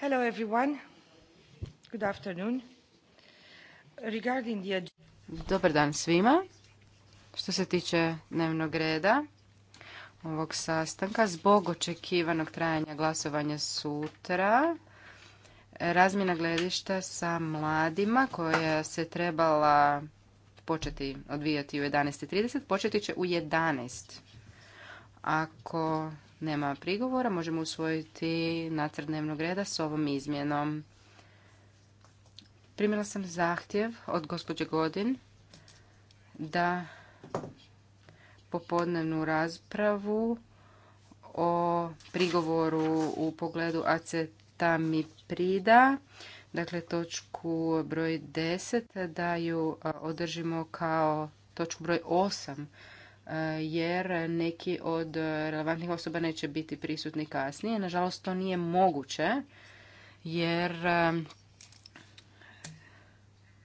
Hello everyone. Good afternoon. Regarding Dobar dan svima. Što se tiče dnevnog reda ovog sastanka, zbog očekivanog trajanja glasovanja sutra, razmjena gledišta sa mladima koja se trebala početi odvijati u 11.30, početi će u 11. Ako nema prigovora, možemo usvojiti nacrt dnevnog reda s ovom izmjenom. Primila sam zahtjev od gospođe Godin da popodnevnu raspravu o prigovoru u pogledu acetamiprida, dakle točku broj 10, da ju održimo kao točku broj 8 jer neki od relevantnih osoba neće biti prisutni kasnije. Nažalost, to nije moguće jer e,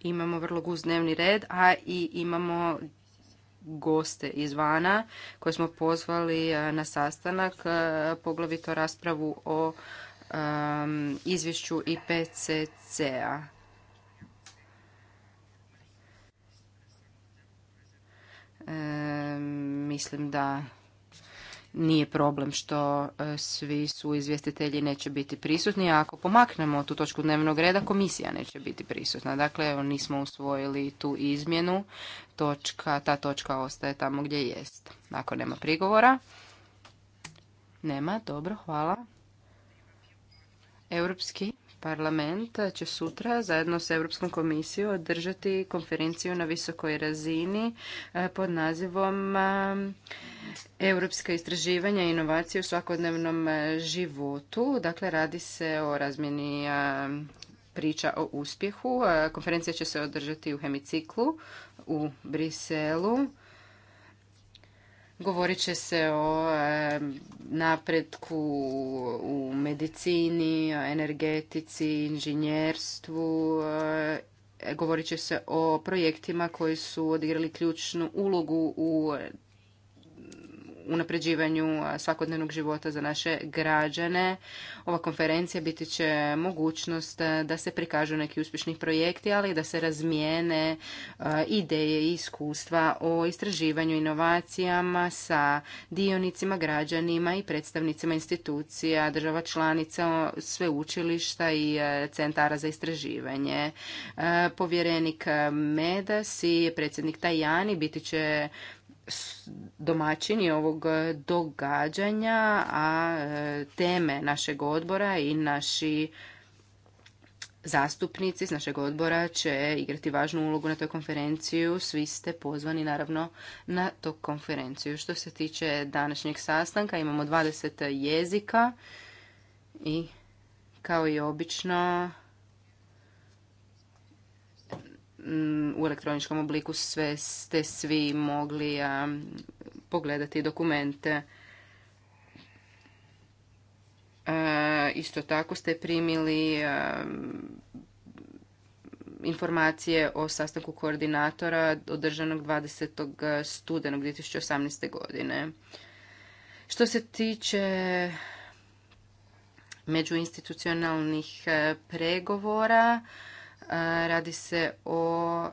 imamo vrlo gust dnevni red, a i imamo goste izvana koje smo pozvali e, na sastanak, e, poglavito raspravu o izvješću IPCC-a. mislim da nije problem što e, svi su izvjestitelji neće biti prisutni, a ako pomaknemo tu točku dnevnog reda, komisija neće biti prisutna. Dakle, evo, nismo usvojili tu izmjenu, točka, ta točka ostaje tamo gdje jest. Ako nema prigovora, nema, dobro, hvala. Europski parlament će sutra zajedno s Europskom komisijom održati konferenciju na visokoj razini e, pod nazivom e, Europska istraživanja i inovacije u svakodnevnom e, životu. Dakle, radi se o razmjeni priča o uspjehu. Konferencija će se održati u hemiciklu u Briselu Govorit će se o napretku u medicini, energetici, inženjerstvu. Govorit će se o projektima koji su odigrali ključnu ulogu u unapređivanju svakodnevnog života za naše građane. Ova konferencija biti će mogućnost da se prikažu neki uspješni projekti, ali i da se razmijene ideje i iskustva o istraživanju inovacijama sa dionicima, građanima i predstavnicima institucija, država članica, sveučilišta i centara za istraživanje. Povjerenik Medas i predsjednik Tajani biti će domaćini ovog događanja, a e, teme našeg odbora i naši zastupnici iz našeg odbora će igrati važnu ulogu na toj konferenciju. Svi ste pozvani naravno na tu konferenciju. Što se tiče današnjeg sastanka, imamo 20 jezika i kao i obično Mm, u elektroničkom obliku sve ste svi mogli pogledati dokumente. E, isto tako ste primili e, informacije o sastanku koordinatora održanog 20. studenog 2018. godine. Što se tiče međuinstitucionalnih e, pregovora, Radi se o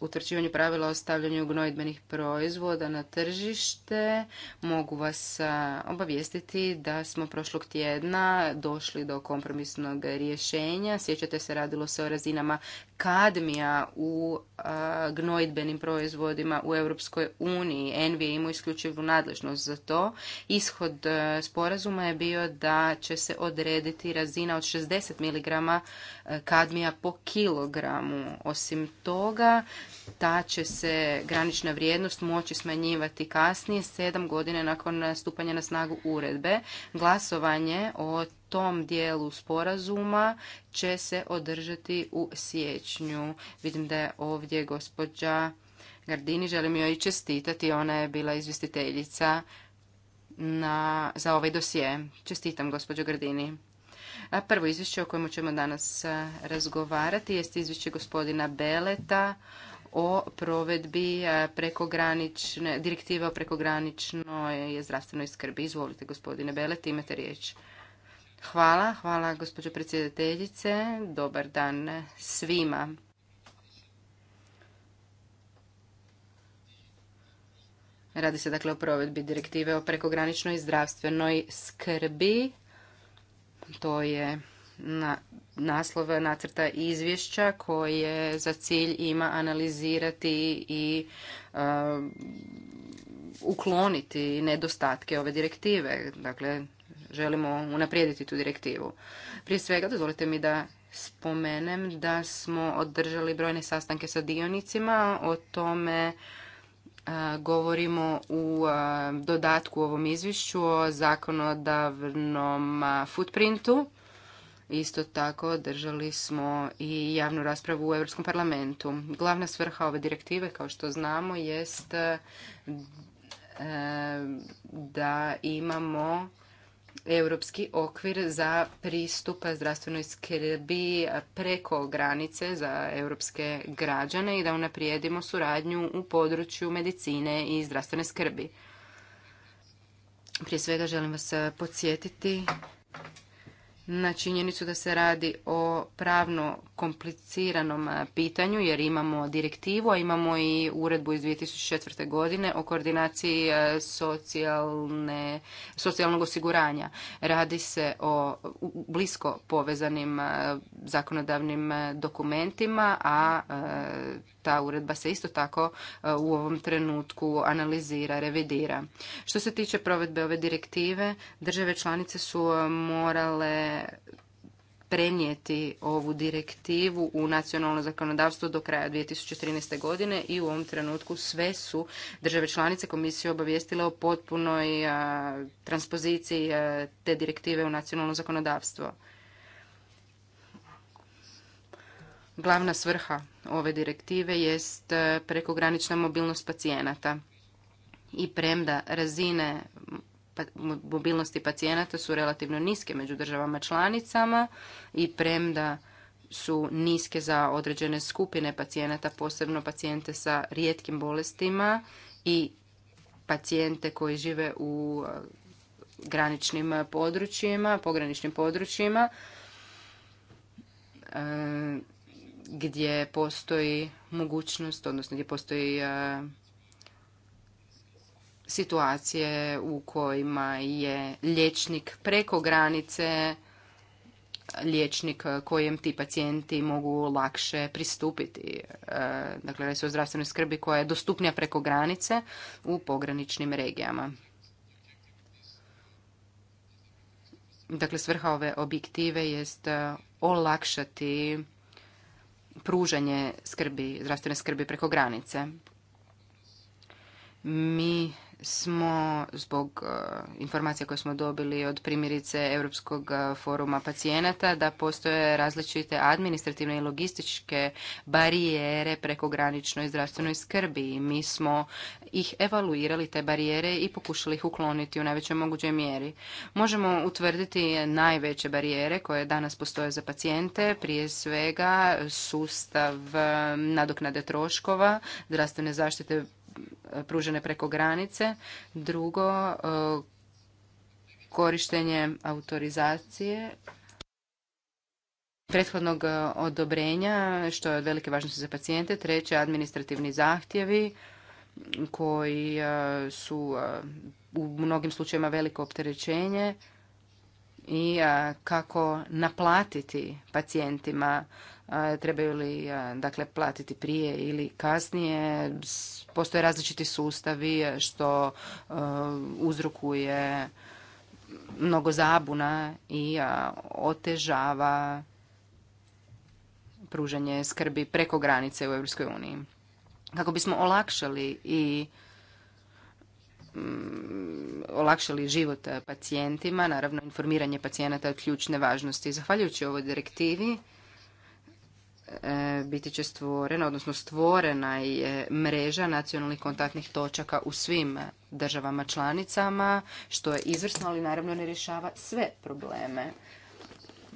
utvrđivanju pravila o stavljanju gnojidbenih proizvoda na tržište mogu vas obavijestiti da smo prošlog tjedna došli do kompromisnog rješenja. Sjećate se, radilo se o razinama kadmija u gnojidbenim proizvodima u Europskoj uniji. Envi je imao isključivu nadležnost za to. Ishod sporazuma je bio da će se odrediti razina od 60 mg kadmija po kilogramu. Osim toga, ta će se granična vrijednost moći smanjivati kasnije, sedam godine nakon stupanja na snagu uredbe. Glasovanje o tom dijelu sporazuma će se održati u siječnju. Vidim da je ovdje gospođa Gardini, želim joj čestitati, ona je bila izvjestiteljica na, za ovaj dosije. Čestitam, gospođo Gardini. A prvo izvješće o kojemu ćemo danas eh, razgovarati jest izvješće gospodina Beleta o provedbi e, prekogranične, direktive o prekograničnoj zdravstvenoj skrbi. Izvolite, gospodine Belet, imate riječ. Hvala, hvala gospođo predsjedateljice. Dobar dan svima. Radi se dakle o provedbi direktive o prekograničnoj zdravstvenoj skrbi. To je na nacrta izvješća koje za cilj ima analizirati i um, ukloniti nedostatke ove direktive. Dakle, želimo unaprijediti tu direktivu. Prije svega, dozvolite mi da spomenem da smo održali brojne sastanke sa dionicima o tome uh, govorimo u uh, dodatku u ovom izvješću o zakonodavnom uh, footprintu. Isto tako držali smo i javnu raspravu u Europskom parlamentu. Glavna svrha ove direktive, kao što znamo, jest e, da imamo europski okvir za pristup zdravstvenoj skrbi preko granice za europske građane i da unaprijedimo suradnju u području medicine i zdravstvene skrbi. Prije svega želim vas podsjetiti na činjenicu da se radi o pravno kompliciranom pitanju jer imamo direktivu, a imamo i uredbu iz 2004. godine o koordinaciji socijalne, socijalnog osiguranja. Radi se o blisko povezanim zakonodavnim dokumentima, a ta uredba se isto tako u ovom trenutku analizira, revidira. Što se tiče provedbe ove direktive, države članice su morale prenijeti ovu direktivu u nacionalno zakonodavstvo do kraja 2013. godine i u ovom trenutku sve su države članice komisije obavijestile o potpunoj transpoziciji te direktive u nacionalno zakonodavstvo. Glavna svrha ove direktive jest prekogranična mobilnost pacijenata i premda razine pa, mobilnosti pacijenata su relativno niske među državama članicama i premda su niske za određene skupine pacijenata, posebno pacijente sa rijetkim bolestima i pacijente koji žive u graničnim područjima, pograničnim područjima e, gdje postoji mogućnost, odnosno gdje postoji situacije u kojima je liječnik preko granice, liječnik kojem ti pacijenti mogu lakše pristupiti. E, dakle, radi se o zdravstvenoj skrbi koja je dostupnija preko granice u pograničnim regijama. Dakle, svrha ove objektive jest e, olakšati pružanje skrbi, zdravstvene skrbi preko granice. Mi smo zbog e, informacija koje smo dobili od primjerice Europskog e, foruma pacijenata da postoje različite administrativne i logističke barijere prekograničnoj zdravstvenoj skrbi. mi smo ih evaluirali te barijere i pokušali ih ukloniti u najvećoj mogućoj mjeri. Možemo utvrditi najveće barijere koje danas postoje za pacijente, prije svega sustav e, nadoknade troškova, zdravstvene zaštite pružene preko granice. Drugo, e, korištenje autorizacije prethodnog e, odobrenja, što je od velike važnosti za pacijente. Treće, administrativni zahtjevi koji e, su u mnogim slučajevima veliko opterećenje i e, kako naplatiti pacijentima e, trebaju li e, dakle platiti prije ili kasnije postoje različiti sustavi što uzrokuje mnogo zabuna i otežava pružanje skrbi preko granice u EU. Kako bismo olakšali i Mm, olakšali život eh, pacijentima. Naravno, informiranje pacijenata je od ključne važnosti. Zahvaljujući ovoj direktivi, eh, biti će stvorena, odnosno stvorena je eh, mreža nacionalnih kontaktnih točaka u svim državama članicama, što je izvrsno, ali naravno ne rješava sve probleme.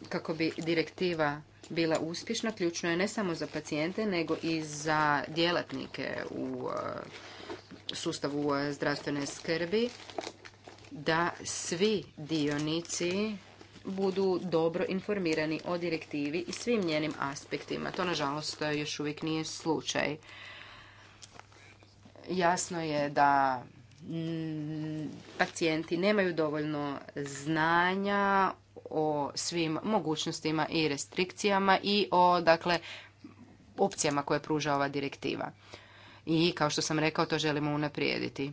Kako bi direktiva bila uspješna, ključno je ne samo za pacijente, nego i za djelatnike u sustavu eh, zdravstvene skrbi da svi dionici budu dobro informirani o direktivi i svim njenim aspektima. To, nažalost, eh, još uvijek nije slučaj. Jasno je da mm, pacijenti nemaju dovoljno znanja o svim mogućnostima i restrikcijama i o dakle opcijama koje pruža ova direktiva i kao što sam rekao to želimo unaprijediti.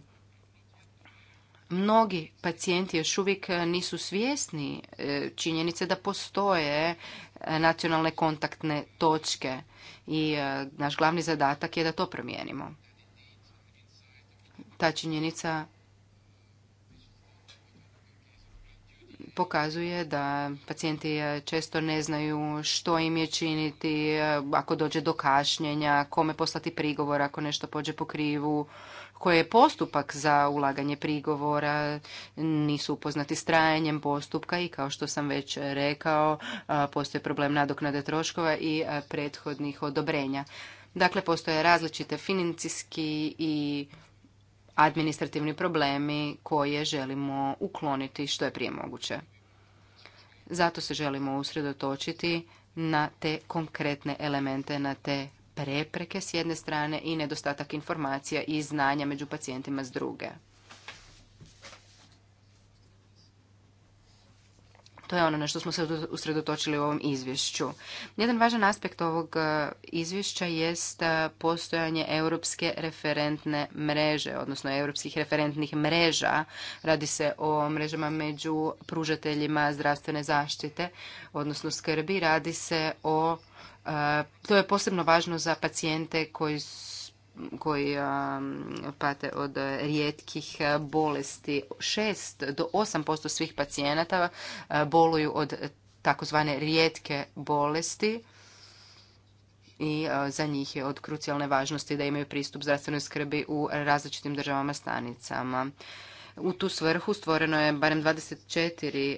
Mnogi pacijenti još uvijek nisu svjesni e, činjenice da postoje e, nacionalne kontaktne točke i e, naš glavni zadatak je da to promijenimo. Ta činjenica pokazuje da pacijenti eh, često ne znaju što im je činiti, eh, ako dođe do kašnjenja, kome poslati prigovor ako nešto pođe po krivu, koji je postupak za ulaganje prigovora, nisu upoznati s trajanjem postupka i kao što sam već rekao, eh, postoji problem nadoknade troškova i prethodnih odobrenja. Dakle, postoje različite financijski i administrativni problemi koje želimo ukloniti što je prije moguće. Zato se želimo usredotočiti na te konkretne elemente, na te prepreke s jedne strane i nedostatak informacija i znanja među pacijentima s druge. To je ono na što smo se usredotočili u ovom izvješću. Jedan važan aspekt ovog e, izvješća jest e, postojanje europske referentne mreže, odnosno europskih referentnih mreža. Radi se o mrežama među pružateljima zdravstvene zaštite, odnosno skrbi. Radi se o e, to je posebno važno za pacijente koji koji pate od rijetkih bolesti. 6 do 8% svih pacijenata boluju od takozvane rijetke bolesti i za njih je od krucijalne važnosti da imaju pristup zdravstvenoj skrbi u različitim državama stanicama. U tu svrhu stvoreno je barem 24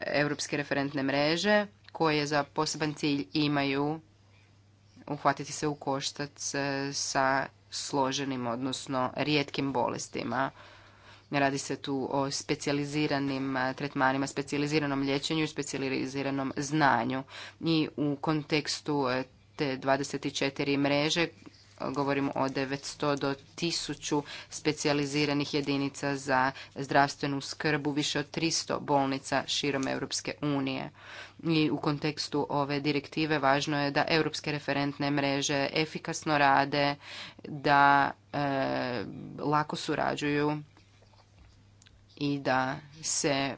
evropske referentne mreže koje za poseban cilj imaju uhvatiti se u koštac e, sa složenim, odnosno rijetkim bolestima. Radi se tu o specijaliziranim e, tretmanima, specijaliziranom liječenju i specijaliziranom znanju. I u kontekstu e, te 24 mreže govorimo o 900 do 1000 specijaliziranih jedinica za zdravstvenu skrb više od 300 bolnica širom Europske unije. I u kontekstu ove direktive važno je da europske referentne mreže efikasno rade, da e, lako surađuju i da se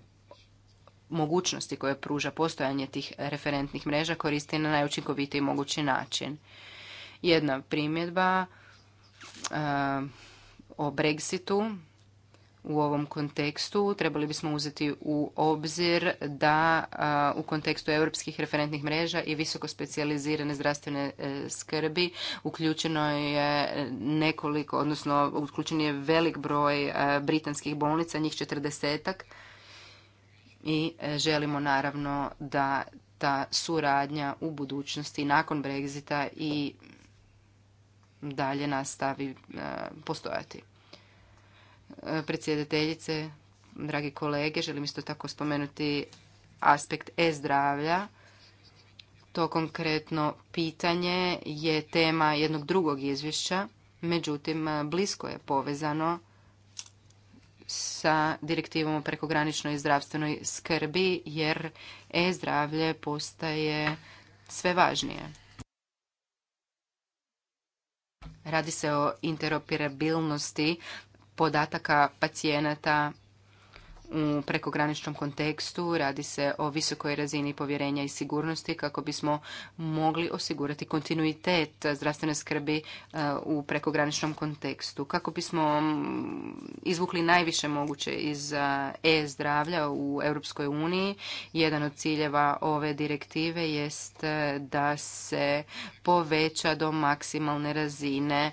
mogućnosti koje pruža postojanje tih referentnih mreža koristi na najučinkovitiji mogući način. Jedna primjedba e, o Brexitu u ovom kontekstu trebali bismo uzeti u obzir da e, u kontekstu europskih referentnih mreža i visoko specijalizirane zdravstvene e, skrbi uključeno je nekoliko, odnosno uključen je velik broj britanskih bolnica, njih četrdesetak i želimo naravno da ta suradnja u budućnosti nakon Brexita i dalje nastavi e, postojati. E, predsjedateljice, dragi kolege, želim isto tako spomenuti aspekt e-zdravlja. To konkretno pitanje je tema jednog drugog izvješća, međutim e, blisko je povezano sa direktivom o prekograničnoj zdravstvenoj skrbi jer e-zdravlje postaje sve važnije. Radi se o interoperabilnosti podataka pacijenata u prekograničnom kontekstu. Radi se o visokoj razini povjerenja i sigurnosti kako bismo mogli osigurati kontinuitet zdravstvene skrbi e, u prekograničnom kontekstu. Kako bismo izvukli najviše moguće iz e, e-zdravlja u Europskoj uniji, jedan od ciljeva ove direktive jest e, da se poveća do maksimalne razine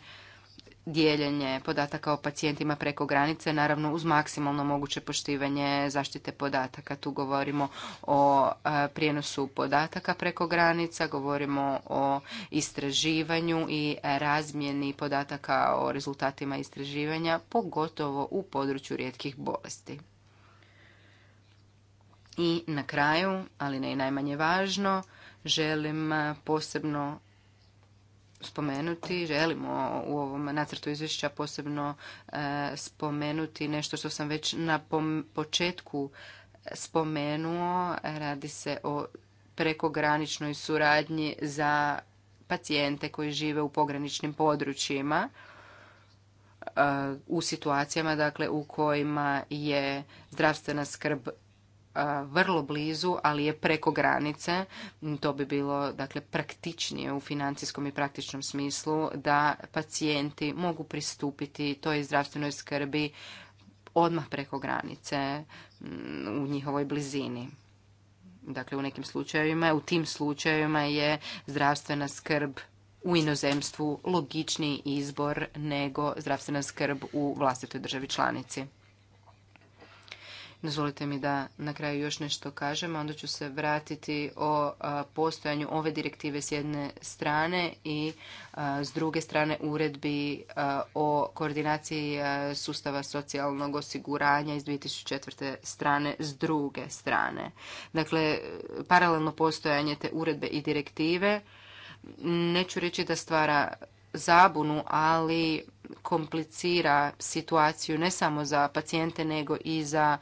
dijeljenje podataka o pacijentima preko granice, naravno uz maksimalno moguće poštivanje zaštite podataka. Tu govorimo o e, prijenosu podataka preko granica, govorimo o istraživanju i razmjeni podataka o rezultatima istraživanja, pogotovo u području rijetkih bolesti. I na kraju, ali ne i najmanje važno, želim posebno spomenuti, želimo u ovom nacrtu izvješća posebno e, spomenuti nešto što sam već na početku spomenuo. Radi se o prekograničnoj suradnji za pacijente koji žive u pograničnim područjima e, u situacijama dakle u kojima je zdravstvena skrb vrlo blizu, ali je preko granice. To bi bilo dakle praktičnije u financijskom i praktičnom smislu da pacijenti mogu pristupiti toj zdravstvenoj skrbi odmah preko granice mm, u njihovoj blizini. Dakle, u nekim slučajevima, u tim slučajevima je zdravstvena skrb u inozemstvu logičniji izbor nego zdravstvena skrb u vlastitoj državi članici. Dozvolite mi da na kraju još nešto kažem, onda ću se vratiti o postojanju ove direktive s jedne strane i s druge strane uredbi o koordinaciji sustava socijalnog osiguranja iz 2004. strane s druge strane. Dakle, paralelno postojanje te uredbe i direktive neću reći da stvara zabunu, ali komplicira situaciju ne samo za pacijente nego i za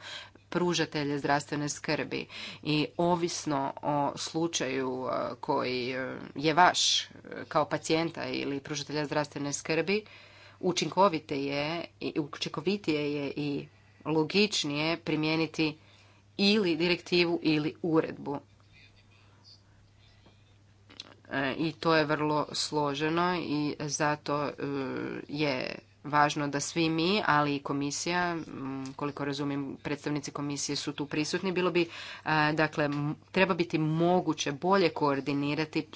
pružatelje zdravstvene skrbi i ovisno o slučaju e, koji e, je vaš e, kao pacijenta ili pružatelja zdravstvene skrbi, učinkovite je, učinkovitije je i logičnije primijeniti ili direktivu ili uredbu. I to je vrlo složeno i zato je važno da svi mi, ali i komisija, mm, koliko razumijem, predstavnici komisije su tu prisutni, bilo bi, e, dakle, treba biti moguće bolje koordinirati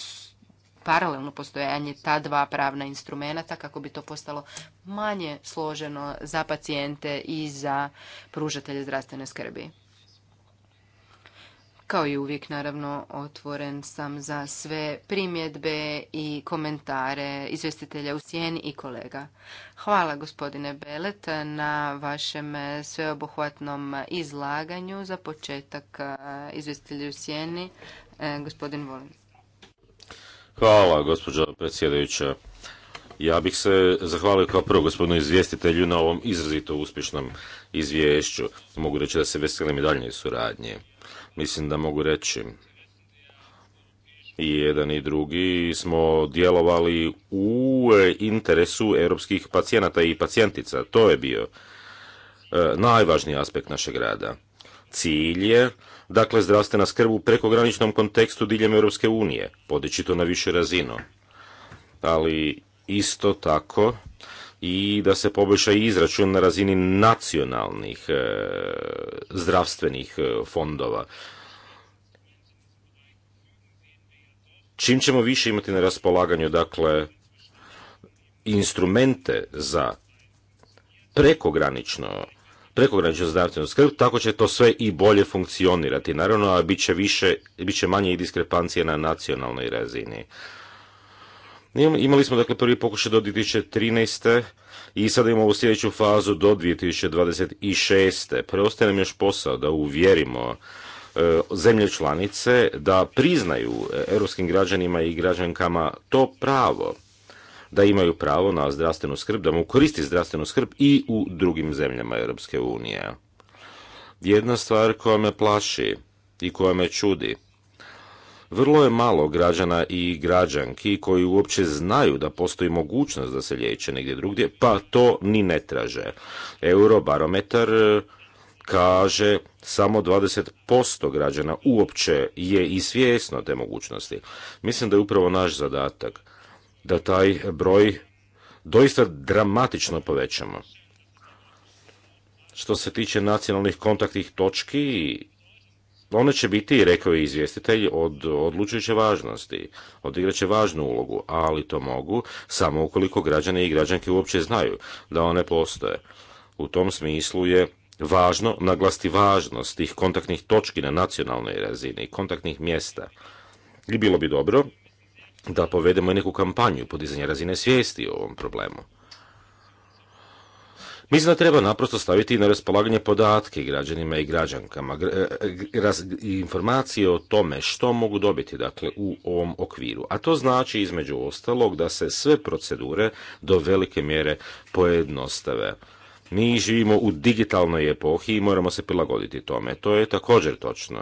paralelno postojanje ta dva pravna instrumenta kako bi to postalo manje složeno za pacijente i za pružatelje zdravstvene skrbi. Kao i uvijek, naravno, otvoren sam za sve primjedbe i komentare izvjestitelja u sjeni i kolega. Hvala gospodine Belet na vašem sveobuhvatnom izlaganju za početak e, izvjestitelja u sjeni. E, gospodin Volin. Hvala gospođa predsjedajuća. Ja bih se zahvalio kao prvo gospodinu izvjestitelju na ovom izrazito uspješnom izvješću. Mogu reći da se veselim i daljnje suradnje. Mislim da mogu reći i jedan i drugi smo djelovali u e, interesu europskih pacijenata i pacijentica. To je bio e, najvažniji aspekt našeg rada. Cilj je, dakle, zdravstvena skrb u prekograničnom kontekstu diljem Europske unije, podići to na višu razinu. Ali isto tako i da se poboljša izračun na razini nacionalnih e, zdravstvenih e, fondova. Čim ćemo više imati na raspolaganju, dakle, instrumente za prekogranično prekogranično zdravstvenu skrb, tako će to sve i bolje funkcionirati. Naravno, a bit će, više, bit će manje i diskrepancije na nacionalnoj razini. Imali smo dakle prvi pokušaj do 2013. i sada imamo u sljedeću fazu do 2026. Preostaje nam još posao da uvjerimo e, zemlje članice da priznaju e, europskim građanima i građankama to pravo da imaju pravo na zdravstvenu skrb, da mu koristi zdravstvenu skrb i u drugim zemljama Europske unije. Jedna stvar koja me plaši i koja me čudi vrlo je malo građana i građanki koji uopće znaju da postoji mogućnost da se liječe negdje drugdje, pa to ni ne traže. Eurobarometar e, kaže samo 20% građana uopće je i svjesno te mogućnosti. Mislim da je upravo naš zadatak da taj broj doista dramatično povećamo. Što se tiče nacionalnih kontaktnih točki, one će biti, rekao je izvjestitelj, od odlučujuće važnosti. Odigraće važnu ulogu, ali to mogu samo ukoliko građani i građanke uopće znaju da one postoje. U tom smislu je važno naglasti važnost tih kontaktnih točki na nacionalnoj razini, kontaktnih mjesta. I bilo bi dobro da povedemo i neku kampanju podizanja razine svijesti o ovom problemu. Mislim da treba naprosto staviti na raspolaganje podatke građanima i građankama, e, e, informacije o tome što mogu dobiti dakle, u ovom okviru. A to znači između ostalog da se sve procedure do velike mjere pojednostave. Mi živimo u digitalnoj epohi i moramo se prilagoditi tome. To je također točno.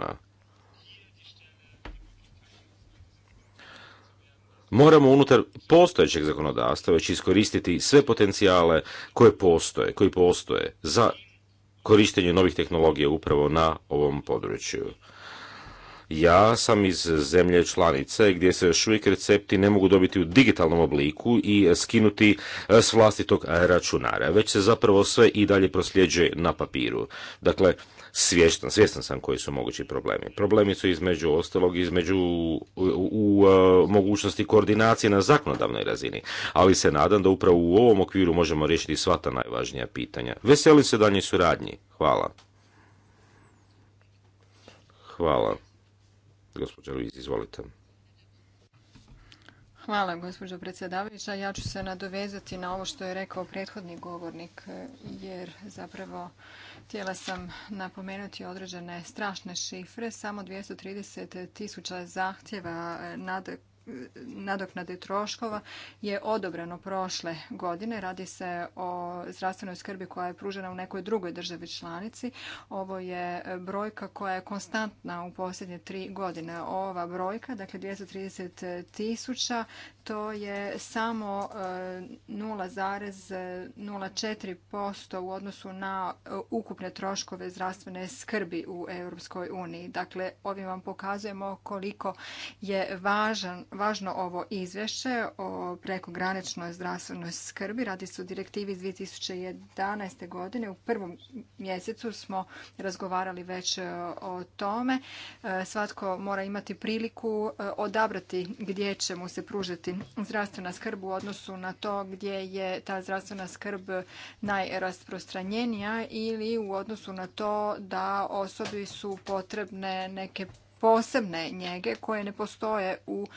moramo unutar postojećeg zakonodavstva već iskoristiti sve potencijale koje postoje, koji postoje za korištenje novih tehnologija upravo na ovom području. Ja sam iz zemlje članice gdje se još uvijek recepti ne mogu dobiti u digitalnom obliku i skinuti s vlastitog računara, već se zapravo sve i dalje prosljeđuje na papiru. Dakle, svjestan, svjestan sam koji su mogući problemi. Problemi su između ostalog, između u, u, e, mogućnosti koordinacije na zakonodavnoj razini, ali se nadam da upravo u ovom okviru možemo riješiti sva ta najvažnija pitanja. Veseli se daljnjoj suradnji. Hvala. Hvala. Gospođa Luiz, izvolite. Hvala, gospođo predsjedavajuća. Ja ću se nadovezati na ovo što je rekao prethodni govornik, jer zapravo htjela sam napomenuti određene strašne šifre. Samo 230 tisuća zahtjeva nad nadoknade troškova je odobreno prošle godine. Radi se o zdravstvenoj skrbi koja je pružena u nekoj drugoj državi članici. Ovo je brojka koja je konstantna u posljednje tri godine. Ova brojka, dakle 230 tisuća, to je samo 0,04% e, u odnosu na e, ukupne troškove zdravstvene skrbi u Europskoj uniji. Dakle, ovim vam pokazujemo koliko je važan važno ovo izvješće o prekograničnoj zdravstvenoj skrbi. Radi se o direktivi iz 2011. godine. U prvom mjesecu smo razgovarali već e, o tome. E, svatko mora imati priliku e, odabrati gdje će mu se pružiti zdravstvena skrb u odnosu na to gdje je ta zdravstvena skrb najrasprostranjenija ili u odnosu na to da osobi su potrebne neke posebne njege koje ne postoje u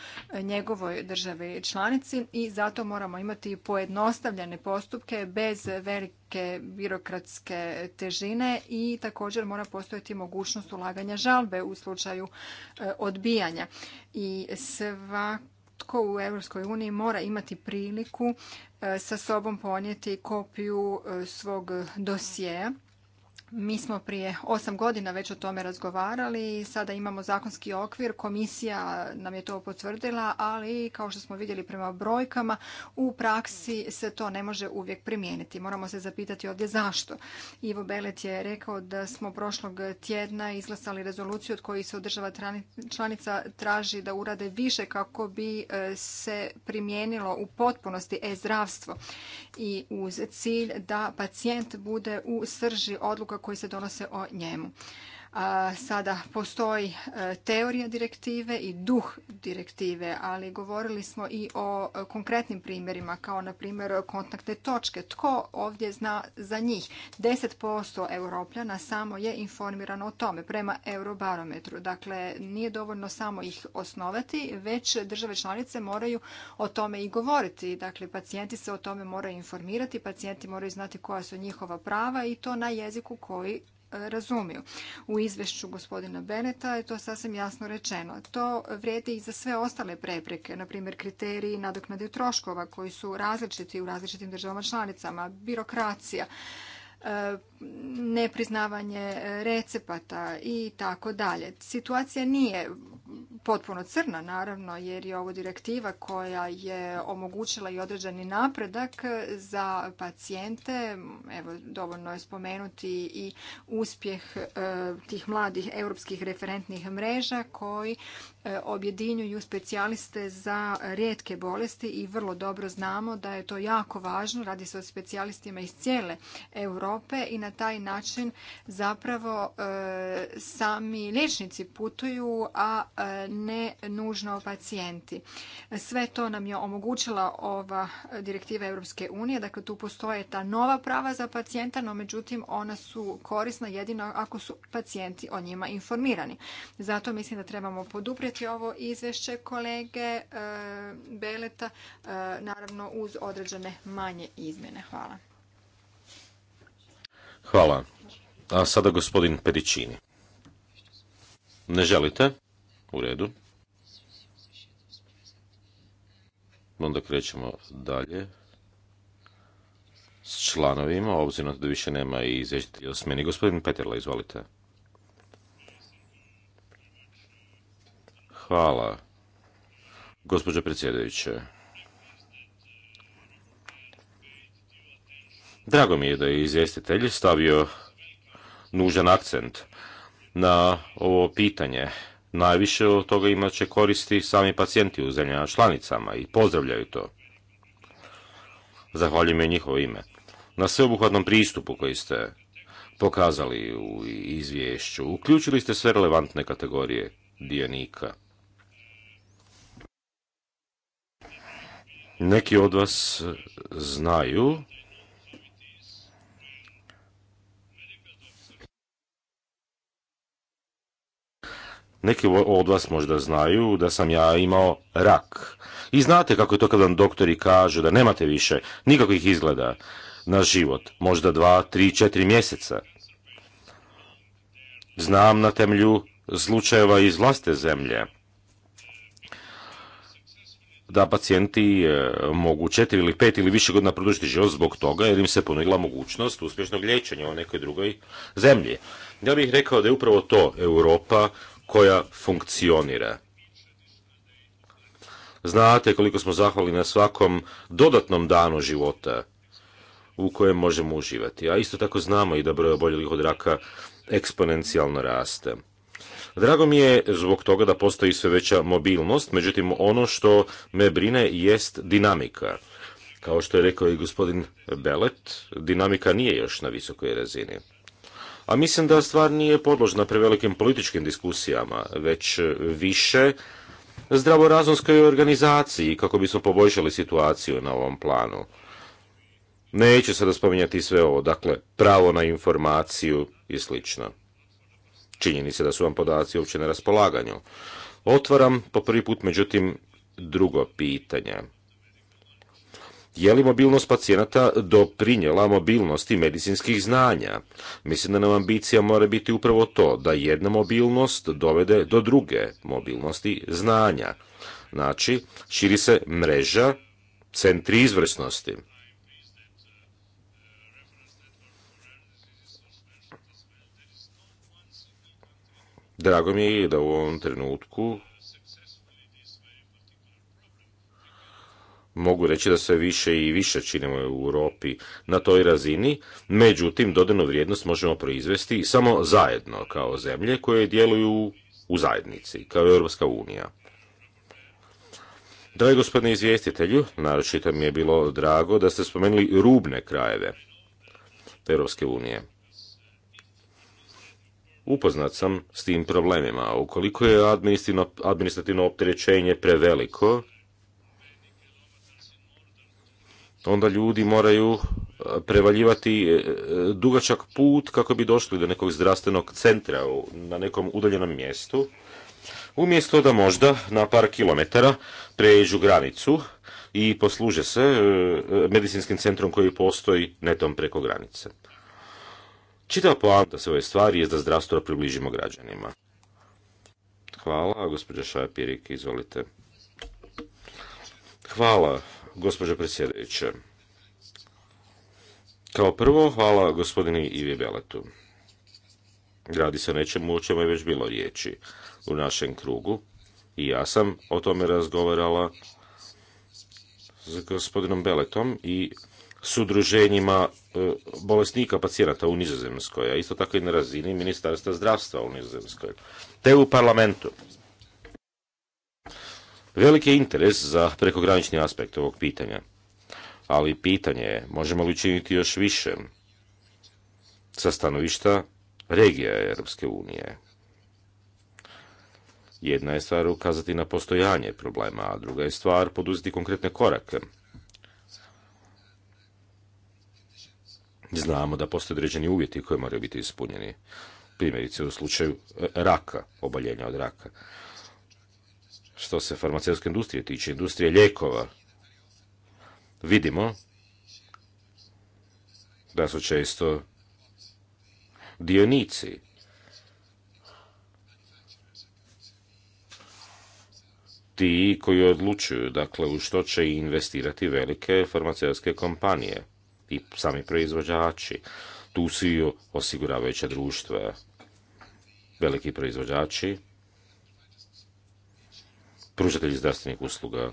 njegovoj državi članici i zato moramo imati pojednostavljene postupke bez velike birokratske težine i također mora postojati mogućnost ulaganja žalbe u slučaju e, odbijanja. I svatko u EU mora imati priliku e, sa sobom ponijeti kopiju e, svog dosjeja mi smo prije osam godina već o tome razgovarali i sada imamo zakonski okvir. Komisija nam je to potvrdila, ali kao što smo vidjeli prema brojkama, u praksi se to ne može uvijek primijeniti. Moramo se zapitati ovdje zašto. Ivo Belet je rekao da smo prošlog tjedna izglasali rezoluciju od kojih se održava članica traži da urade više kako bi e, se primijenilo u potpunosti e-zdravstvo i uz cilj da pacijent bude u srži odluka koji se donose o njemu sada postoji e, teorija direktive i duh direktive, ali govorili smo i o konkretnim primjerima, kao na primjer kontaktne točke. Tko ovdje zna za njih? 10% europljana samo je informirano o tome prema eurobarometru. Dakle, nije dovoljno samo ih osnovati, već države članice moraju o tome i govoriti. Dakle, pacijenti se o tome moraju informirati, pacijenti moraju znati koja su njihova prava i to na jeziku koji E, razumiju. U izvješću gospodina Beneta je to sasvim jasno rečeno. To vrijedi i za sve ostale prepreke, na primjer kriteriji nadoknade troškova koji su različiti u različitim državama članicama, birokracija, E, nepriznavanje recepata i tako dalje. Situacija nije potpuno crna, naravno, jer je ovo direktiva koja je omogućila i određeni napredak za pacijente. Evo, dovoljno je spomenuti i uspjeh e, tih mladih europskih referentnih mreža koji E, objedinjuju specijaliste za rijetke bolesti i vrlo dobro znamo da je to jako važno. Radi se o specijalistima iz cijele Europe i na taj način zapravo e, sami liječnici putuju, a e, ne nužno pacijenti. Sve to nam je omogućila ova direktiva Europske unije. Dakle, tu postoje ta nova prava za pacijenta, no međutim ona su korisna jedino ako su pacijenti o njima informirani. Zato mislim da trebamo poduprijeti poduprijeti ovo izvješće kolege e, Beleta, e, naravno uz određene manje izmjene. Hvala. Hvala. A sada gospodin Pericini. Ne želite? U redu. Onda krećemo dalje s članovima, obzirom da više nema i izvještitelja o smjeni. Gospodin Peterla, izvolite. Hvala, gospođo predsjedajuće. Drago mi je da je izvjestitelj stavio nužan akcent na ovo pitanje. Najviše od toga imat će koristi sami pacijenti u zemljama članicama i pozdravljaju to. Zahvaljujem je njihovo ime. Na sveobuhvatnom pristupu koji ste pokazali u izvješću, uključili ste sve relevantne kategorije dionika. Neki od vas znaju Neki od vas možda znaju da sam ja imao rak. I znate kako je to kad vam doktori kažu da nemate više nikakvih izgleda na život, možda dva, tri, četiri mjeseca. Znam na temlju slučajeva iz vlastite zemlje da pacijenti e, mogu četiri ili pet ili više godina produžiti život zbog toga jer im se ponudila mogućnost uspješnog liječenja u nekoj drugoj zemlji. Ja bih rekao da je upravo to Europa koja funkcionira. Znate koliko smo zahvalni na svakom dodatnom danu života u kojem možemo uživati. A isto tako znamo i da broj oboljelih od raka eksponencijalno raste. Drago mi je zbog toga da postoji sve veća mobilnost, međutim ono što me brine jest dinamika. Kao što je rekao i gospodin Belet, dinamika nije još na visokoj razini. A mislim da stvar nije podložna prevelikim političkim diskusijama, već više zdravorazumskoj organizaciji kako bismo poboljšali situaciju na ovom planu. se sada spominjati sve ovo, dakle, pravo na informaciju i slično činjeni se da su vam podaci uopće na raspolaganju. Otvaram po prvi put, međutim, drugo pitanje. Je li mobilnost pacijenata doprinjela mobilnosti medicinskih znanja? Mislim da nam ambicija mora biti upravo to, da jedna mobilnost dovede do druge mobilnosti znanja. Znači, širi se mreža centri izvrsnosti. Drago mi je da u ovom trenutku mogu reći da sve više i više činimo u Europi na toj razini, međutim dodanu vrijednost možemo proizvesti samo zajedno kao zemlje koje djeluju u zajednici, kao Europska unija. Dragi gospodine izvjestitelju, naročito mi je bilo drago da ste spomenuli rubne krajeve Europske unije. Upoznat sam s tim problemima. Ukoliko je administrativno opterećenje preveliko, onda ljudi moraju e, prevaljivati e, dugačak put kako bi došli do nekog zdravstvenog centra na nekom udaljenom mjestu, umjesto da možda na par kilometara pređu granicu i posluže se e, medicinskim centrom koji postoji netom preko granice. Čitava poanta se ove stvari je da zdravstvo približimo građanima. Hvala, gospođa Šajpirik, izvolite. Hvala, gospođo predsjedajuća. Kao prvo, hvala gospodini Ivi Beletu. Radi se o nečemu o čemu je već bilo riječi u našem krugu i ja sam o tome razgovarala s gospodinom Beletom i s udruženjima e, bolesnika pacijenata u Nizozemskoj, a isto tako i na razini Ministarstva zdravstva u Nizozemskoj, te u parlamentu. Veliki je interes za prekogranični aspekt ovog pitanja, ali pitanje je možemo li učiniti još više sa stanovišta regija Europske unije. Jedna je stvar ukazati na postojanje problema, a druga je stvar poduzeti konkretne korake znamo da postoje određeni uvjeti koji moraju biti ispunjeni. Primjerice u slučaju e, raka, oboljenja od raka. Što se farmaceutske industrije tiče, industrije lijekova, vidimo da su često dionici ti koji odlučuju dakle u što će investirati velike farmaceutske kompanije i sami proizvođači. Tu su osiguravajuća društva, veliki proizvođači, pružatelji zdravstvenih usluga,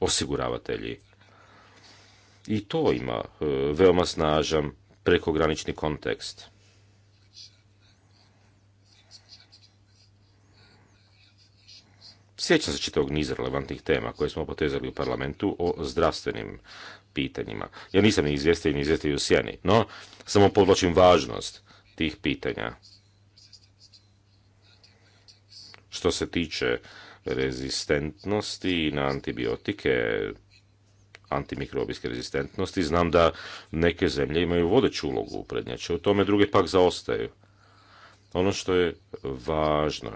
osiguravatelji. I to ima e, veoma snažan prekogranični kontekst. Sjećam se čitavog niza relevantnih tema koje smo potezali u parlamentu o zdravstvenim pitanjima. Ja nisam ni izvjestitelj, ni izvijestio u sjeni, no samo povlačim važnost tih pitanja. Što se tiče rezistentnosti na antibiotike, antimikrobijske rezistentnosti, znam da neke zemlje imaju vodeću ulogu u prednjače, u tome druge pak zaostaju. Ono što je važno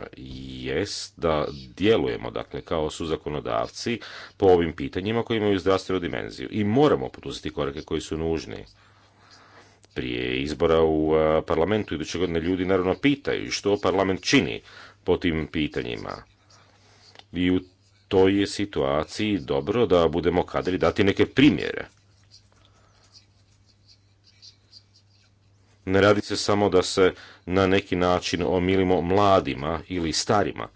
jest da djelujemo dakle kao su zakonodavci po ovim pitanjima koji imaju zdravstvenu dimenziju i moramo poduzeti korake koji su nužni. Prije izbora u e, parlamentu iduće godine ljudi naravno pitaju što parlament čini po tim pitanjima. I u toj je situaciji dobro da budemo kadri dati neke primjere Ne radi se samo da se na neki način omilimo mladima ili starima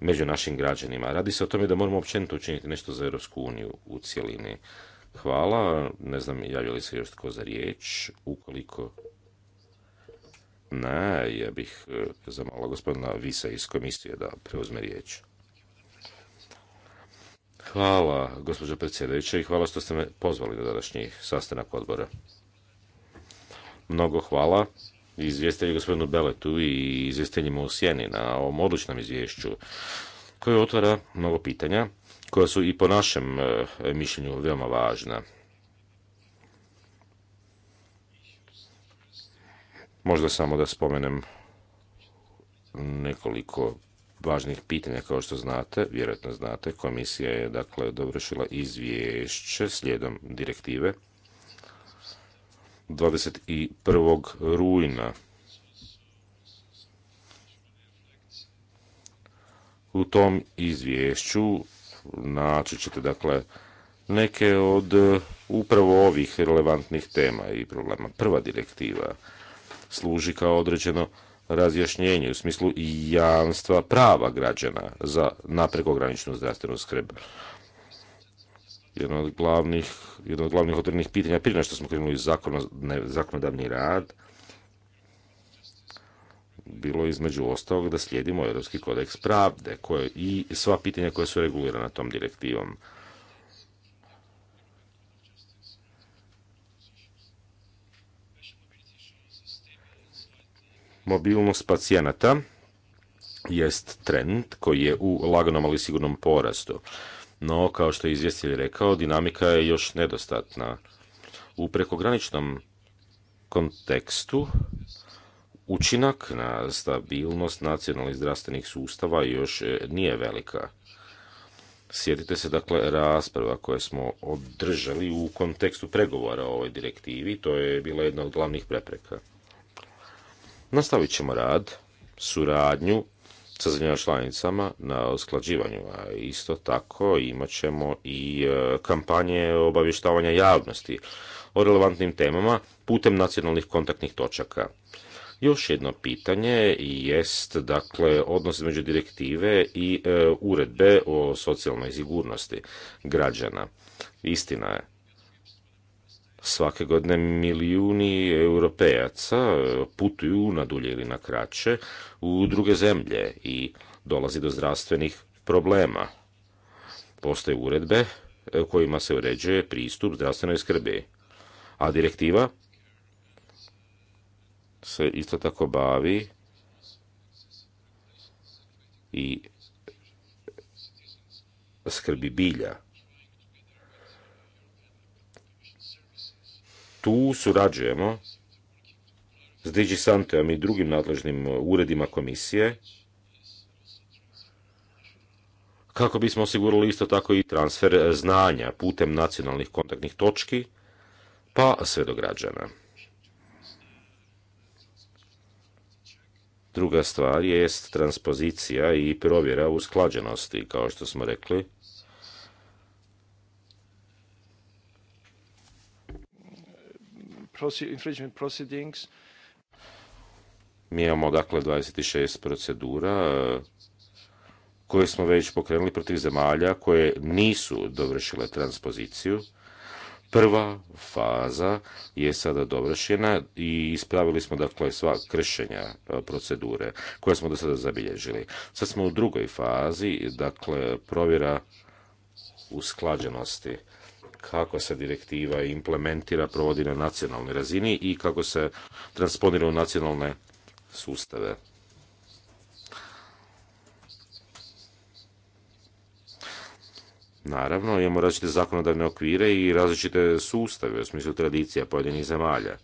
među našim građanima. Radi se o tome da moramo općenito učiniti nešto za Europsku uniju u cijelini. Hvala. Ne znam, javio li se još tko za riječ. Ukoliko ne, ja bih e, zamala gospodina Visa iz komisije da preuzme riječ. Hvala, gospođo predsjedajuća, i hvala što ste me pozvali na današnji sastanak odbora. Mnogo hvala izvjestelju gospodinu Beletu i izvjestiteljima u Sjeni na ovom odličnom izvješću koje otvara mnogo pitanja koja su i po našem e, mišljenju veoma važna. Možda samo da spomenem nekoliko važnih pitanja, kao što znate, vjerojatno znate, komisija je dakle dovršila izvješće slijedom direktive 21. rujna. U tom izvješću naći ćete dakle neke od e, upravo ovih relevantnih tema i problema. Prva direktiva služi kao određeno razjašnjenje u smislu jamstva prava građana za naprekograničnu zdravstvenu skrb. Jedno od glavnih, otvorenih pitanja prije što smo krenuli zakonodavni rad bilo je između ostalog da slijedimo Europski kodeks pravde i sva pitanja koja su regulirana tom direktivom. Mobilnost pacijenata jest trend koji je u laganom ali sigurnom porastu no kao što je izvjestitelj rekao, dinamika je još nedostatna. U prekograničnom kontekstu učinak na stabilnost nacionalnih zdravstvenih sustava još e, nije velika. Sjetite se dakle rasprava koje smo održali u kontekstu pregovora o ovoj direktivi, to je bila jedna od glavnih prepreka. Nastavit ćemo rad, suradnju sa zemljama članicama na usklađivanju, a isto tako imat ćemo i e, kampanje obavještavanja javnosti o relevantnim temama putem nacionalnih kontaktnih točaka. Još jedno pitanje jest dakle odnos između direktive i e, uredbe o socijalnoj sigurnosti građana. Istina je Svake godine milijuni europejaca e, putuju na dulje ili na kraće u druge zemlje i dolazi do zdravstvenih problema. Postoje uredbe e, kojima se uređuje pristup zdravstvenoj skrbi, a direktiva se isto tako bavi i skrbi bilja tu surađujemo s DigiSanteom i drugim nadležnim e, uredima komisije kako bismo osigurali isto tako i transfer e, znanja putem nacionalnih kontaktnih točki pa sve do građana. Druga stvar jest transpozicija i provjera usklađenosti, kao što smo rekli. infringement proceedings. Mi imamo dakle 26 procedura e, koje smo već pokrenuli protiv zemalja koje nisu dovršile transpoziciju. Prva faza je sada dovršena i ispravili smo dakle sva kršenja e, procedure koje smo do sada zabilježili. Sad smo u drugoj fazi, dakle provjera usklađenosti kako se direktiva implementira, provodi na nacionalnoj razini i kako se transponira u nacionalne sustave. Naravno, imamo različite zakonodavne okvire i različite sustave u smislu tradicija pojedinih zemalja.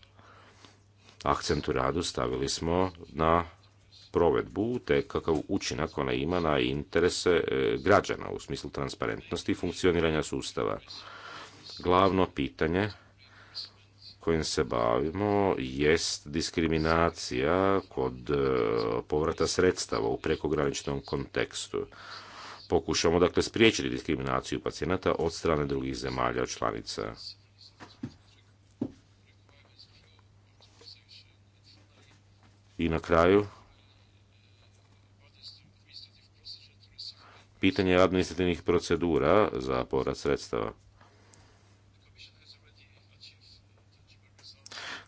Akcent u radu stavili smo na provedbu te kakav učinak ona ima na interese e, građana u smislu transparentnosti i funkcioniranja sustava. Glavno pitanje kojim se bavimo jest diskriminacija kod e, povrata sredstava u prekograničnom kontekstu. Pokušamo dakle spriječiti diskriminaciju pacijenata od strane drugih zemalja članica. I na kraju pitanje administrativnih procedura za povrat sredstava.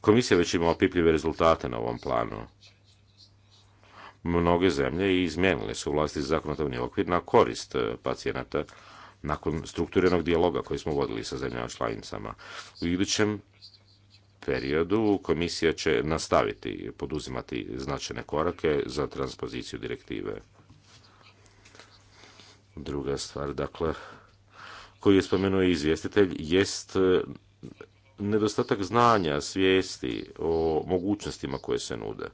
Komisija već ima opipljive rezultate na ovom planu. Mnoge zemlje izmijenile su vlasti zakonodavni okvir na korist eh, pacijenata nakon strukturiranog dijaloga koji smo vodili sa zemljama članicama. U idućem periodu komisija će nastaviti poduzimati značajne korake za transpoziciju direktive. Druga stvar, dakle, koju je spomenuo izvjestitelj, jest eh, nedostatak znanja, svijesti o mogućnostima koje se nude.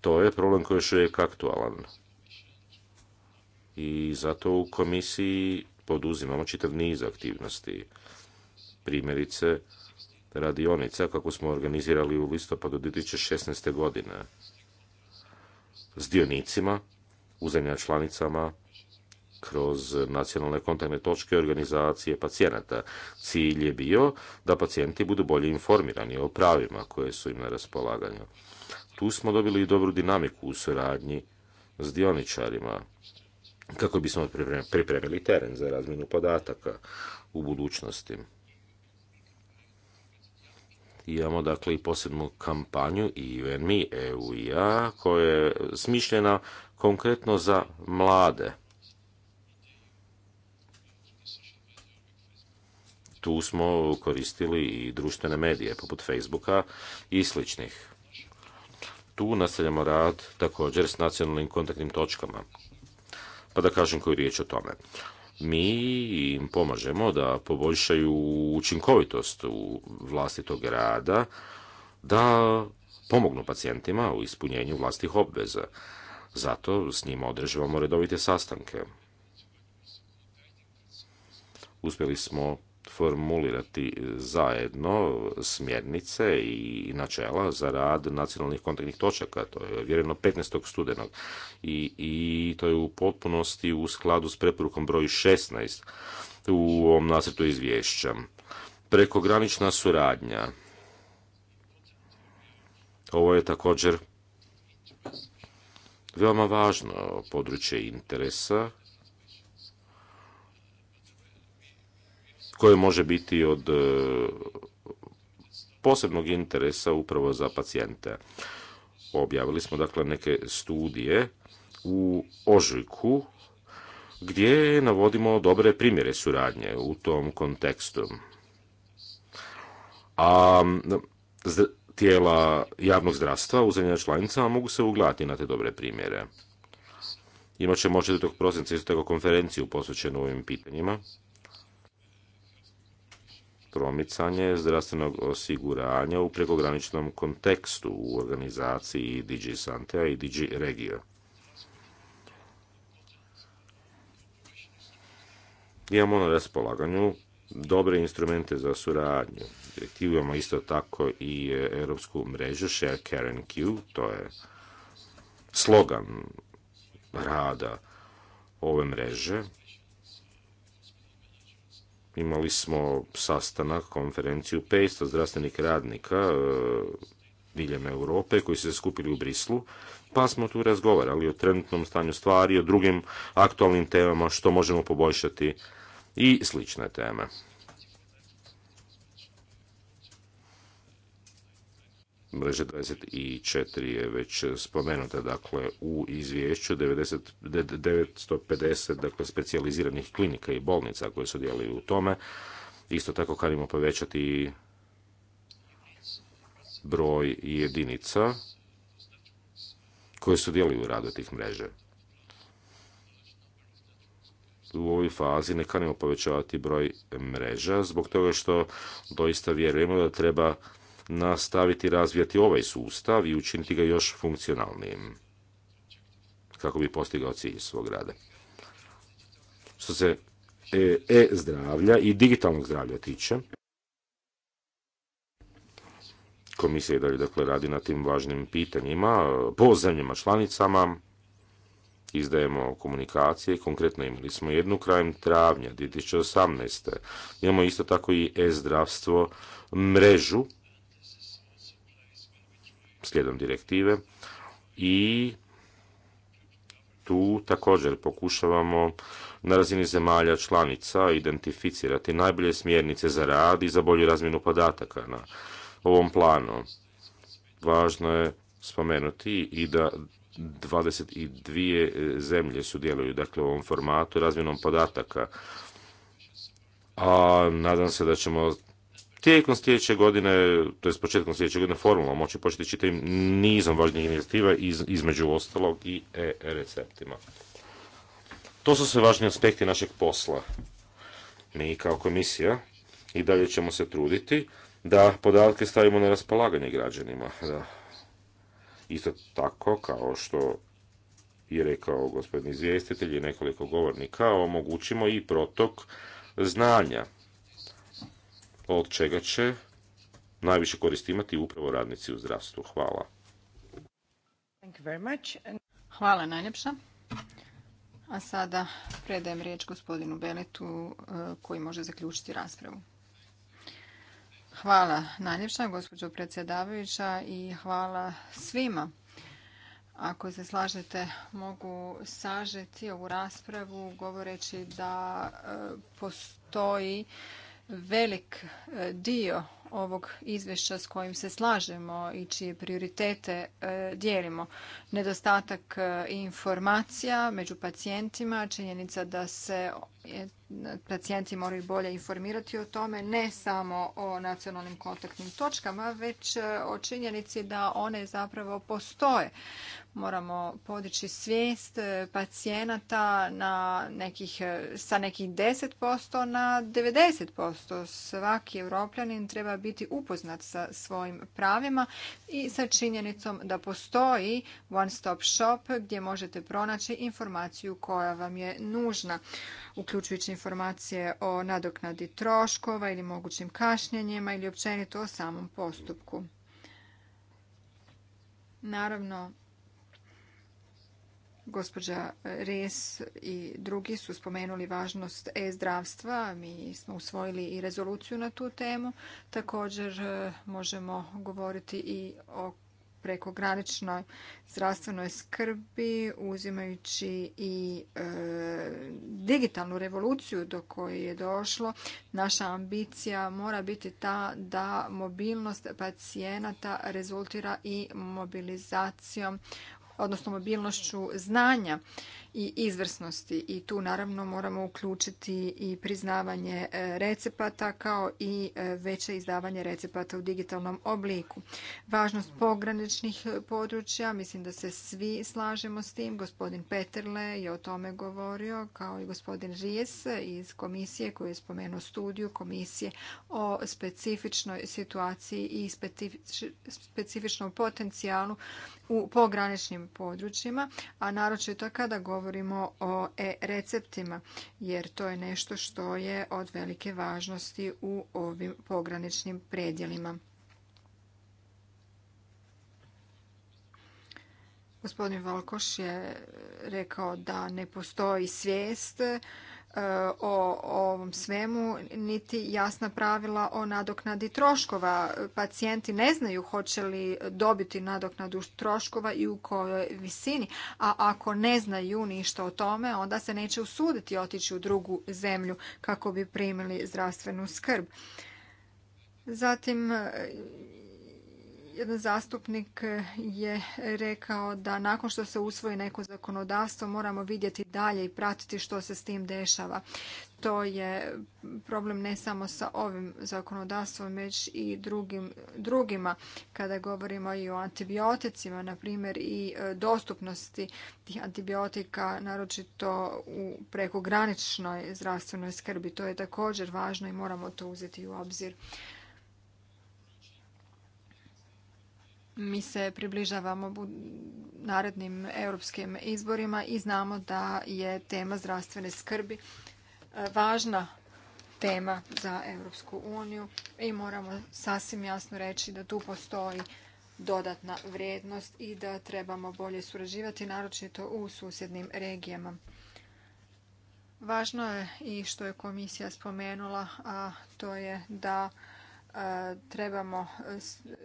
To je problem koji još uvijek aktualan. I zato u komisiji poduzimamo čitav niz aktivnosti. Primjerice, radionica kako smo organizirali u listopadu 2016. godine s dionicima, u članicama, kroz nacionalne kontaktne točke organizacije pacijenata. Cilj je bio da pacijenti budu bolje informirani o pravima koje su im na raspolaganju. Tu smo dobili i dobru dinamiku u suradnji s dioničarima kako bismo pripremili teren za razminu podataka u budućnosti. Imamo dakle i posebnu kampanju i UNMI, EU i ja, koja je smišljena konkretno za mlade tu smo koristili i društvene medije poput Facebooka i sličnih. Tu nastavljamo rad također s nacionalnim kontaktnim točkama. Pa da kažem koju riječ o tome. Mi im pomažemo da poboljšaju učinkovitost u vlastitog rada, da pomognu pacijentima u ispunjenju vlastih obveza. Zato s njima održavamo redovite sastanke. Uspjeli smo formulirati zajedno smjernice i načela za rad nacionalnih kontaktnih točaka. To je vjereno 15. studenog i, i to je u potpunosti u skladu s preporukom broj 16 u ovom nasretu izvješća. Prekogranična suradnja. Ovo je također veoma važno područje interesa koje može biti od e, posebnog interesa upravo za pacijente. Objavili smo dakle neke studije u ožujku gdje navodimo dobre primjere suradnje u tom kontekstu. A tijela javnog zdravstva u zemljama članicama mogu se ugledati na te dobre primjere. Imat ćemo tog prosinca isto tako konferenciju posvećenu ovim pitanjima promicanje zdravstvenog osiguranja u prekograničnom kontekstu u organizaciji DG Santea i DG Regio. Imamo na raspolaganju dobre instrumente za suradnju. Direktivujemo isto tako i europsku mrežu Share Care and Q, to je slogan rada ove mreže Imali smo sastanak, konferenciju 500 zdravstvenih radnika e, diljem Europe koji su se skupili u Brislu, pa smo tu razgovarali o trenutnom stanju stvari, o drugim aktualnim temama, što možemo poboljšati i slične teme. mreže 24 je već spomenuta, dakle u izvješću 950 dakle, specijaliziranih klinika i bolnica koje su djeli u tome. Isto tako kanimo povećati broj jedinica koje su djeli u radu tih mreže. U ovoj fazi ne kanimo povećavati broj mreža zbog toga što doista vjerujemo da treba nastaviti razvijati ovaj sustav i učiniti ga još funkcionalnijim kako bi postigao cilj svog rada. Što se e, e-zdravlja i digitalnog zdravlja tiče, komisija i dalje dakle, radi na tim važnim pitanjima po zemljama članicama, izdajemo komunikacije. Konkretno imali smo jednu krajem travnja 2018. Imamo isto tako i e-zdravstvo mrežu slijedom direktive i tu također pokušavamo na razini zemalja članica identificirati najbolje smjernice za rad i za bolju razmjenu podataka na ovom planu. Važno je spomenuti i da 22 zemlje sudjeluju dakle, u ovom formatu razmjenom podataka. A nadam se da ćemo Tijekom sljedeće godine, to je početkom sljedeće godine, formalno moći početi čitati nizom važnijih inicijativa iz, između ostalog i e-receptima. To su sve važni aspekti našeg posla. Mi kao komisija i dalje ćemo se truditi da podatke stavimo na raspolaganje građanima. Da. Isto tako kao što je rekao gospodin izvjestitelj i nekoliko govornika, omogućimo i protok znanja od čega će najviše koristi imati upravo radnici u zdravstvu. Hvala. Hvala najljepša. A sada predajem riječ gospodinu Beletu e, koji može zaključiti raspravu. Hvala najljepša, gospođo predsjedavajuća i hvala svima. Ako se slažete, mogu sažeti ovu raspravu govoreći da e, postoji velik e, dio ovog izvješća s kojim se slažemo i čije prioritete e, dijelimo. Nedostatak e, informacija među pacijentima, činjenica da se pacijenti moraju bolje informirati o tome, ne samo o nacionalnim kontaktnim točkama, već e, o činjenici da one zapravo postoje. Moramo podići svijest e, pacijenata na nekih, e, sa nekih 10% na 90%. Svaki europljanin treba biti upoznat sa svojim pravima i sa činjenicom da postoji one stop shop gdje možete pronaći informaciju koja vam je nužna uključujući informacije o nadoknadi troškova ili mogućim kašnjenjima ili općenito o samom postupku. Naravno, gospođa Res i drugi su spomenuli važnost e-zdravstva. Mi smo usvojili i rezoluciju na tu temu. Također e, možemo govoriti i o prekograničnoj zdravstvenoj skrbi uzimajući i e, digitalnu revoluciju do koje je došlo naša ambicija mora biti ta da mobilnost pacijenata rezultira i mobilizacijom odnosno mobilnošću znanja i izvrsnosti i tu naravno moramo uključiti i priznavanje e, recepata kao i e, veće izdavanje recepata u digitalnom obliku. Važnost pograničnih područja, mislim da se svi slažemo s tim, gospodin Peterle je o tome govorio, kao i gospodin Rijes iz komisije koji je spomenuo studiju komisije o specifičnoj situaciji i specifičnom potencijalu u pograničnim područjima, a naročito kada govorimo govorimo o e-receptima, jer to je nešto što je od velike važnosti u ovim pograničnim predjelima. Gospodin Valkoš je rekao da ne postoji svijest E, o ovom svemu niti jasna pravila o nadoknadi troškova. Pacijenti ne znaju hoće li dobiti nadoknadu troškova i u kojoj visini, a ako ne znaju ništa o tome, onda se neće usuditi otići u drugu zemlju kako bi primili zdravstvenu skrb. Zatim jedan zastupnik je rekao da nakon što se usvoji neko zakonodavstvo moramo vidjeti dalje i pratiti što se s tim dešava. To je problem ne samo sa ovim zakonodavstvom, već i drugim, drugima kada govorimo i o antibioticima, na primjer i e, dostupnosti tih antibiotika, naročito u prekograničnoj zdravstvenoj skrbi. To je također važno i moramo to uzeti u obzir mi se približavamo narednim europskim izborima i znamo da je tema zdravstvene skrbi e, važna tema za Europsku uniju i moramo sasvim jasno reći da tu postoji dodatna vrijednost i da trebamo bolje surađivati, naročito u susjednim regijama. Važno je i što je komisija spomenula, a to je da E, trebamo e, e,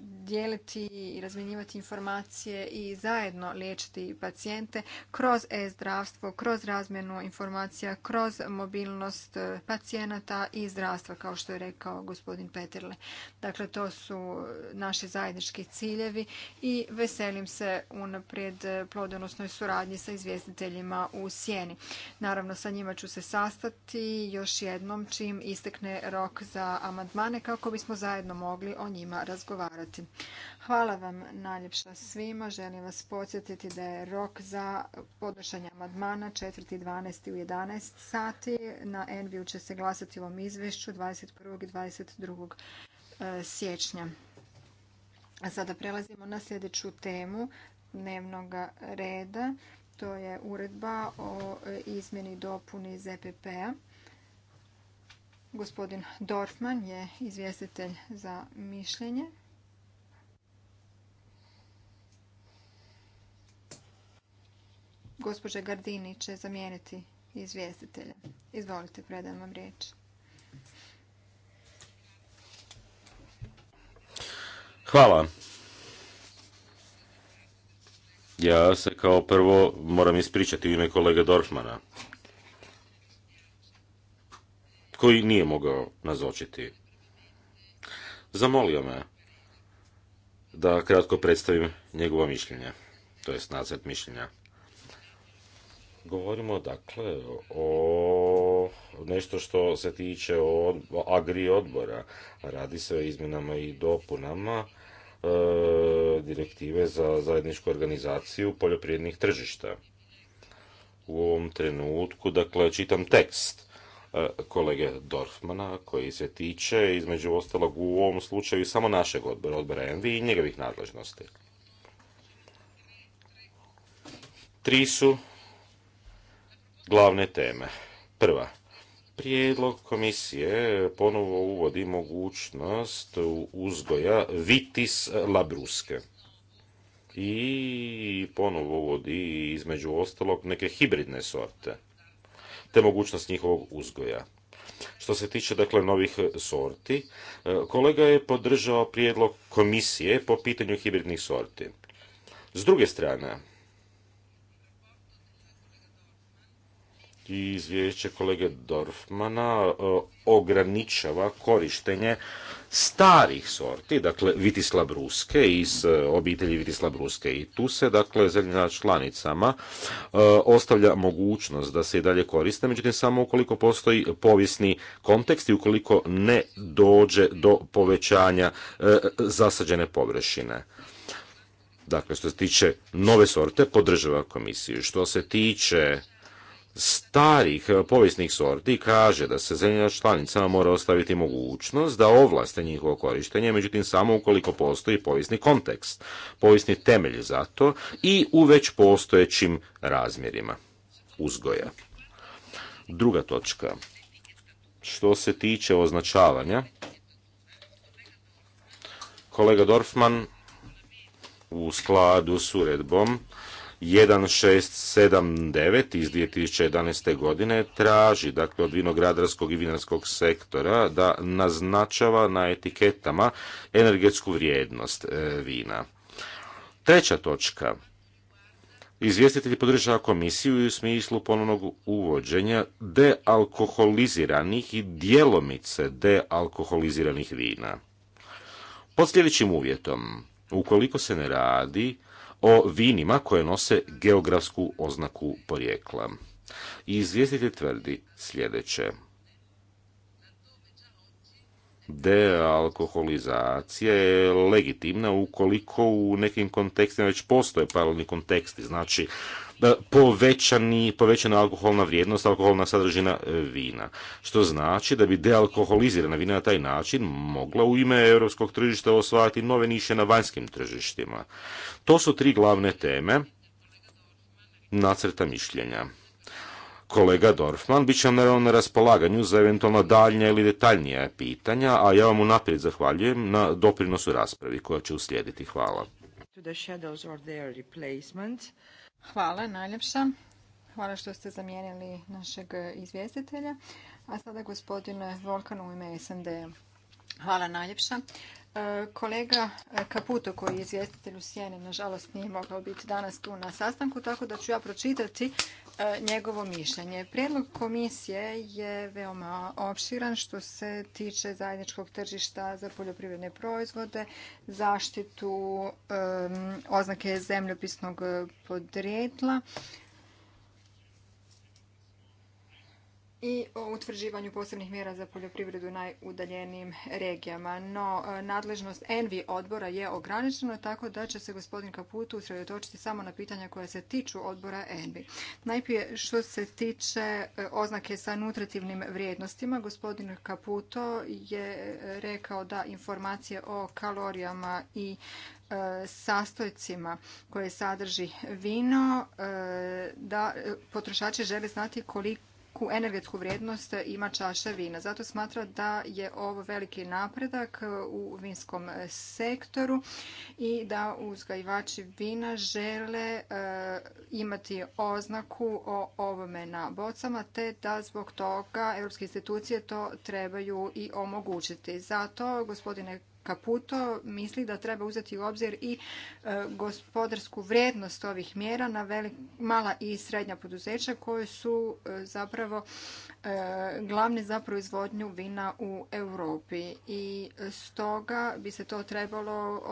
dijeliti i razmjenjivati informacije i zajedno liječiti pacijente kroz e-zdravstvo, kroz razmjenu informacija, kroz mobilnost pacijenata i zdravstva, kao što je rekao gospodin Peterle. Dakle, to su naši zajednički ciljevi i veselim se unaprijed plodonosnoj suradnji sa izvjestiteljima u Sjeni. Naravno, sa njima ću se sastati još jednom čim istekne rok za amandman kako bismo zajedno mogli o njima razgovarati. Hvala vam najljepša svima. Želim vas podsjetiti da je rok za podnošenje amandmana 4.12. u 11 sati. Na Enviju će se glasati u ovom izvješću 21. i 22. E, siječnja. sada prelazimo na sljedeću temu dnevnog reda. To je uredba o e, izmjeni dopuni ZPP-a. Gospodin Dorfman je izvjestitelj za mišljenje. Gospođa Gardini će zamijeniti izvjestitelja. Izvolite, predam vam riječ. Hvala. Ja se kao prvo moram ispričati u ime kolege Dorfmana, koji nije mogao nazočiti. Zamolio me da kratko predstavim njegovo mišljenje, to jest nacrt mišljenja. Govorimo dakle o nešto što se tiče o agri odbora. Radi se o izmjenama i dopunama e, direktive za zajedničku organizaciju poljoprivrednih tržišta. U ovom trenutku, dakle, čitam tekst E, kolege Dorfmana koji se tiče između ostalog u ovom slučaju samo našeg odbora, odbora MV i njegovih nadležnosti. Tri su glavne teme. Prva, prijedlog komisije ponovo uvodi mogućnost uzgoja vitis labruske i ponovo uvodi između ostalog neke hibridne sorte te mogućnost njihovog uzgoja. Što se tiče dakle novih sorti, e, kolega je podržao prijedlog komisije po pitanju hibridnih sorti. S druge strane, i izvješće kolege Dorfmana e, ograničava korištenje starih sorti, dakle Vitislav Ruske iz e, obitelji Vitislav Ruske i tu se dakle zemljama članicama e, ostavlja mogućnost da se i dalje koriste, međutim samo ukoliko postoji povijesni kontekst i ukoliko ne dođe do povećanja e, zasađene površine. Dakle, što se tiče nove sorte, podržava komisiju. Što se tiče starih e, povijesnih sorti kaže da se zemlja članicama mora ostaviti mogućnost da ovlaste njihovo korištenje, međutim samo ukoliko postoji povijesni kontekst, povijesni temelj za to i u već postojećim razmjerima uzgoja. Druga točka. Što se tiče označavanja, kolega Dorfman u skladu s uredbom 1679 iz 2011. godine traži dakle, od vinogradarskog i vinarskog sektora da naznačava na etiketama energetsku vrijednost e, vina. Treća točka. Izvjestitelj podržava komisiju i u smislu ponovnog uvođenja dealkoholiziranih i dijelomice dealkoholiziranih vina. Pod sljedećim uvjetom, ukoliko se ne radi o vinima koje nose geografsku oznaku porijekla. I izvjestitelj tvrdi sljedeće. Dealkoholizacija je legitimna ukoliko u nekim kontekstima već postoje paralelni konteksti, znači da povećani, povećana alkoholna vrijednost, alkoholna sadržina e, vina. Što znači da bi dealkoholizirana vina na taj način mogla u ime europskog tržišta osvajati nove niše na vanjskim tržištima. To su tri glavne teme nacrta mišljenja. Kolega Dorfman bit će naravno na raspolaganju za eventualno daljnja ili detaljnija pitanja, a ja vam unaprijed zahvaljujem na doprinosu raspravi koja će uslijediti. Hvala. Hvala najljepša. Hvala što ste zamijenili našeg izvjestitelja. A sada gospodin Volkan u ime SND. Hvala najljepša. E, kolega Kaputo koji je izvjestitelj u Sjeni, nažalost nije mogao biti danas tu na sastanku, tako da ću ja pročitati E, njegovo mišljenje. Prijedlog komisije je veoma opširan što se tiče zajedničkog tržišta za poljoprivredne proizvode, zaštitu oznake zemljopisnog podrijetla, i o utvrđivanju posebnih mjera za poljoprivredu u najudaljenijim regijama. No, e, nadležnost Envi odbora je ograničena, tako da će se gospodin Kaputu usredotočiti samo na pitanja koja se tiču odbora Envi. Najprije što se tiče e, oznake sa nutritivnim vrijednostima, gospodin Kaputo je e, rekao da informacije o kalorijama i sastojcima koje sadrži vino, da potrošači žele znati koliko energetsku vrijednost ima čaša vina. Zato smatra da je ovo veliki napredak u vinskom sektoru i da uzgajivači vina žele e, imati oznaku o ovome na bocama te da zbog toga europske institucije to trebaju i omogućiti. Zato, gospodine Kaputo misli da treba uzeti u obzir i e, gospodarsku vrijednost ovih mjera na mala i srednja poduzeća koje su e, zapravo e, glavne za proizvodnju vina u Europi i stoga bi se to trebalo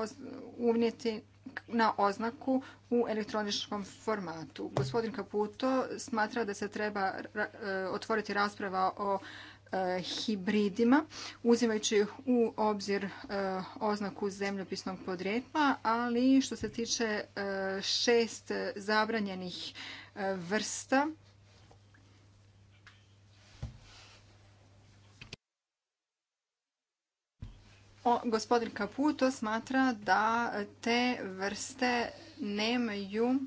unijeti na oznaku u elektroničkom formatu. Gospodin Kaputo smatra da se treba otvoriti rasprava o E, hibridima, uzimajući u obzir e, oznaku zemljopisnog podrijetla, ali što se tiče e, šest zabranjenih vrsta, gospodin Kaputo smatra da te vrste nemaju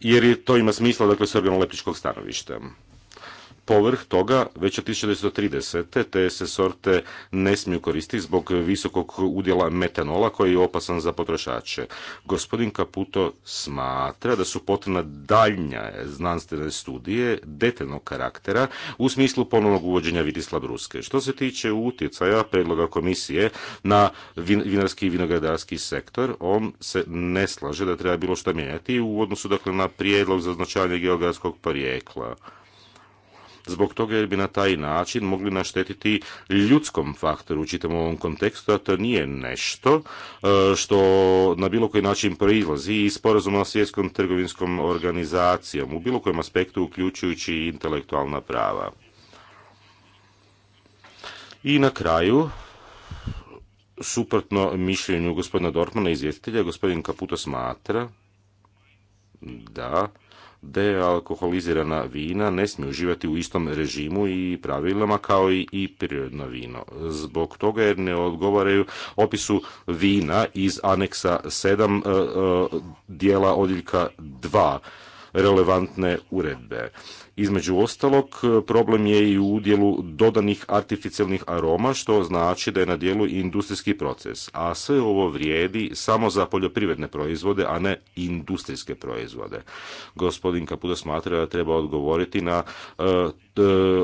jer to ima smisla dakle s organoleptičkog stanovišta povrh toga, već od 1930. te se sorte ne smiju koristiti zbog visokog udjela metanola koji je opasan za potrošače. Gospodin Kaputo smatra da su potrebna daljnja znanstvene studije detaljnog karaktera u smislu ponovnog uvođenja vitisla bruske Što se tiče utjecaja predloga komisije na vinarski i vinogradarski sektor, on se ne slaže da treba bilo što mijenjati u odnosu dakle na prijedlog za označavanje geografskog porijekla zbog toga jer bi na taj način mogli naštetiti ljudskom faktoru u čitavom ovom kontekstu, a to nije nešto e, što na bilo koji način proizlazi iz sporazuma sa svjetskom trgovinskom organizacijom u bilo kojem aspektu uključujući intelektualna prava. I na kraju, suprotno mišljenju gospodina Dortmana izvjestitelja, gospodin Kaputo smatra da dealkoholizirana vina ne smiju uživati u istom režimu i pravilama kao i prirodno vino. Zbog toga jer ne odgovaraju opisu vina iz aneksa 7 e, e, dijela odjeljka 2 relevantne uredbe. Između ostalog, e, problem je i u udjelu dodanih artificijalnih aroma, što znači da je na dijelu industrijski proces, a sve ovo vrijedi samo za poljoprivredne proizvode, a ne industrijske proizvode. Gospodin Kapuda smatra da treba odgovoriti na e, e,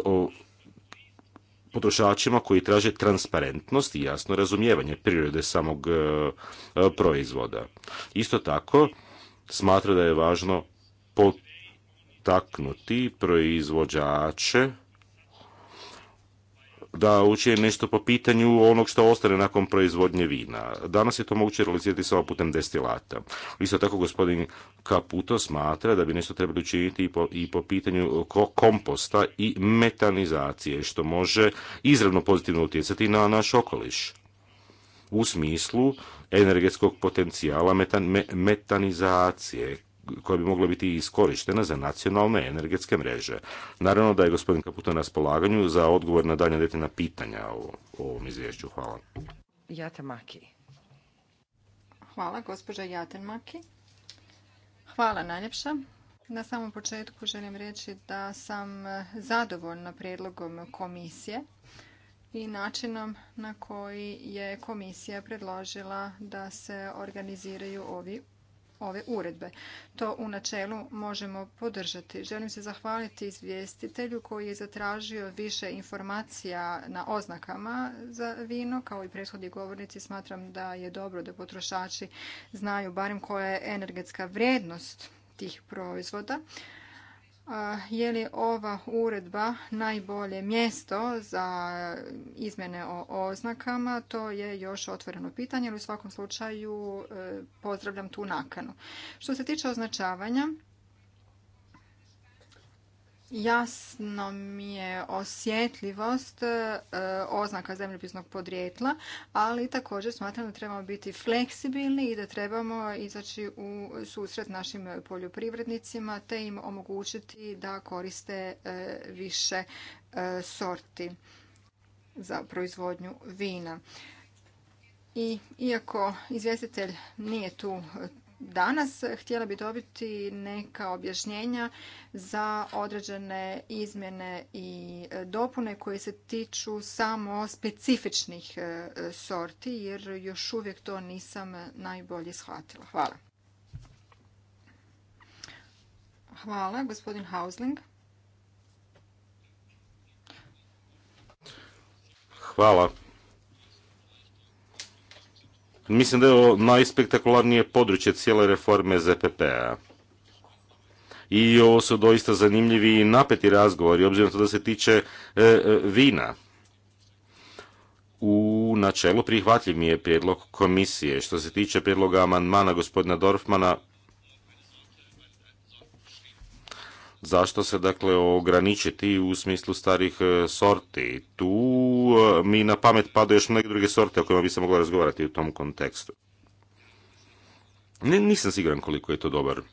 potrošačima koji traže transparentnost i jasno razumijevanje prirode samog proizvoda. Isto tako, smatra da je važno potrošati potaknuti proizvođače da učine nešto po pitanju onog što ostane nakon proizvodnje vina. Danas je to moguće realizirati samo putem destilata. Isto tako gospodin Kaputo smatra da bi nešto trebalo učiniti i po, pitanju komposta i metanizacije, što može izravno pozitivno utjecati na naš okoliš u smislu energetskog potencijala metan, metanizacije koja bi mogla biti iskorištena za nacionalne energetske mreže. Naravno da je gospodin kaputa na spolaganju za odgovor na daljnja detaljna pitanja o, ovom izvješću. Hvala. Maki. Hvala, gospođa maki Hvala najljepša. Na samom početku želim reći da sam zadovoljna predlogom komisije i načinom na koji je komisija predložila da se organiziraju ovi ove uredbe. To u načelu možemo podržati. Želim se zahvaliti izvjestitelju koji je zatražio više informacija na oznakama za vino. Kao i prethodni govornici smatram da je dobro da potrošači znaju barem koja je energetska vrijednost tih proizvoda je li ova uredba najbolje mjesto za izmjene o oznakama, to je još otvoreno pitanje, ali u svakom slučaju e, pozdravljam tu nakanu. Što se tiče označavanja, Jasno mi je osjetljivost e, oznaka zemljopisnog podrijetla, ali također smatram da trebamo biti fleksibilni i da trebamo izaći u susret našim poljoprivrednicima te im omogućiti da koriste e, više e, sorti za proizvodnju vina. I iako izvjestitelj nije tu danas htjela bi dobiti neka objašnjenja za određene izmjene i dopune koje se tiču samo specifičnih e, sorti jer još uvijek to nisam najbolje shvatila. Hvala. Hvala, gospodin Hausling. Hvala Mislim da je ovo najspektakularnije područje cijele reforme ZPP-a. I ovo su doista zanimljivi i napeti razgovori, obzirom to da se tiče e, e, vina. U načelu prihvatljiv mi je prijedlog komisije. Što se tiče prijedloga amandmana gospodina Dorfmana, Zašto se dakle ograničiti u smislu starih e, sorti? Tu e, mi na pamet padaju još neke druge sorte o kojima bi se moglo razgovarati u tom kontekstu. Nisam siguran koliko je to dobar e,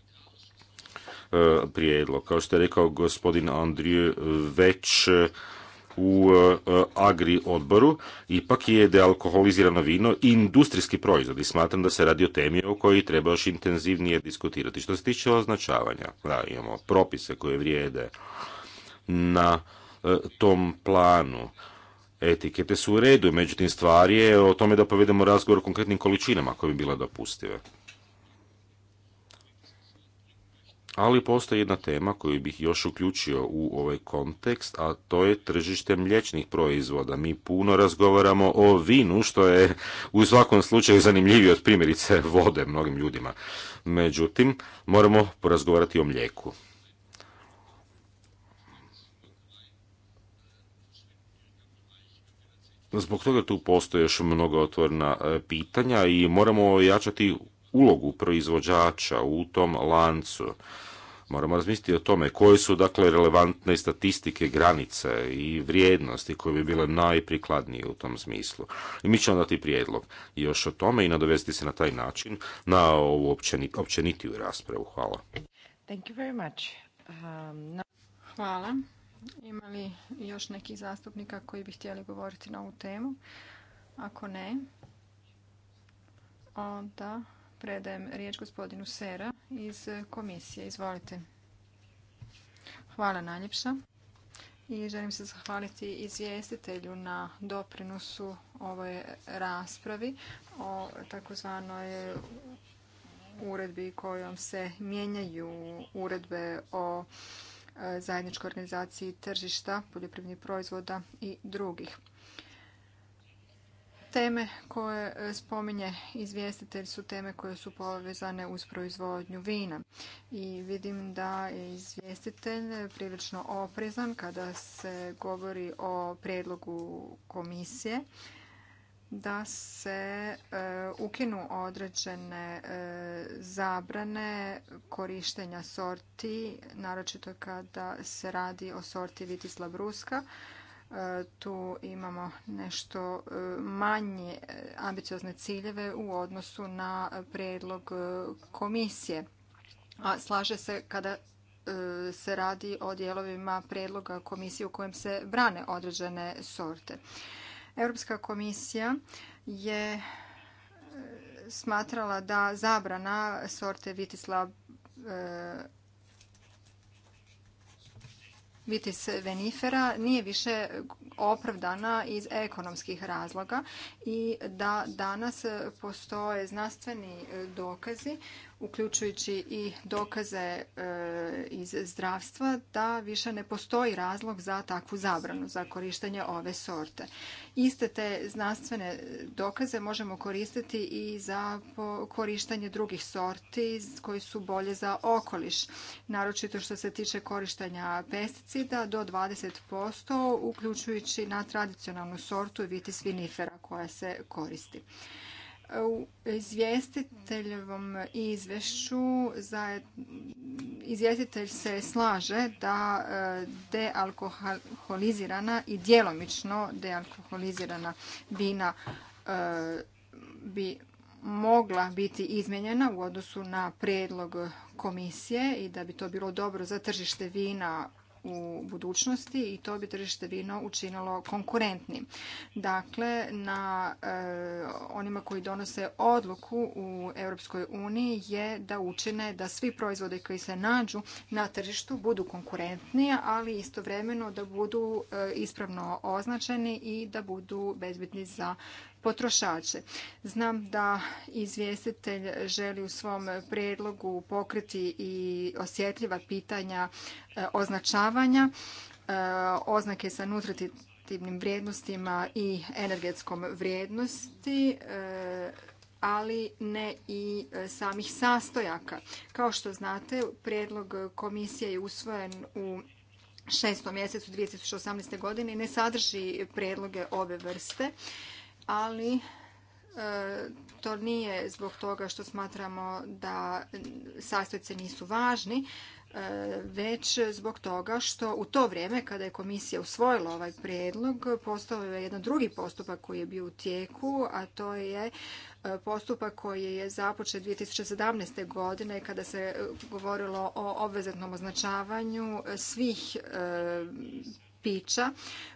prijedlog. Kao što je rekao gospodin Andrije, već u e, e, agri odboru, ipak je dealkoholizirano vino industrijski proizvod i smatram da se radi o temi o kojoj treba još intenzivnije diskutirati. Što se tiče označavanja, da, imamo propise koje vrijede na e, tom planu. Etikete su u redu, međutim stvar je o tome da povedemo razgovor o konkretnim količinama koje bi bila dopustive. ali postoji jedna tema koju bih još uključio u ovaj kontekst, a to je tržište mliječnih proizvoda. Mi puno razgovaramo o vinu, što je u svakom slučaju zanimljivije od primjerice vode mnogim ljudima. Međutim, moramo porazgovarati o mlijeku. Zbog toga tu postoje još mnogo otvorna e, pitanja i moramo jačati ulogu proizvođača u tom lancu. Moramo razmisliti o tome koje su dakle relevantne statistike granice i vrijednosti koje bi bile najprikladnije u tom smislu. I mi ćemo dati prijedlog još o tome i nadovesti se na taj način na ovu općenitiju raspravu. Hvala. Thank you very much. Um, Hvala. Ima li još nekih zastupnika koji bi htjeli govoriti na ovu temu? Ako ne, onda predajem riječ gospodinu Sera iz komisije. Izvolite. Hvala najljepša i želim se zahvaliti izvjestitelju na doprinosu ovoj raspravi o takozvanoj uredbi kojom se mijenjaju uredbe o e, zajedničkoj organizaciji tržišta poljoprivrednih proizvoda i drugih. Teme koje e, spominje izvjestitelj su teme koje su povezane uz proizvodnju vina. I vidim da je izvjestitelj prilično oprezan kada se govori o prijedlogu komisije da se e, ukinu određene e, zabrane korištenja sorti, naročito kada se radi o sorti vitisla bruska, E, tu imamo nešto e, manje e, ambiciozne ciljeve u odnosu na prijedlog komisije. A slaže se kada se radi o dijelovima prijedloga komisije u kojem se brane određene sorte. Europska komisija je smatrala da zabrana sorte Vitisla vitis venifera nije više opravdana iz ekonomskih razloga i da danas postoje znanstveni dokazi uključujući i dokaze e, iz zdravstva, da više ne postoji razlog za takvu zabranu, za korištenje ove sorte. Iste te znanstvene dokaze možemo koristiti i za korištenje drugih sorti koji su bolje za okoliš, naročito što se tiče korištenja pesticida do 20%, uključujući na tradicionalnu sortu vitis vinifera koja se koristi. U izvjestiteljevom izvješću izvjestitelj se slaže da e, dealkoholizirana i djelomično dealkoholizirana vina e, bi mogla biti izmijenjena u odnosu na prijedlog komisije i da bi to bilo dobro za tržište vina u budućnosti i to bi tržište vino učinilo konkurentnim. Dakle, na eh, onima koji donose odluku u Europskoj uniji je da učine da svi proizvode koji se nađu na tržištu budu konkurentni ali istovremeno da budu eh, ispravno označeni i da budu bezbitni za potrošače. Znam da izvjestitelj želi u svom prijedlogu pokriti i osjetljiva pitanja e, označavanja, e, oznake sa nutritivnim vrijednostima i energetskom vrijednosti e, ali ne i samih sastojaka. Kao što znate, prijedlog komisije je usvojen u šestom mjesecu 2018. godine i ne sadrži prijedloge ove vrste ali e, to nije zbog toga što smatramo da sastojce nisu važni, e, već zbog toga što u to vrijeme kada je komisija usvojila ovaj prijedlog postao je jedan drugi postupak koji je bio u tijeku, a to je e, postupak koji je započet 2017. godine kada se govorilo o obvezatnom označavanju svih pića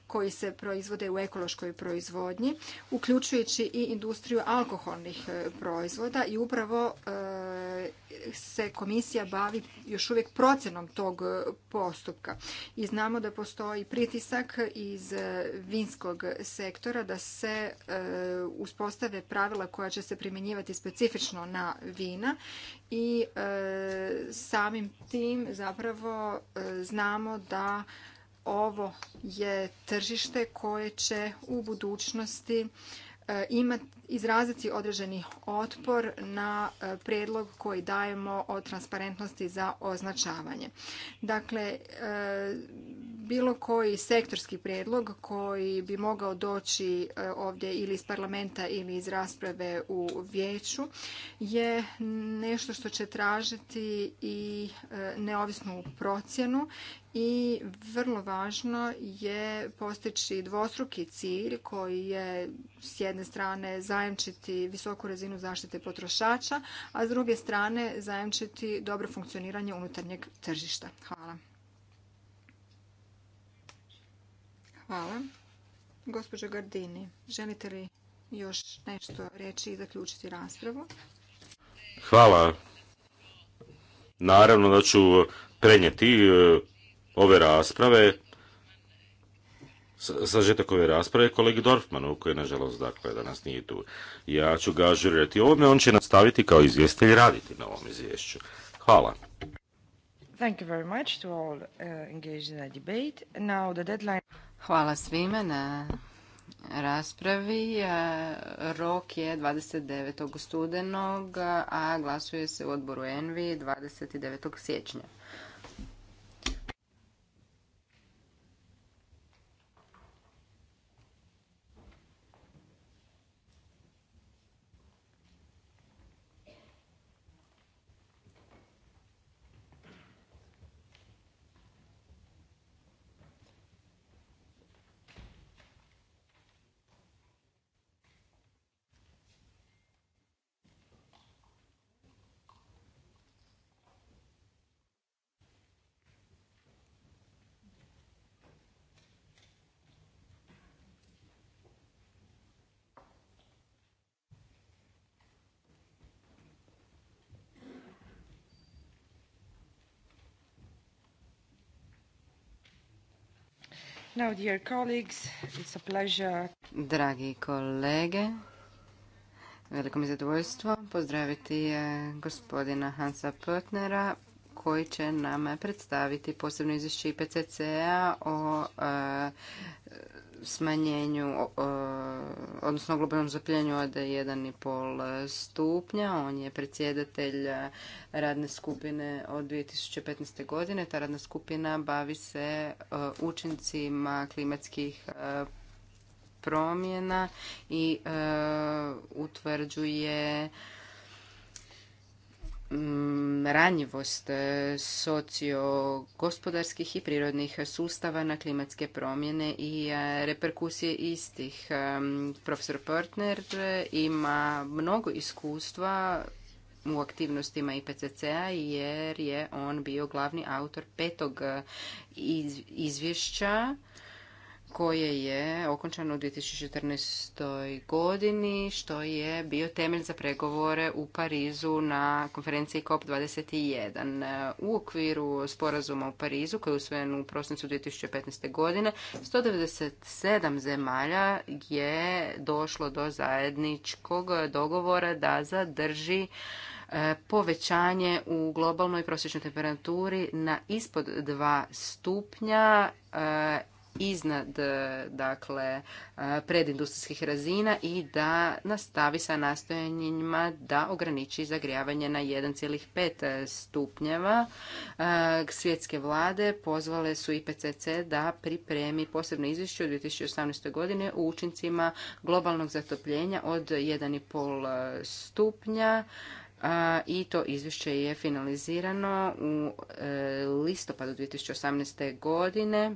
koji se proizvode u ekološkoj proizvodnji, uključujući i industriju alkoholnih e, proizvoda i upravo e, se komisija bavi još uvijek procenom tog e, postupka. I znamo da postoji pritisak iz vinskog sektora da se uspostave pravila koja će se primjenjivati specifično na vina i samim tim zapravo znamo da ovo je tržište koje će u budućnosti e, imati izraziti određeni otpor na e, predlog koji dajemo o transparentnosti za označavanje. Dakle, e, bilo koji sektorski prijedlog koji bi mogao doći e, ovdje ili iz parlamenta ili iz rasprave u vijeću je nešto što će tražiti i e, neovisnu procjenu i vrlo važno je postići dvostruki cilj koji je s jedne strane zajamčiti visoku razinu zaštite potrošača, a s druge strane zajamčiti dobro funkcioniranje unutarnjeg tržišta. Hvala. Hvala. Gospođo Gardini, želite li još nešto reći i zaključiti raspravu? Hvala. Naravno da ću prenijeti e, ove rasprave, sažetak ove rasprave kolegi Dorfmanu, koji nažalost dakle danas nije tu. Ja ću ga ažurirati ovome, on će nastaviti kao izvjestitelj raditi na ovom izvješću. Hvala. Thank you very much to all uh, engaged in the debate. Now the deadline... Hvala svima na raspravi. E, rok je 29. studenog, a glasuje se u odboru Envi 29. siječnja. Now, dear colleagues, Dragi kolege, veliko mi zadovoljstvo pozdraviti eh, gospodina Hansa Pötnera, koji će nam predstaviti posebno izvješće IPCC-a o e, smanjenju, e, odnosno globalnom zapljenju od 1,5 stupnja. On je predsjedatelj radne skupine od 2015. godine. Ta radna skupina bavi se e, učincima klimatskih promjena i utvrđuje Mm, ranjivost e, sociogospodarskih i prirodnih sustava na klimatske promjene i e, reperkusije istih. E, profesor Partner ima mnogo iskustva u aktivnostima IPCC-a jer je on bio glavni autor petog izvješća koje je okončano u 2014. godini, što je bio temelj za pregovore u Parizu na konferenciji COP21. U okviru sporazuma u Parizu, koji je usvojen u prosincu 2015. godine, 197 zemalja je došlo do zajedničkog dogovora da zadrži e, povećanje u globalnoj prosječnoj temperaturi na ispod 2 stupnja e, iznad e, dakle e, predindustrijskih razina i da nastavi sa nastojanjima da ograniči zagrijavanje na 1,5 stupnjeva. E, svjetske vlade pozvale su IPCC da pripremi posebno izvješće u 2018. godine u učincima globalnog zatopljenja od 1,5 stupnja i to izvješće je finalizirano u listopadu 2018. godine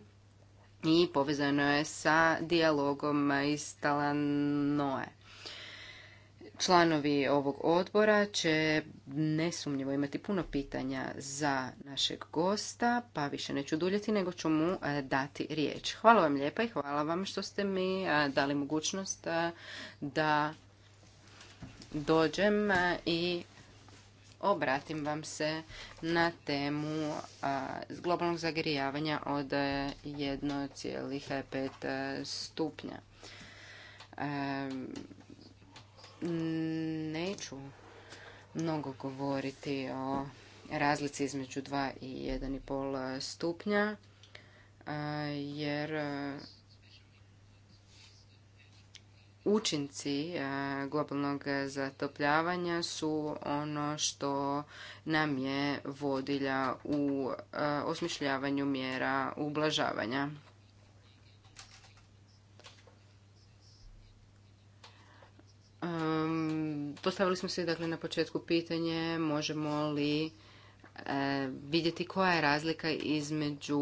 i povezano je sa dijalogom iz Talanoe. Članovi ovog odbora će nesumnjivo imati puno pitanja za našeg gosta, pa više neću duljeti nego ću mu e, dati riječ. Hvala vam lijepa i hvala vam što ste mi e, dali mogućnost e, da dođem i obratim vam se na temu globalnog zagrijavanja od 1,5 e, e, stupnja. E, neću mnogo govoriti o razlici između 2 i 1,5 stupnja, jer učinci e, globalnog zatopljavanja su ono što nam je vodilja u e, osmišljavanju mjera ublažavanja. Postavili smo se dakle na početku pitanje možemo li e, vidjeti koja je razlika između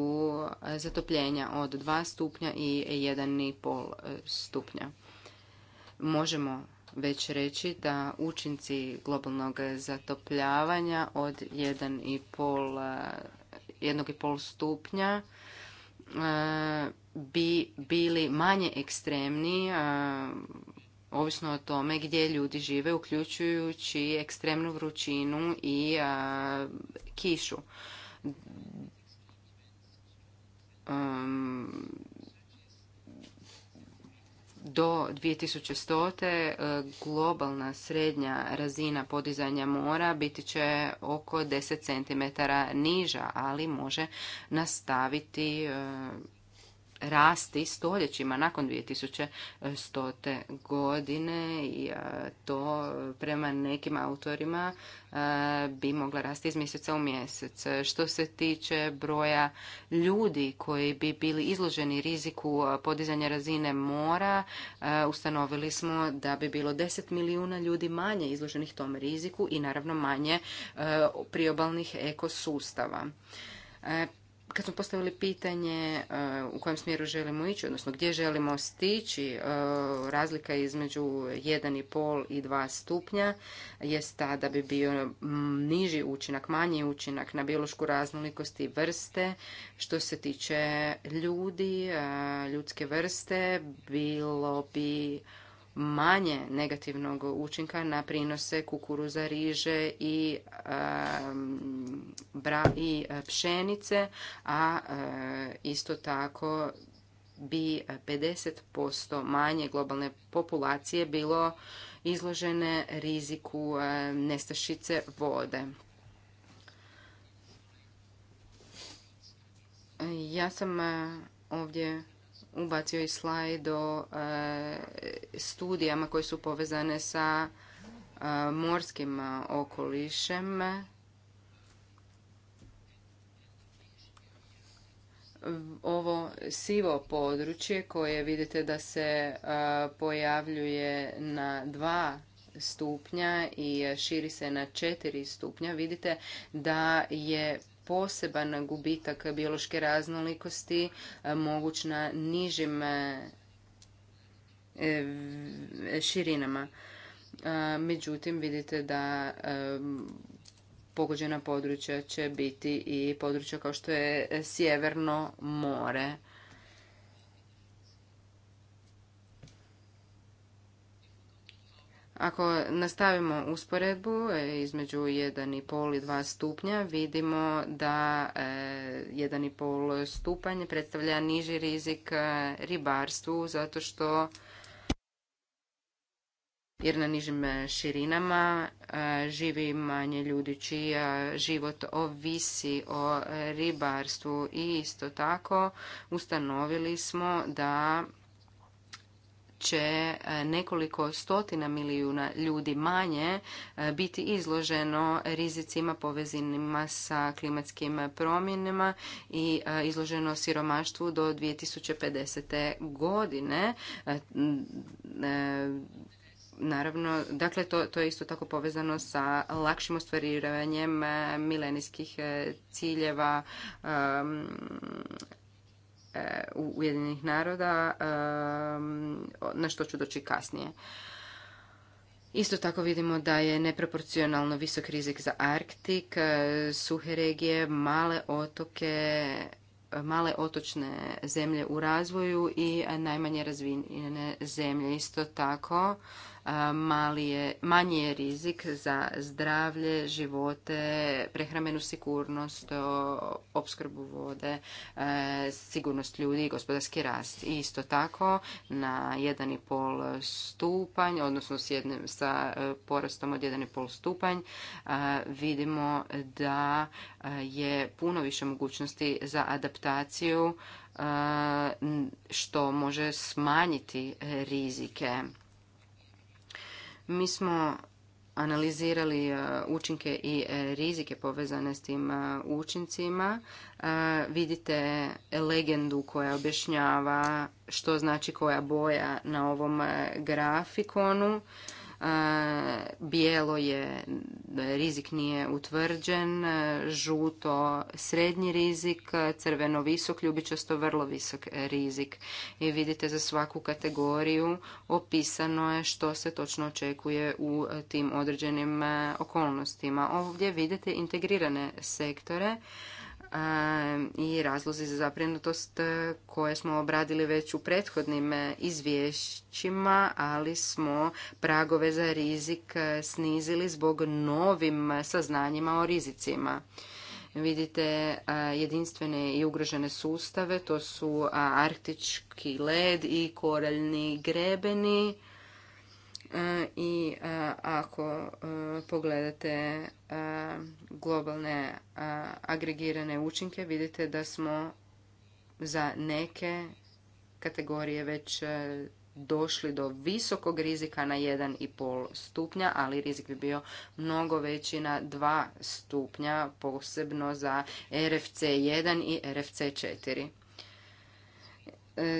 zatopljenja od 2 stupnja i 1,5 stupnja možemo već reći da učinci globalnog zatopljavanja od 1,5 stupnja e, bi bili manje ekstremni e, ovisno o tome gdje ljudi žive uključujući ekstremnu vrućinu i e, kišu do 2100. E, globalna srednja razina podizanja mora biti će oko 10 cm niža, ali može nastaviti e, rasti stoljećima nakon 2100. godine i e, to prema nekim autorima e, bi mogla rasti iz mjeseca u mjesec. Što se tiče broja ljudi koji bi bili izloženi riziku e, podizanja razine mora, ustanovili smo da bi bilo 10 milijuna ljudi manje izloženih tom riziku i naravno manje priobalnih ekosustava kad smo postavili pitanje e, u kojem smjeru želimo ići, odnosno gdje želimo stići, e, razlika između 1,5 i 2 stupnja je ta da bi bio niži učinak, manji učinak na biološku raznolikost i vrste. Što se tiče ljudi, e, ljudske vrste, bilo bi manje negativnog učinka na prinose kukuruza, riže i, bra, i e, pšenice, a e, isto tako bi 50% manje globalne populacije bilo izložene riziku e, nestašice vode. Ja sam ovdje ubacio i slajd o e, studijama koje su povezane sa e, morskim okolišem. Ovo sivo područje koje vidite da se e, pojavljuje na dva stupnja i širi se na četiri stupnja, vidite da je poseban gubitak biološke raznolikosti e, moguć na nižim e, e, širinama. Međutim, vidite da pogođena područja će biti i područja kao što je Sjeverno more. Ako nastavimo usporedbu e, između 1,5 i 2 stupnja, vidimo da 1,5 e, stupanje predstavlja niži rizik e, ribarstvu zato što jer na nižim širinama živi manje ljudi čija život ovisi o ribarstvu i isto tako ustanovili smo da će e, nekoliko stotina milijuna ljudi manje e, biti izloženo rizicima povezinima sa klimatskim promjenama i e, izloženo siromaštvu do 2050. godine naravno, dakle to, to je isto tako povezano sa lakšim ostvarivanjem milenijskih ciljeva E, Ujedinih naroda, e, na što ću doći kasnije. Isto tako vidimo da je neproporcionalno visok rizik za Arktik, e, suhe regije, male otoke, male otočne zemlje u razvoju i najmanje razvijene zemlje. Isto tako manji je rizik za zdravlje, živote, prehramenu sigurnost, opskrbu vode, e, sigurnost ljudi i gospodarski rast. isto tako na 1,5 stupanj, odnosno sa e, porastom od 1,5 stupanj e, vidimo da je puno više mogućnosti za adaptaciju što može smanjiti rizike mi smo analizirali e, učinke i e, rizike povezane s tim e, učincima. Vidite legendu koja objašnjava što znači koja boja na ovom grafikonu bijelo je rizik nije utvrđen, žuto srednji rizik, crveno visok, ljubičasto vrlo visok rizik. I vidite za svaku kategoriju opisano je što se točno očekuje u tim određenim okolnostima. Ovdje vidite integrirane sektore i razlozi za zaprinutost e, koje smo obradili već u prethodnim e, izvješćima, ali smo pragove za rizik e, snizili zbog novim saznanjima o rizicima. Vidite jedinstvene i ugrožene sustave, to su arktički led i koraljni grebeni E, i e, ako e, pogledate globalne agregirane učinke vidite da smo za neke kategorije već došli do visokog rizika na 1,5 stupnja, ali rizik bi bio mnogo veći na 2 stupnja, posebno za RFC1 i RFC4.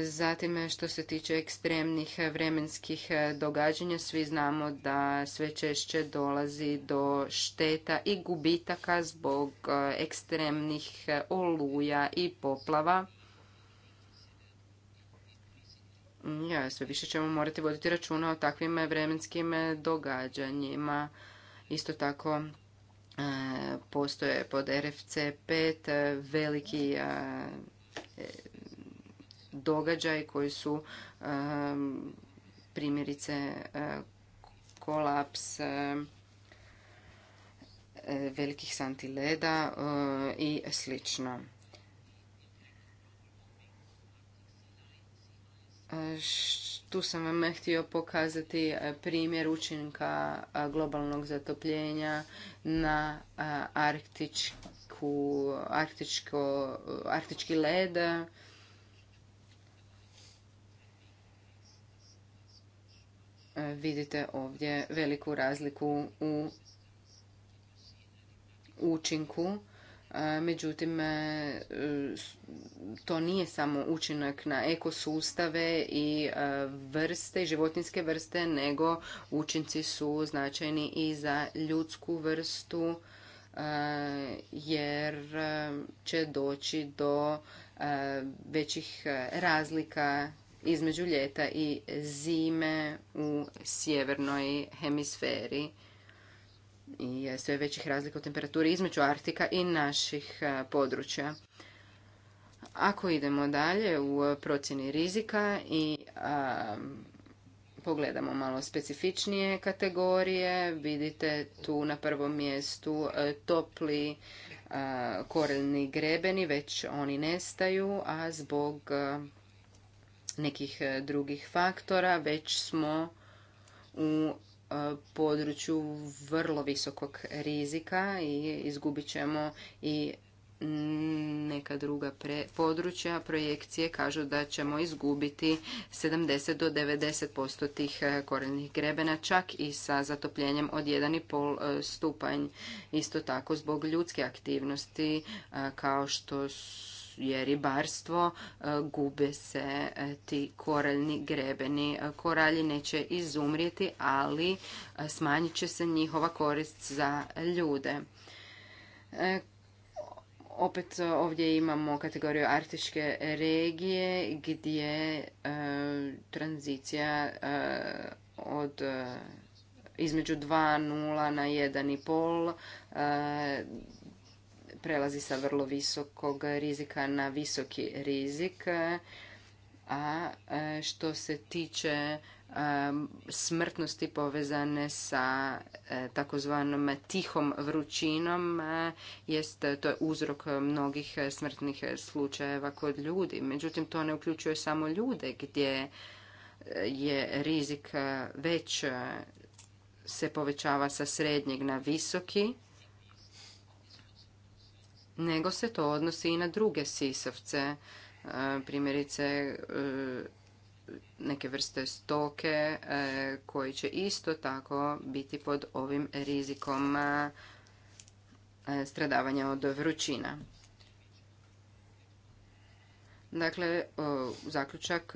Zatim što se tiče ekstremnih vremenskih e, događanja, svi znamo da sve češće dolazi do šteta i gubitaka zbog e, ekstremnih e, oluja i poplava. Ja, sve više ćemo morati voditi računa o takvim vremenskim događanjima. Isto tako postoje pod RFC 5 veliki događaj koji su primjerice e, kolaps e, e, velikih santi leda i slično. Tu sam vam htio pokazati primjer učinka globalnog zatopljenja na arktičku, arktičko, arktički led E, vidite ovdje veliku razliku u učinku. E, međutim, e, to nije samo učinak na ekosustave i vrste, životinske vrste, nego učinci su značajni i za ljudsku vrstu, jer će doći do većih razlika između ljeta i zime u sjevernoj hemisferi i sve većih razlika u temperaturi između Artika i naših područja. Ako idemo dalje u procjeni rizika i pogledamo malo specifičnije kategorije, vidite tu na prvom mjestu topli a, grebeni, već oni nestaju, a zbog nekih e, drugih faktora, već smo u e, području vrlo visokog rizika i izgubit ćemo i neka druga područja. Projekcije kažu da ćemo izgubiti 70 do 90% tih e, korenih grebena, čak i sa zatopljenjem od 1,5 stupanj. Isto tako zbog ljudske aktivnosti kao što su je ribarstvo, e, gube se e, ti koraljni grebeni. E, koralji neće izumrijeti, ali smanjit će se njihova korist za ljude. Opet ovdje imamo kategoriju artiške regije gdje tranzicija od između 2.0 na 1.5 prelazi sa vrlo visokog rizika na visoki rizik. A što se tiče smrtnosti povezane sa e, takozvanom tihom vrućinom jest to je uzrok mnogih smrtnih slučajeva kod ljudi. Međutim, to ne uključuje samo ljude gdje e, je rizik već e, se povećava sa srednjeg na visoki nego se to odnosi i na druge sisavce, e, primjerice e, neke vrste stoke e, koji će isto tako biti pod ovim rizikom stradavanja od vrućina. Dakle, zaključak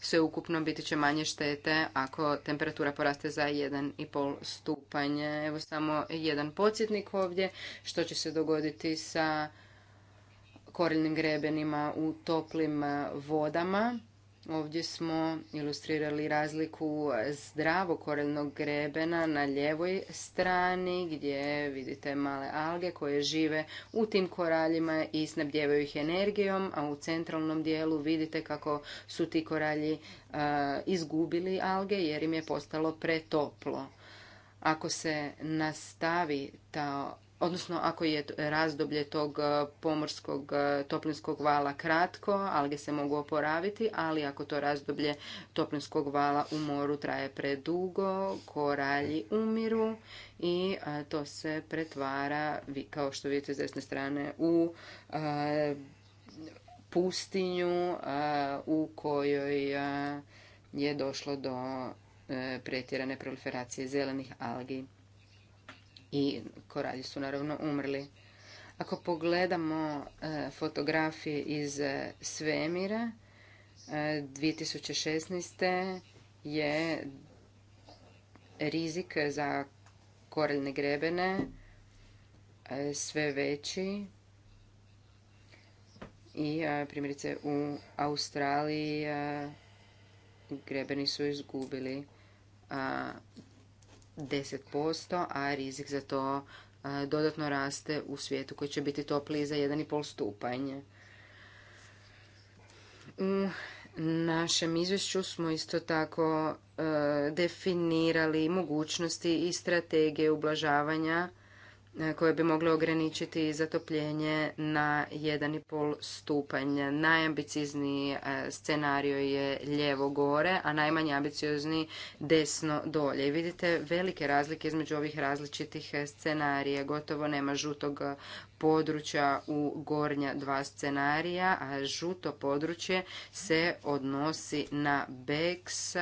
sve ukupno biti će manje štete ako temperatura poraste za 1,5 stupanj. Evo samo jedan podsjetnik ovdje što će se dogoditi sa koriljnim grebenima u toplim vodama. Ovdje smo ilustrirali razliku zdravog koreljnog grebena na ljevoj strani gdje vidite male alge koje žive u tim koraljima i snabdjevaju ih energijom, a u centralnom dijelu vidite kako su ti koralji izgubili alge jer im je postalo pretoplo. Ako se nastavi ta odnosno ako je razdoblje tog e, pomorskog e, toplinskog vala kratko, alge se mogu oporaviti, ali ako to razdoblje toplinskog vala u moru traje predugo, koralji umiru i e, to se pretvara, kao što vidite s desne strane, u pustinju u kojoj je došlo do pretjerane proliferacije zelenih algi i koralji su naravno umrli. Ako pogledamo e, fotografije iz e, svemira, 2016. E, je rizik za koraljne grebene sve veći i primjerice u Australiji grebeni su izgubili 10%, a rizik za to dodatno raste u svijetu koji će biti topliji za 1,5 stupanje. U našem izvješću smo isto tako definirali mogućnosti i strategije ublažavanja E, koje bi mogle ograničiti zatopljenje na 1,5 stupanj. Najambicizniji e, scenario je lijevo gore, a najmanje ambiciozni desno dolje. I vidite velike razlike između ovih različitih e, scenarija. Gotovo nema žutog područja u gornja dva scenarija, a žuto područje se odnosi na BEX.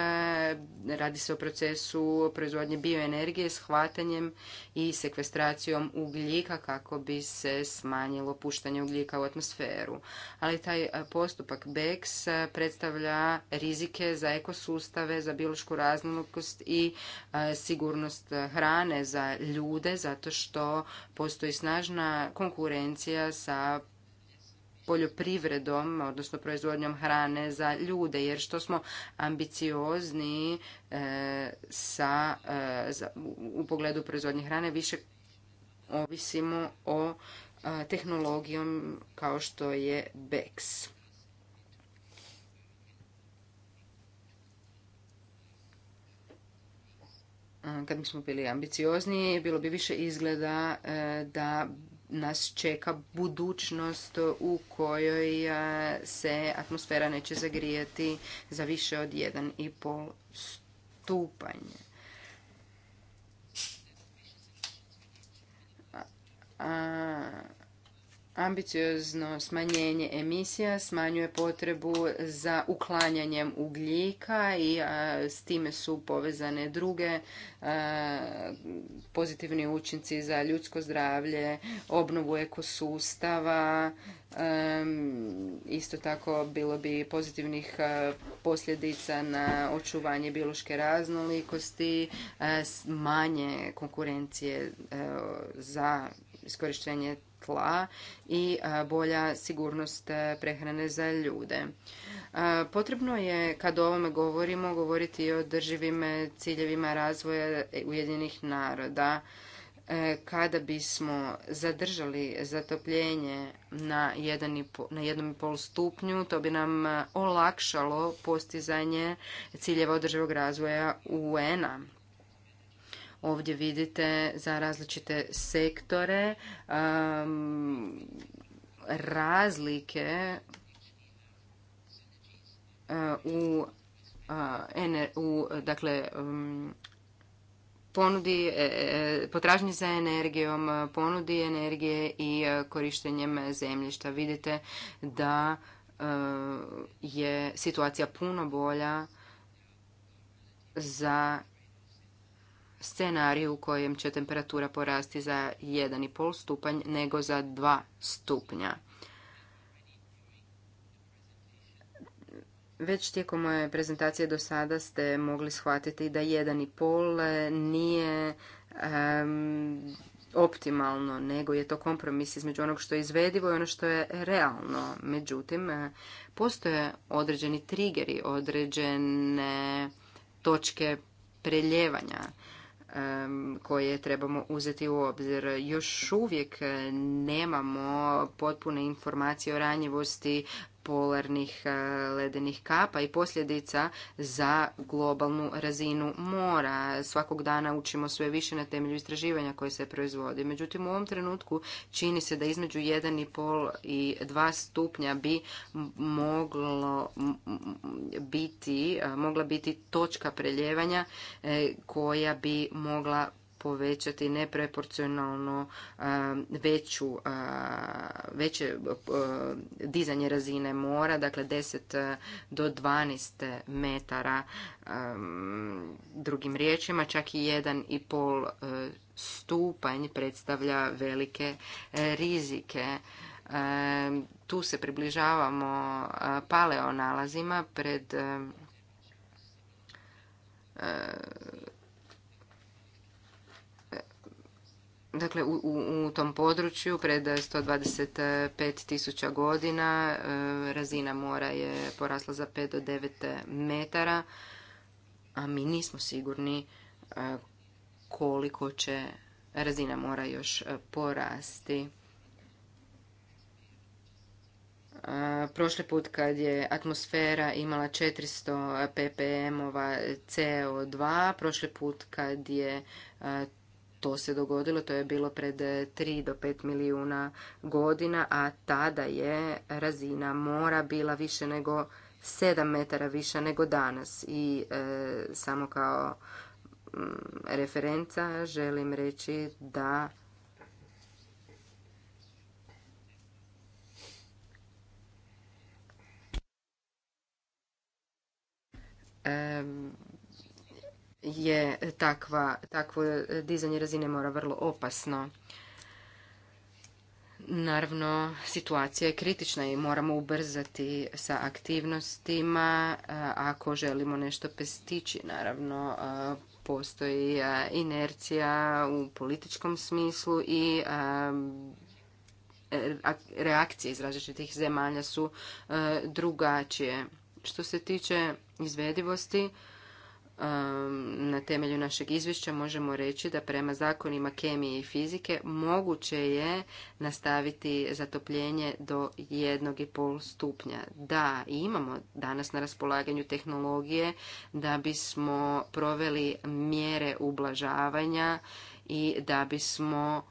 Radi se o procesu proizvodnje bioenergije s hvatanjem i sekvestracijom ugljika kako bi se smanjilo puštanje ugljika u atmosferu. Ali taj postupak BEX predstavlja rizike za ekosustave, za biološku raznolikost i sigurnost hrane za ljude, zato što postoji snažna konkurencija konkurencija sa poljoprivredom, odnosno proizvodnjom hrane za ljude, jer što smo ambiciozni e, sa, e, u pogledu proizvodnje hrane, više ovisimo o e, tehnologijom kao što je BEX. Kad bismo bili ambiciozniji, bilo bi više izgleda da nas čeka budućnost u kojoj se atmosfera neće zagrijati za više od 1,5 stupanje ambiciozno smanjenje emisija smanjuje potrebu za uklanjanjem ugljika i s time su povezane druge pozitivni učinci za ljudsko zdravlje, obnovu ekosustava, isto tako bilo bi pozitivnih posljedica na očuvanje biološke raznolikosti, manje konkurencije e, za iskorištenje tla i bolja sigurnost e, prehrane za ljude. Potrebno je, kad o ovome govorimo, govoriti i o drživim e, ciljevima razvoja Ujedinih naroda e, kada bismo zadržali zatopljenje na 1,5 stupnju, to bi nam olakšalo postizanje ciljeva održivog razvoja UN-a. Ovdje vidite za različite sektore um, razlike uh, u, uh, u dakle um, ponudi e, e, za energijom, ponudi energije i e, korištenjem zemljišta. Vidite da je situacija puno bolja za scenariju u kojem će temperatura porasti za 1,5 stupanj nego za 2 stupnja. Već tijekom moje prezentacije do sada ste mogli shvatiti da 1,5 nije optimalno, nego je to kompromis između onog što je izvedivo i ono što je realno. Međutim, eh, postoje određeni trigeri, određene točke preljevanja koje trebamo uzeti u obzir. Još uvijek nemamo potpune informacije o ranjivosti polarnih e, ledenih kapa i posljedica za globalnu razinu mora. Svakog dana učimo sve više na temelju istraživanja koje se proizvodi. Međutim, u ovom trenutku čini se da između 1,5 i 2 stupnja bi moglo biti, e, mogla biti točka preljevanja e, koja bi mogla povećati neproporcionalno veću, veće dizanje razine mora, dakle 10 do 12 metara drugim riječima, čak i pol stupanj predstavlja velike e, rizike. E, tu se približavamo paleonalazima pred e, Dakle, u, u, tom području pred 125 tisuća godina e, razina mora je porasla za 5 do 9 metara, a mi nismo sigurni e, koliko će razina mora još e, porasti. Prošli put kad je atmosfera imala 400 ppm ova CO2, prošli put kad je to se dogodilo, to je bilo pred 3 e, do 5 milijuna godina, a tada je razina mora bila više nego 7 metara više nego danas. I e, samo kao mm, referenca želim reći da e, je takva, takvo dizanje razine mora vrlo opasno. Naravno, situacija je kritična i moramo ubrzati sa aktivnostima ako želimo nešto pestići. Naravno, postoji inercija u političkom smislu i reakcije iz različitih zemalja su drugačije. Što se tiče izvedivosti, na temelju našeg izvješća možemo reći da prema zakonima kemije i fizike moguće je nastaviti zatopljenje do 1,5 stupnja. Da, imamo danas na raspolaganju tehnologije da bismo proveli mjere ublažavanja i da bismo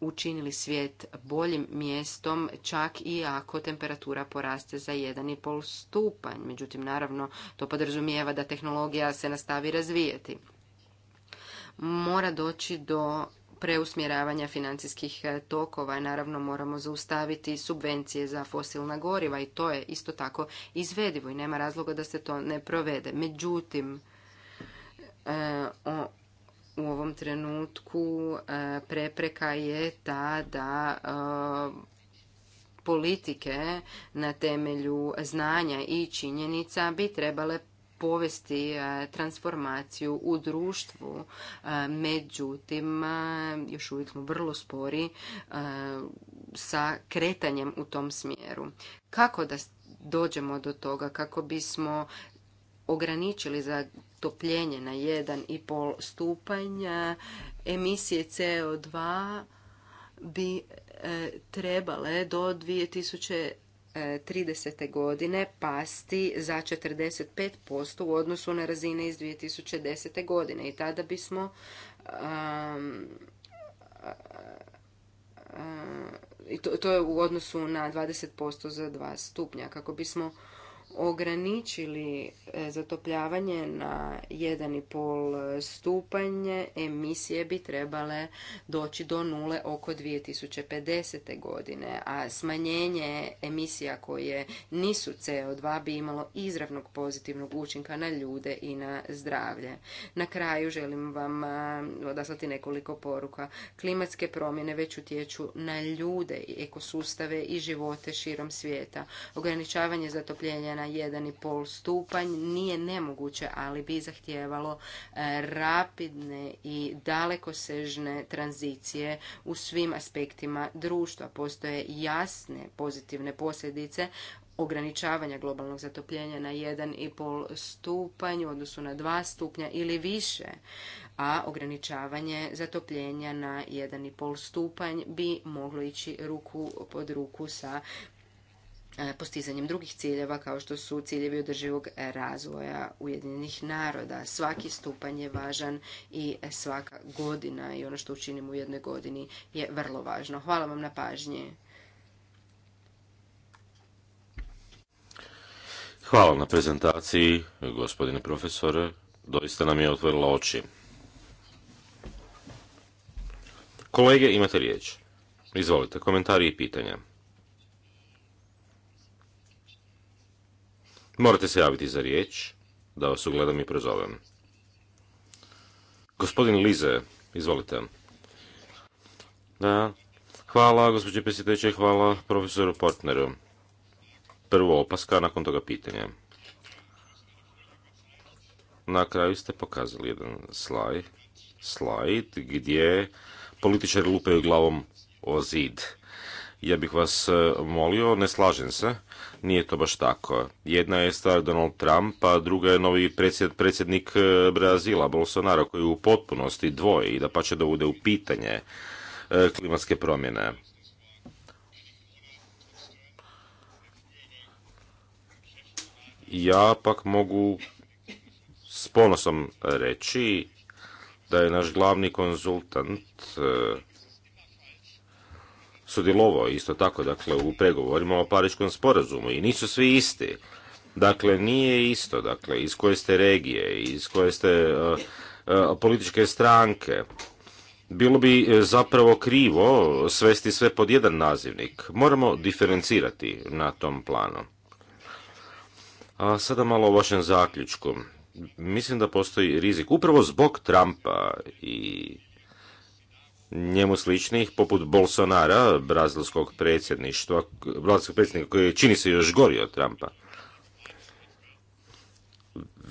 učinili svijet boljim mjestom čak i ako temperatura poraste za 1,5 stupanj. Međutim, naravno, to podrazumijeva da tehnologija se nastavi razvijeti. Mora doći do preusmjeravanja financijskih e, tokova. Naravno, moramo zaustaviti subvencije za fosilna goriva i to je isto tako izvedivo i nema razloga da se to ne provede. Međutim, e, u ovom trenutku e, prepreka je ta da e, politike na temelju znanja i činjenica bi trebale povesti e, transformaciju u društvu. Međutim, još uvijek smo vrlo spori sa kretanjem u tom smjeru. Kako da dođemo do toga kako bismo ograničili za topljenje na 1,5 stupanja, emisije CO2 bi e, trebale do 2030. godine pasti za 45% u odnosu na razine iz 2010. godine i tada bismo i to, to je u odnosu na 20% za 2 stupnja kako bismo ograničili e, zatopljavanje na 1,5 stupanje, emisije bi trebale doći do nule oko 2050. godine, a smanjenje emisija koje nisu CO2 bi imalo izravnog pozitivnog učinka na ljude i na zdravlje. Na kraju želim vam e, odaslati nekoliko poruka. Klimatske promjene već utječu na ljude, ekosustave i živote širom svijeta. Ograničavanje zatopljenja na 1,5 stupanj nije nemoguće, ali bi zahtijevalo e, rapidne i dalekosežne tranzicije u svim aspektima društva. Postoje jasne pozitivne posljedice ograničavanja globalnog zatopljenja na 1,5 stupanj u odnosu na 2 stupnja ili više, a ograničavanje zatopljenja na 1,5 stupanj bi moglo ići ruku pod ruku sa E, postizanjem drugih ciljeva kao što su ciljevi održivog razvoja Ujedinjenih naroda. Svaki stupanj je važan i svaka godina i ono što učinimo u jednoj godini je vrlo važno. Hvala vam na pažnje. Hvala na prezentaciji, gospodine profesore. Doista nam je otvorila oči. Kolege, imate riječ. Izvolite, komentari i pitanja. Morate se javiti za riječ, da vas ugledam i prozovem. Gospodin Lize, izvolite. Da, hvala gospođe Pesiteće, hvala profesoru Portneru. Prvo opaska, nakon toga pitanje. Na kraju ste pokazali jedan slajd, slajd gdje političari lupaju glavom o zid ja bih vas e, molio, ne slažem se, nije to baš tako. Jedna je star Donald Trump, a druga je novi predsjed, predsjednik e, Brazila, Bolsonaro, koji u potpunosti dvoji i da pa će dovude u pitanje e, klimatske promjene. Ja pak mogu s ponosom reći da je naš glavni konzultant sudjelovao isto tako dakle u pregovorima o Pariškom sporazumu i nisu svi isti. Dakle, nije isto, dakle, iz koje ste regije, iz koje ste e, e, političke stranke. Bilo bi e, zapravo krivo svesti sve pod jedan nazivnik. Moramo diferencirati na tom planu. A sada malo o vašem zaključku. Mislim da postoji rizik, upravo zbog Trumpa i njemu sličnih, poput Bolsonara, brazilskog predsjedništva, brazilskog predsjednika koji čini se još gori od Trumpa.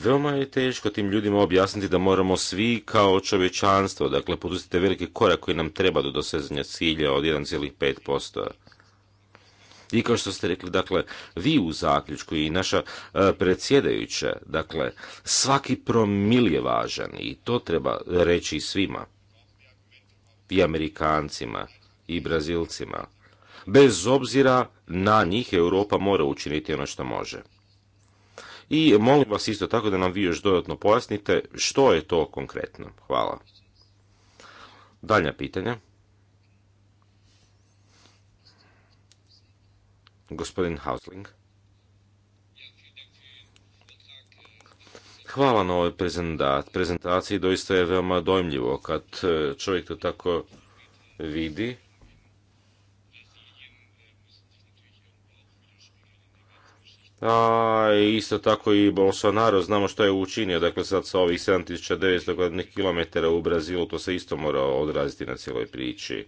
Veoma je teško tim ljudima objasniti da moramo svi kao čovječanstvo, dakle, poduzeti veliki korak koji nam treba do dosezanja cilja od 1,5%. I kao što ste rekli, dakle, vi u zaključku i naša e, predsjedajuća, dakle, svaki promil je važan i to treba reći svima i Amerikancima i Brazilcima. Bez obzira na njih Europa mora učiniti ono što može. I molim vas isto tako da nam vi još dodatno pojasnite što je to konkretno. Hvala. Dalja pitanja. Gospodin Hausling. Hvala na ovoj prezentaciji, doista je veoma dojmljivo kad e, čovjek to tako vidi. A isto tako i Bolsonaro, znamo što je učinio, dakle sad sa ovih 7900 km u Brazilu, to se isto mora odraziti na cijeloj priči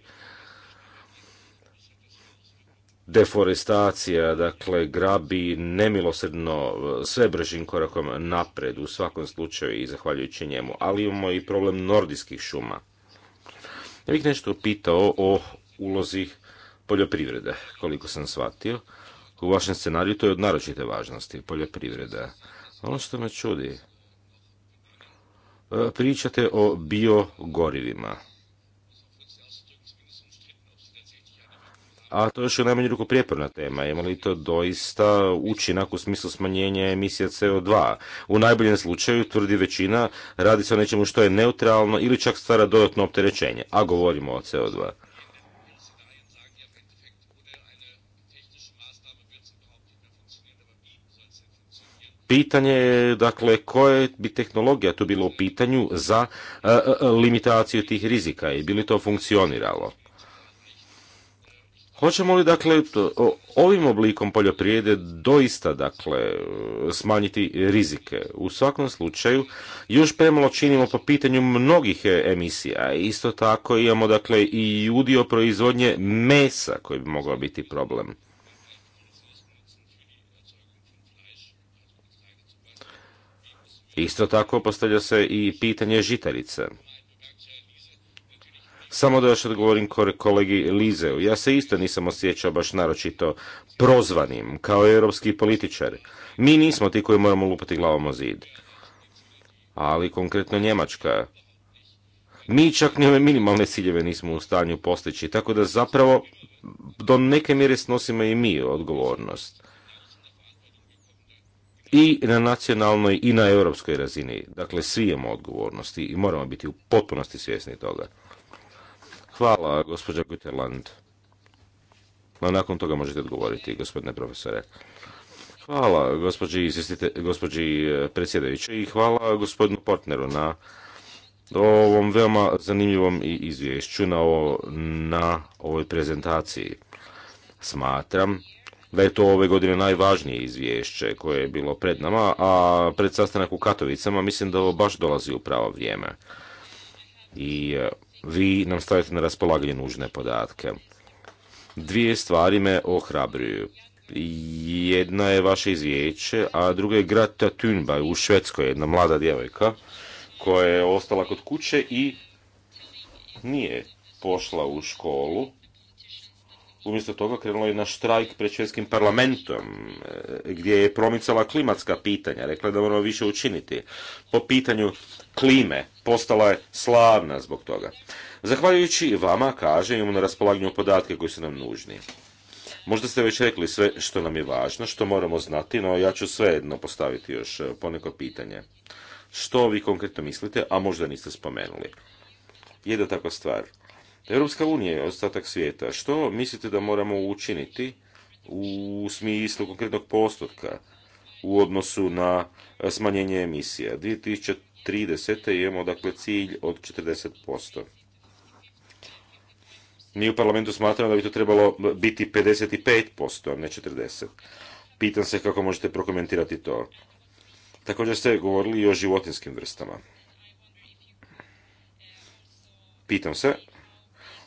deforestacija, dakle grabi nemilosredno e, sve bržim korakom napred u svakom slučaju i zahvaljujući njemu. Ali imamo i problem nordijskih šuma. Ja bih nešto pitao o ulozi poljoprivrede, koliko sam shvatio. U vašem scenariju to je od naročite važnosti, poljoprivreda. Ono što me čudi, e, pričate o biogorivima a to još je u najmanju ruku prijeporna tema. Ima li to doista učinak u smislu smanjenja emisija CO2? U najboljem slučaju, tvrdi većina, radi se o nečemu što je neutralno ili čak stvara dodatno opterećenje, a govorimo o CO2. Pitanje je, dakle, koja bi tehnologija tu bila u pitanju za e, e, limitaciju tih rizika i bi li to funkcioniralo? Hoćemo li dakle ovim oblikom poljoprivrede doista dakle smanjiti rizike? U svakom slučaju još premalo činimo po pitanju mnogih emisija. Isto tako imamo dakle i udio proizvodnje mesa koji bi mogao biti problem. Isto tako postavlja se i pitanje žitarice. Samo da još odgovorim kolegi Lizeu. Ja se isto nisam osjećao baš naročito prozvanim kao europski političar. Mi nismo ti koji moramo lupati glavom o zid. Ali konkretno Njemačka. Mi čak ni ove minimalne ciljeve nismo u stanju postići, tako da zapravo do neke mjere snosimo i mi odgovornost. I na nacionalnoj i na europskoj razini. Dakle, svi imamo odgovornosti i moramo biti u potpunosti svjesni toga. Hvala, gospođa Guterland. nakon toga možete odgovoriti, gospodine profesore. Hvala, gospođi, gospođi e, i hvala gospodinu partneru na ovom veoma zanimljivom izvješću na, na ovoj prezentaciji. Smatram da je to ove godine najvažnije izvješće koje je bilo pred nama, a pred sastanak u Katovicama mislim da ovo baš dolazi u pravo vrijeme. I e, vi nam stavite na raspolaganje nužne podatke. Dvije stvari me ohrabruju. Jedna je vaše izvijeće, a druga je Grata Thunberg u Švedskoj, jedna mlada djevojka koja je ostala kod kuće i nije pošla u školu umjesto toga krenula je na štrajk pred švedskim parlamentom e, gdje je promicala klimatska pitanja, rekla je da moramo više učiniti. Po pitanju klime postala je slavna zbog toga. Zahvaljujući vama, kaže, imamo na raspolaganju podatke koji su nam nužni. Možda ste već rekli sve što nam je važno, što moramo znati, no ja ću svejedno postaviti još e, poneko pitanje. Što vi konkretno mislite, a možda niste spomenuli? Jedna takva stvar – Europska unija je ostatak svijeta. Što mislite da moramo učiniti u smislu konkretnog postotka u odnosu na smanjenje emisija? 2030. imamo dakle cilj od 40%. Mi u parlamentu smatramo da bi to trebalo biti 55%, a ne 40%. Pitam se kako možete prokomentirati to. Također ste govorili i o životinskim vrstama. Pitam se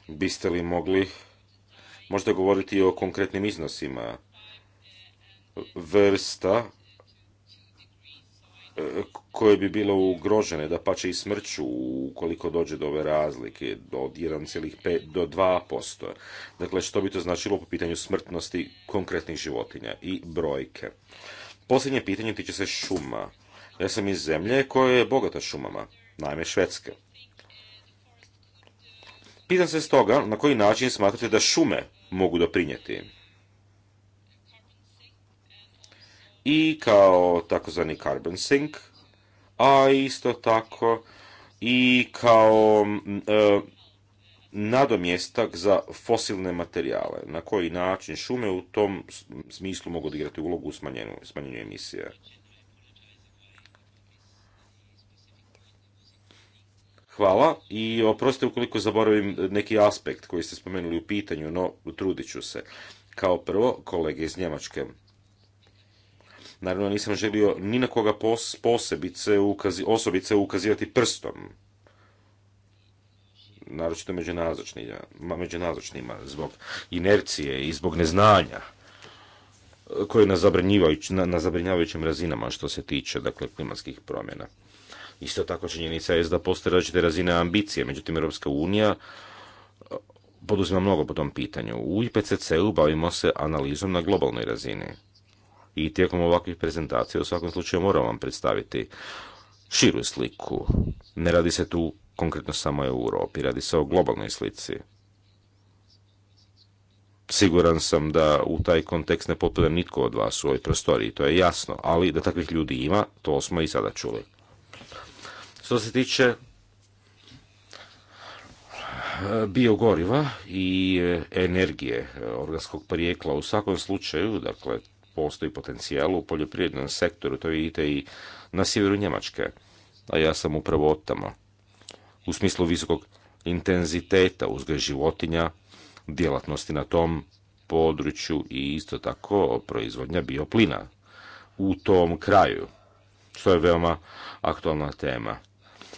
Biste li mogli možda govoriti o konkretnim iznosima vrsta e, koje bi bilo ugrožene, da pače i smrću ukoliko dođe do ove razlike od 1,5 do 2%. Dakle, što bi to značilo po pitanju smrtnosti konkretnih životinja i brojke. Posljednje pitanje tiče se šuma. Ja sam iz zemlje koja je bogata šumama, najme Švedske. Pitam se stoga na koji način smatrate da šume mogu doprinijeti. I kao takozvani carbon sink, a isto tako i kao e, nadomjestak za fosilne materijale. Na koji način šume u tom smislu mogu odigrati ulogu u smanjenju, smanjenju emisije. Hvala i oprostite ukoliko zaboravim neki aspekt koji ste spomenuli u pitanju, no trudit ću se. Kao prvo, kolege iz Njemačke. Naravno, nisam želio ni na koga posebice osobice ukazivati prstom. Naročito međunazočnima, zbog inercije i zbog neznanja koje je na zabrinjavajućim razinama što se tiče dakle, klimatskih promjena. Isto tako činjenica je da postoje različite razine ambicije, međutim Europska unija e, poduzima mnogo po tom pitanju. U IPCC-u bavimo se analizom na globalnoj razini. I tijekom ovakvih prezentacija u svakom slučaju moram vam predstaviti širu sliku. Ne radi se tu konkretno samo o Europi, radi se o globalnoj slici. Siguran sam da u taj kontekst ne potpada nitko od vas u ovoj prostoriji, to je jasno, ali da takvih ljudi ima, to smo i sada čuli. Što se tiče e, biogoriva i e, energije e, organskog prijekla, u svakom slučaju, dakle, postoji potencijal u poljoprivrednom sektoru, to vidite i na sjeveru Njemačke, a ja sam upravo od tamo. U smislu visokog intenziteta uzgoja životinja, djelatnosti na tom području i isto tako proizvodnja bioplina u tom kraju, što je veoma aktualna tema.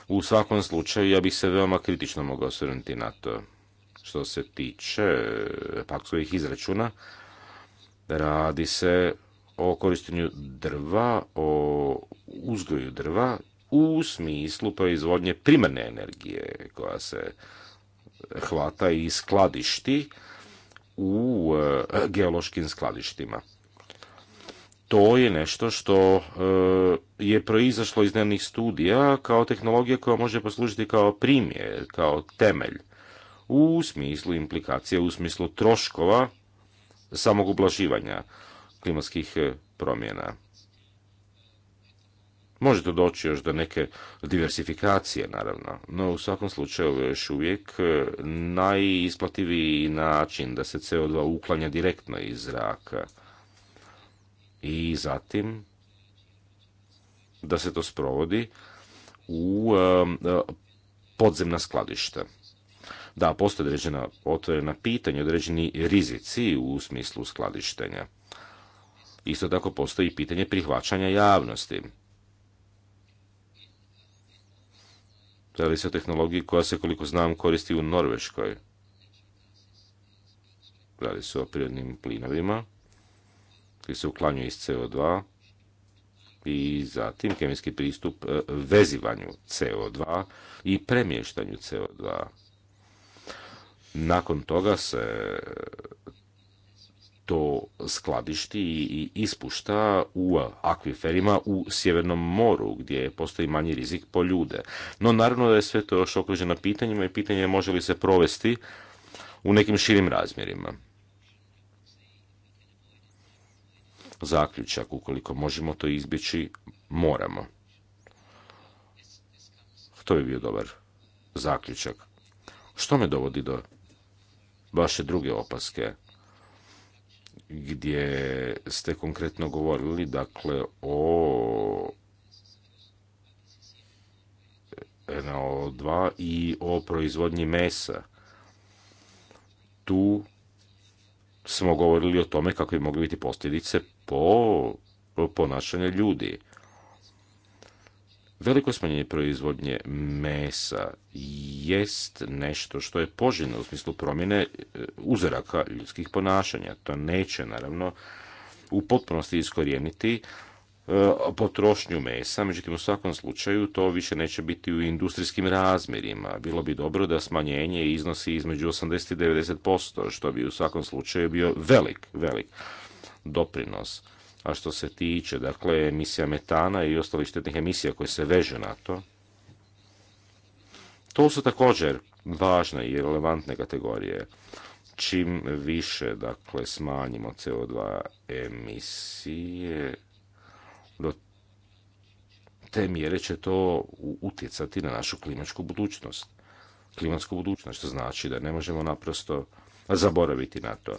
U svakom slučaju ja bih se veoma kritično mogao osvrnuti na to što se tiče eh, paksovih izračuna. Radi se o korištenju drva, o uzgoju drva u smislu proizvodnje primarne energije koja se eh, hvata i skladišti u eh, geološkim skladištima to je nešto što e, je proizašlo iz dnevnih studija kao tehnologija koja može poslužiti kao primjer, kao temelj u smislu implikacije, u smislu troškova samog ublaživanja klimatskih e, promjena. Može to doći još do neke diversifikacije, naravno, no u svakom slučaju još uvijek e, najisplativiji način da se CO2 uklanja direktno iz zraka i zatim da se to sprovodi u um, podzemna skladišta. Da, postoje određena otvorena pitanja, određeni rizici u smislu skladištenja. Isto tako postoji pitanje prihvaćanja javnosti. Radi se o tehnologiji koja se, koliko znam, koristi u Norveškoj. Radi se o prirodnim plinovima koji se uklanjuje iz CO2 i zatim kemijski pristup e, vezivanju CO2 i premještanju CO2. Nakon toga se to skladišti i ispušta u akviferima u Sjevernom moru, gdje postoji manji rizik po ljude. No, naravno da je sve to još okruženo pitanjima i pitanje je može li se provesti u nekim širim razmjerima. zaključak. Ukoliko možemo to izbjeći, moramo. To bi bio dobar zaključak. Što me dovodi do vaše druge opaske, gdje ste konkretno govorili, dakle, o NO2 i o proizvodnji mesa. Tu smo govorili o tome kako bi mogli biti posljedice po ponašanje ljudi. Veliko smanjenje proizvodnje mesa jest nešto što je poželjno u smislu promjene e, uzoraka ljudskih ponašanja. To neće naravno u potpunosti iskorijeniti E, potrošnju mesa, međutim u svakom slučaju to više neće biti u industrijskim razmjerima. Bilo bi dobro da smanjenje iznosi između 80 i 90%, što bi u svakom slučaju bio velik, velik doprinos. A što se tiče, dakle, emisija metana i ostalih štetnih emisija koje se veže na to, to su također važne i relevantne kategorije. Čim više, dakle, smanjimo CO2 emisije, do te mjere će to utjecati na našu klimatsku budućnost. Klimatsku budućnost, što znači da ne možemo naprosto zaboraviti na to.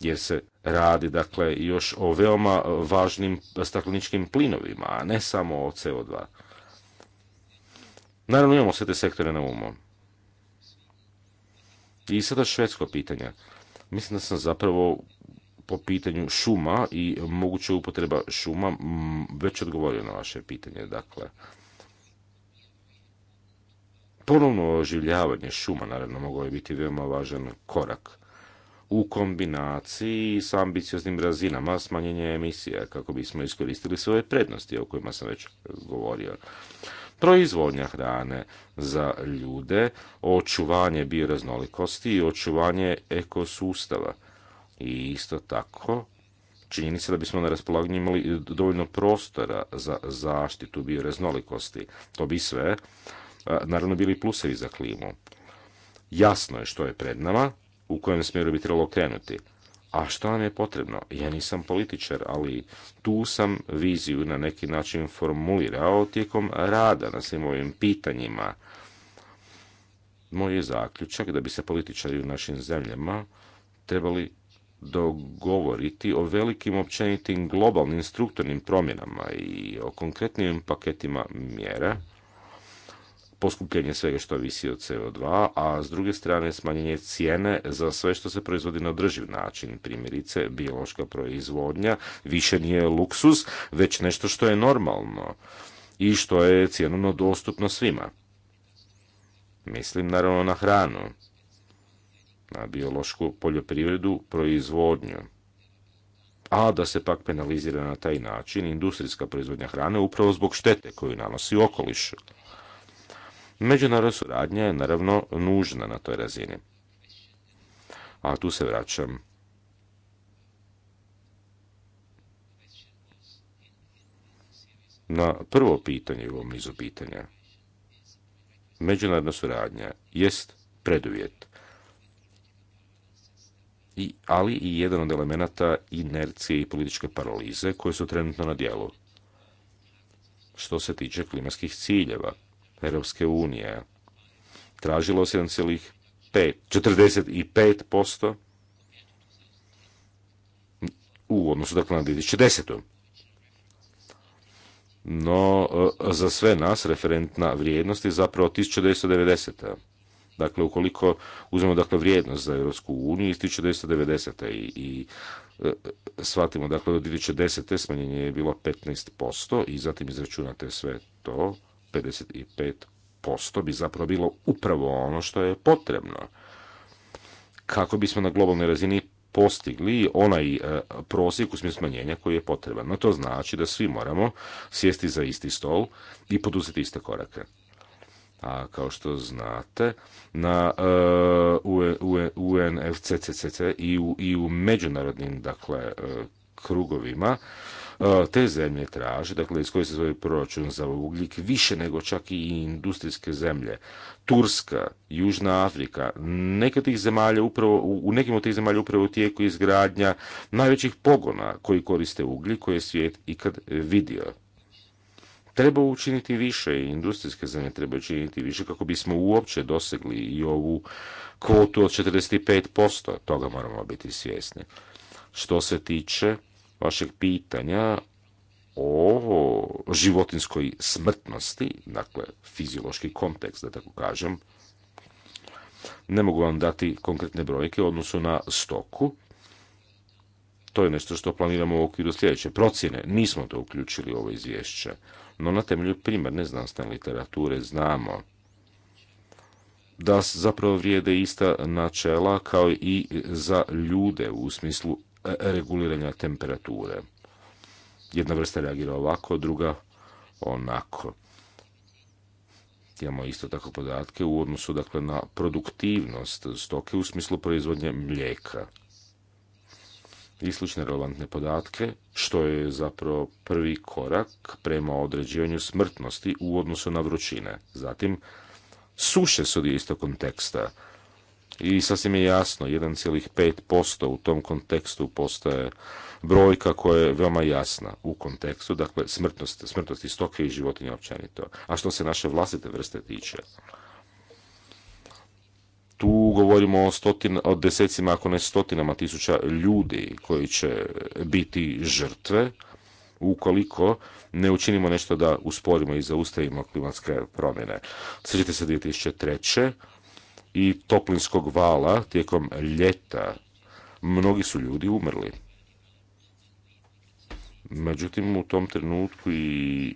Jer se radi dakle još o veoma važnim stakleničkim plinovima, a ne samo o CO2. Naravno imamo sve te sektore na umu. I sada švedsko pitanje. Mislim da sam zapravo po pitanju šuma i moguće upotreba šuma već odgovorio na vaše pitanje. Dakle, ponovno oživljavanje šuma naravno mogao je biti veoma važan korak u kombinaciji s ambicioznim razinama smanjenja emisija kako bismo iskoristili svoje prednosti o kojima sam već govorio. Proizvodnja hrane za ljude, očuvanje bioraznolikosti i očuvanje ekosustava – i isto tako, čini se da bismo na raspolaganju imali dovoljno prostora za zaštitu bioreznolikosti. To bi sve, naravno, bili plusevi za klimu. Jasno je što je pred nama, u kojem smjeru bi trebalo krenuti. A što nam je potrebno? Ja nisam političar, ali tu sam viziju na neki način formulirao tijekom rada na svim ovim pitanjima. Moj je zaključak da bi se političari u našim zemljama trebali dogovoriti o velikim općenitim globalnim strukturnim promjenama i o konkretnim paketima mjera, poskupljenje svega što visi od CO2, a s druge strane smanjenje cijene za sve što se proizvodi na održiv način. Primjerice, biološka proizvodnja više nije luksus, već nešto što je normalno i što je cijenovno dostupno svima. Mislim naravno na hranu na biološku poljoprivredu, proizvodnju, a da se pak penalizira na taj način industrijska proizvodnja hrane upravo zbog štete koju nanosi okoliš. Međunarodna suradnja je naravno nužna na toj razini. A tu se vraćam na prvo pitanje u ovom nizu pitanja. Međunarodna suradnja jest preduvjet i, ali i jedan od elemenata inercije i političke paralize koje su trenutno na dijelu. Što se tiče klimatskih ciljeva Europske unije, tražilo pet 45% u odnosu dakle na 2010. No, e, za sve nas referentna vrijednost je zapravo 1990. Dakle, ukoliko uzmemo dakle, vrijednost za Europsku uniju iz 1990. i, i e, e, shvatimo, dakle, do 2010. smanjenje je bilo 15% i zatim izračunate sve to, 55% bi zapravo bilo upravo ono što je potrebno kako bismo na globalnoj razini postigli onaj e, prosjek u smislu smanjenja koji je potreban. No to znači da svi moramo sjesti za isti stol i poduzeti iste korake a kao što znate na e, UNFCCC i u, međunarodnim dakle e, krugovima e, te zemlje traže, dakle se zove proračun za ugljik više nego čak i industrijske zemlje. Turska, Južna Afrika, neke tih zemalja upravo, u nekim od tih zemalja upravo u tijeku izgradnja najvećih pogona koji koriste ugljik koje je svijet ikad vidio. Treba učiniti više industrijske zemlje treba učiniti više kako bismo uopće dosegli i ovu kvotu od 45%. Toga moramo biti svjesni. Što se tiče vašeg pitanja o životinskoj smrtnosti, dakle fiziološki kontekst, da tako kažem, ne mogu vam dati konkretne brojke u odnosu na stoku. To je nešto što planiramo u okviru sljedeće procjene. Nismo to uključili u ovo izvješće no na temelju primarne znanstvene literature znamo da zapravo vrijede ista načela kao i za ljude u smislu e, reguliranja temperature. Jedna vrsta reagira ovako, druga onako. Imamo isto tako podatke u odnosu dakle, na produktivnost stoke u smislu proizvodnje mlijeka i slične relevantne podatke, što je zapravo prvi korak prema određivanju smrtnosti u odnosu na vrućine. Zatim, suše su dio istog konteksta i sasvim je jasno, 1,5% u tom kontekstu postaje brojka koja je veoma jasna u kontekstu, dakle, smrtnosti, smrtnosti stoke i životinja općenito. A što se naše vlastite vrste tiče, tu govorimo o, stotin, o desecima, ako ne stotinama tisuća ljudi koji će biti žrtve ukoliko ne učinimo nešto da usporimo i zaustavimo klimatske promjene. Sjećate se 2003. i toplinskog vala tijekom ljeta. Mnogi su ljudi umrli. Međutim, u tom trenutku i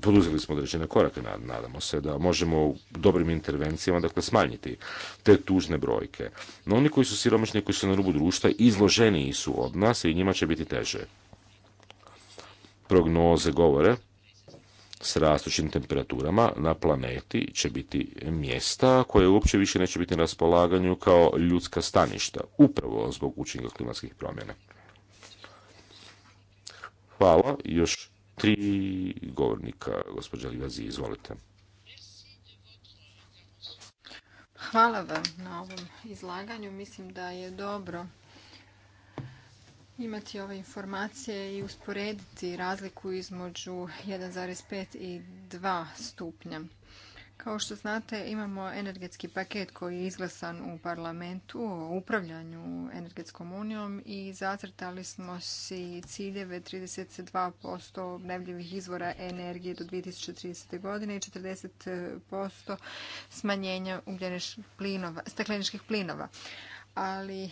poduzeli smo određene korake, nadamo se da možemo u dobrim intervencijama dakle smanjiti te tužne brojke. No oni koji su siromašni, koji su na rubu društva, izloženiji su od nas i njima će biti teže. Prognoze govore s rastućim temperaturama na planeti će biti mjesta koje uopće više neće biti na raspolaganju kao ljudska staništa, upravo zbog učinka klimatskih promjena. Hvala, još tri govornika. Gospođa Livazi, izvolite. Hvala vam na ovom izlaganju. Mislim da je dobro imati ove informacije i usporediti razliku između 1,5 i 2 stupnja. Kao što znate, imamo energetski paket koji je izglasan u parlamentu o upravljanju energetskom unijom i zacrtali smo si ciljeve 32% obnevljivih izvora energije do 2030. godine i 40% smanjenja ugljeničnih plinova, stakleničkih plinova. Ali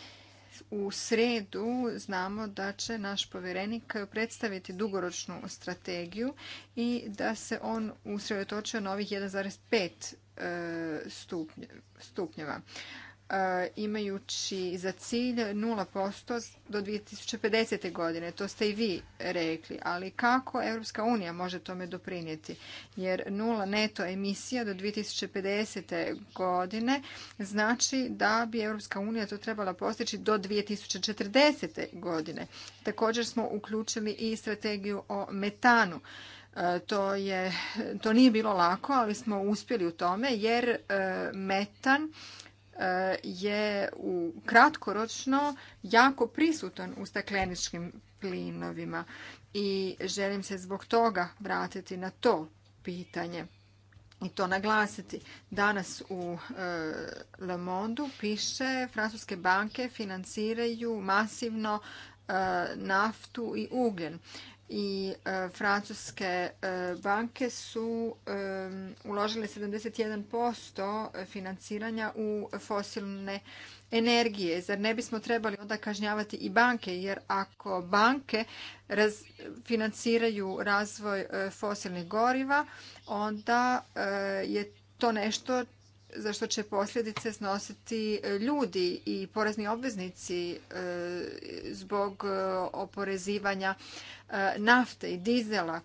u sredu znamo da će naš povjerenik predstaviti dugoročnu strategiju i da se on usredotočio na ovih 1,5 e, stupnjeva. E, imajući za cilj 0% do 2050. godine. To ste i vi rekli, ali kako Europska unija može tome doprinijeti? Jer nula neto emisija do 2050. godine znači da bi Europska unija to trebala postići do 2040. godine. Također smo uključili i strategiju o metanu. E, to, je, to nije bilo lako, ali smo uspjeli u tome jer e, metan je u kratkoročno jako prisutan u stakleničkim plinovima i želim se zbog toga vratiti na to pitanje i to naglasiti. Danas u e, Le Monde piše francuske banke financiraju masivno e, naftu i ugljen i e, francuske e, banke su e, uložile 71% financiranja u fosilne energije. Zar ne bismo trebali onda kažnjavati i banke? Jer ako banke financiraju razvoj fosilnih goriva, onda je to nešto za što će posljedice snositi e, ljudi i porezni obveznici e, zbog e, oporezivanja nafte i dizela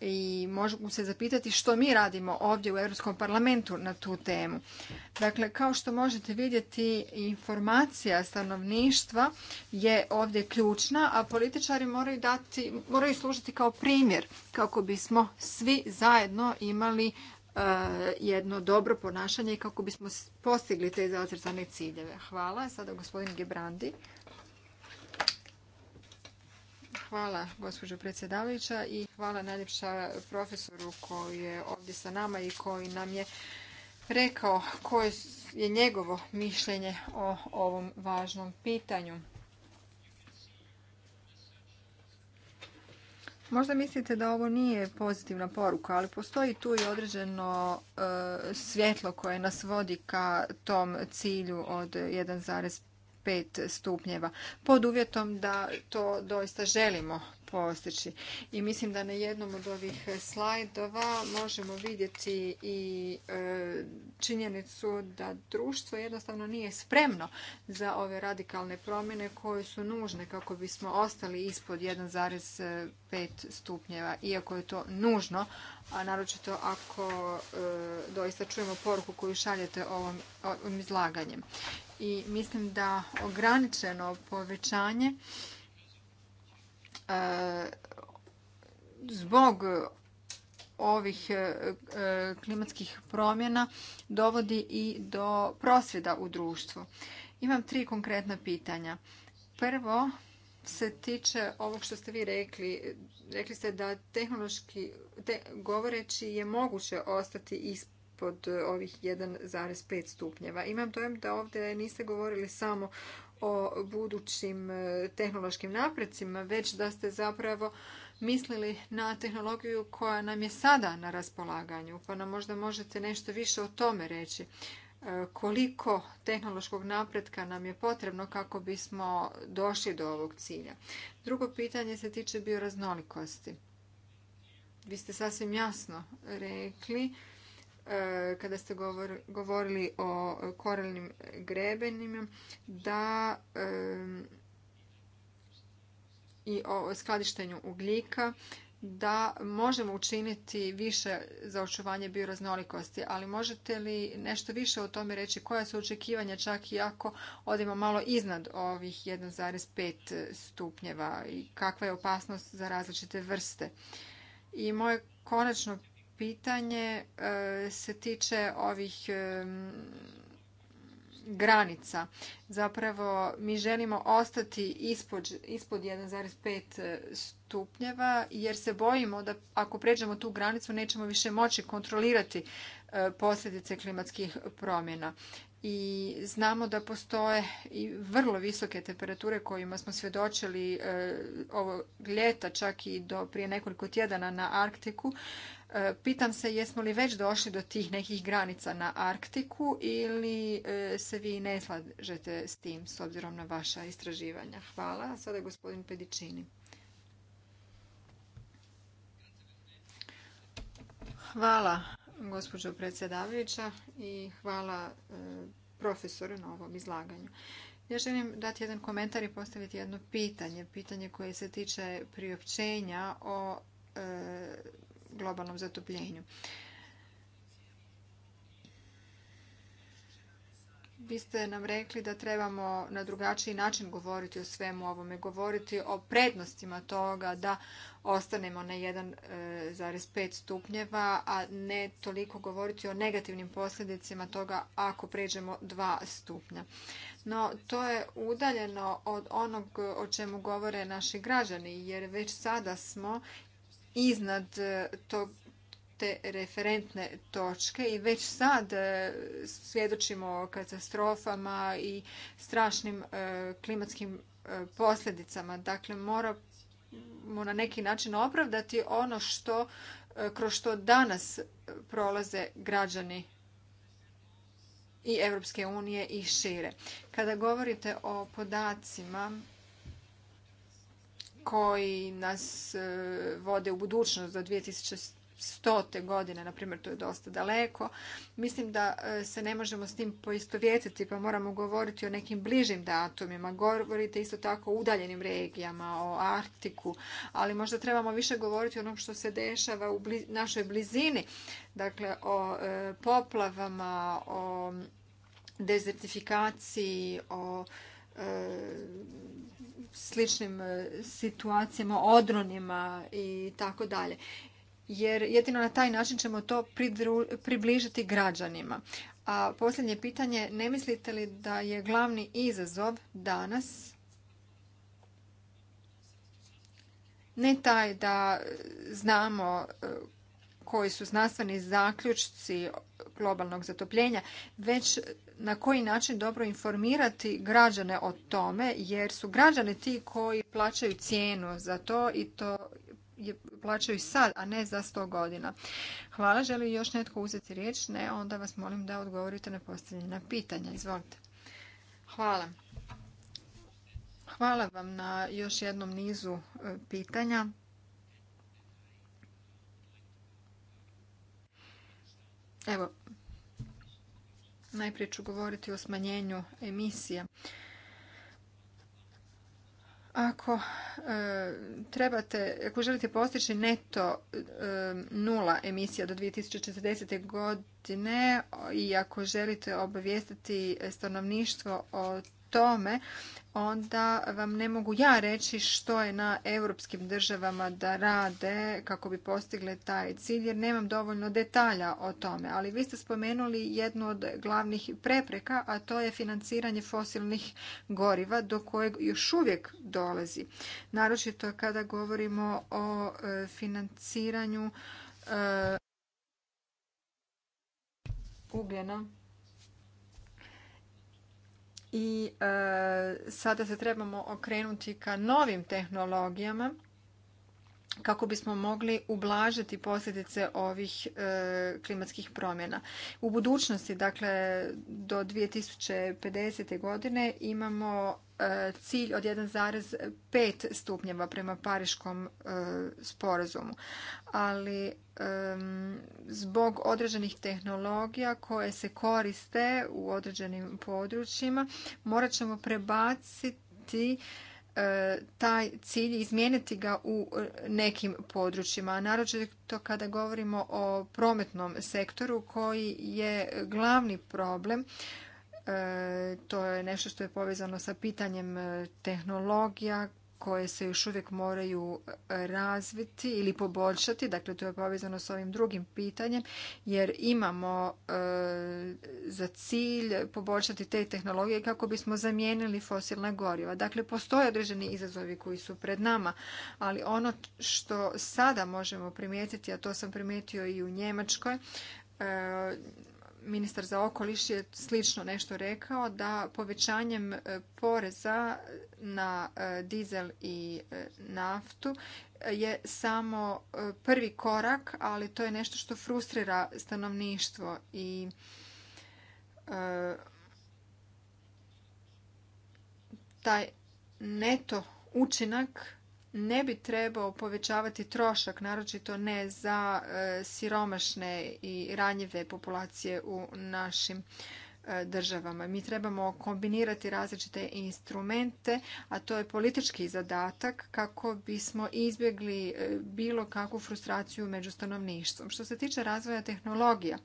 i možemo se zapitati što mi radimo ovdje u Europskom parlamentu na tu temu. Dakle, kao što možete vidjeti, informacija stanovništva je ovdje ključna, a političari moraju, dati, moraju služiti kao primjer kako bismo svi zajedno imali jedno dobro ponašanje kako bismo postigli te zacrtane ciljeve. Hvala. Sada gospodin Gebrandi. Hvala gospođo predsjedavajuća i hvala najljepša profesoru koji je ovdje sa nama i koji nam je rekao koje je njegovo mišljenje o ovom važnom pitanju. Možda mislite da ovo nije pozitivna poruka, ali postoji tu i određeno e, svjetlo koje nas vodi ka tom cilju od 1,5 pet stupnjeva pod uvjetom da to doista želimo postići. I mislim da na jednom od ovih slajdova možemo vidjeti i e, činjenicu da društvo jednostavno nije spremno za ove radikalne promjene koje su nužne kako bismo ostali ispod 1,5 stupnjeva, iako je to nužno, a naročito ako e, doista čujemo poruku koju šaljete ovim izlaganjem i mislim da ograničeno povećanje e, zbog ovih e, e, klimatskih promjena dovodi i do prosvjeda u društvu. Imam tri konkretna pitanja. Prvo se tiče ovog što ste vi rekli. Rekli ste da tehnološki govoreći je moguće ostati iz od e, ovih 1,5 stupnjeva. Imam dojem da ovdje niste govorili samo o budućim e, tehnološkim naprecima, već da ste zapravo mislili na tehnologiju koja nam je sada na raspolaganju, pa nam možda možete nešto više o tome reći. E, koliko tehnološkog napretka nam je potrebno kako bismo došli do ovog cilja. Drugo pitanje se tiče bioraznolikosti. Vi ste sasvim jasno rekli E, kada ste govorili o koralnim grebenima, da e, i o skladištenju ugljika, da možemo učiniti više za očuvanje bioraznolikosti, ali možete li nešto više o tome reći koja su očekivanja čak i ako odemo malo iznad ovih 1,5 stupnjeva i kakva je opasnost za različite vrste? I moje konačno pitanje e, se tiče ovih e, granica. Zapravo mi želimo ostati ispod, ispod 1,5 e, stupnjeva jer se bojimo da ako pređemo tu granicu nećemo više moći kontrolirati posljedice klimatskih promjena. I znamo da postoje i vrlo visoke temperature kojima smo svjedočili ovog ljeta, čak i do prije nekoliko tjedana na Arktiku. E, pitam se jesmo li već došli do tih nekih granica na Arktiku ili e, se vi ne slažete s tim s obzirom na vaša istraživanja. Hvala. sada je gospodin Pedičini. Hvala gospođo predsjedavajuća i hvala e, profesoru na ovom izlaganju. Ja želim dati jedan komentar i postaviti jedno pitanje. Pitanje koje se tiče priopćenja o globalnom zatopljenju. Vi ste nam rekli da trebamo na drugačiji način govoriti o svemu ovome, govoriti o prednostima toga da ostanemo na 1,5 e, stupnjeva, a ne toliko govoriti o negativnim posljedicima toga ako pređemo 2 stupnja. No, to je udaljeno od onog o čemu govore naši građani, jer već sada smo iznad e, te referentne točke i već sad e, svjedočimo katastrofama i strašnim e, klimatskim posljedicama. Dakle, moramo na neki način opravdati ono što, kroz što danas prolaze građani i Europske unije i šire. Kada govorite o podacima koji nas e, vode u budućnost do 2100. godine, na primjer, to je dosta daleko. Mislim da e, se ne možemo s tim poistovjetiti, pa moramo govoriti o nekim bližim datumima. Govorite isto tako o udaljenim regijama, o Artiku, ali možda trebamo više govoriti o onom što se dešava u našoj blizini, dakle o e, poplavama, o dezertifikaciji, o E, sličnim e, situacijama, odronima i tako dalje. Jer jedino na taj način ćemo to približiti građanima. A posljednje pitanje, ne mislite li da je glavni izazov danas ne taj da znamo e, koji su znanstveni zaključci globalnog zatopljenja, već na koji način dobro informirati građane o tome, jer su građani ti koji plaćaju cijenu za to i to je plaćaju sad, a ne za sto godina. Hvala, želi još netko uzeti riječ? Ne, onda vas molim da odgovorite na postavljena pitanja. Izvolite. Hvala. Hvala vam na još jednom nizu e, pitanja. Evo, Najprije ću govoriti o smanjenju emisija. Ako e, trebate, ako želite postići neto e, nula emisija do 2040. godine i ako želite obavijestiti stanovništvo o tome, onda vam ne mogu ja reći što je na europskim državama da rade kako bi postigle taj cilj jer nemam dovoljno detalja o tome. Ali vi ste spomenuli jednu od glavnih prepreka, a to je financiranje fosilnih goriva do kojeg još uvijek dolazi. Naročito kada govorimo o e, financiranju e, ugljena i e, sada se trebamo okrenuti ka novim tehnologijama kako bismo mogli ublažiti posljedice ovih e, klimatskih promjena. U budućnosti, dakle do 2050. godine imamo e, cilj od 1,5 stupnjeva prema Pariškom e, sporazumu. Ali zbog određenih tehnologija koje se koriste u određenim područjima morat ćemo prebaciti E, taj cilj izmijeniti ga u e, nekim područjima, naročito kada govorimo o prometnom sektoru koji je glavni problem. E, to je nešto što je povezano sa pitanjem tehnologija koje se još uvijek moraju e, razviti ili poboljšati, dakle to je povezano s ovim drugim pitanjem, jer imamo e, za cilj poboljšati te tehnologije kako bismo zamijenili fosilna goriva. Dakle, postoje određeni izazovi koji su pred nama, ali ono što sada možemo primijetiti, a to sam primijetio i u Njemačkoj, e, ministar za okoliš je slično nešto rekao da povećanjem e, poreza e, na e, dizel i naftu je samo prvi korak, ali to je nešto što frustrira stanovništvo i taj neto učinak ne bi trebao povećavati trošak, naročito ne za e, siromašne i ranjive populacije u našim e, državama. Mi trebamo kombinirati različite instrumente, a to je politički zadatak kako bismo izbjegli e, bilo kakvu frustraciju među stanovništvom. Što se tiče razvoja tehnologija,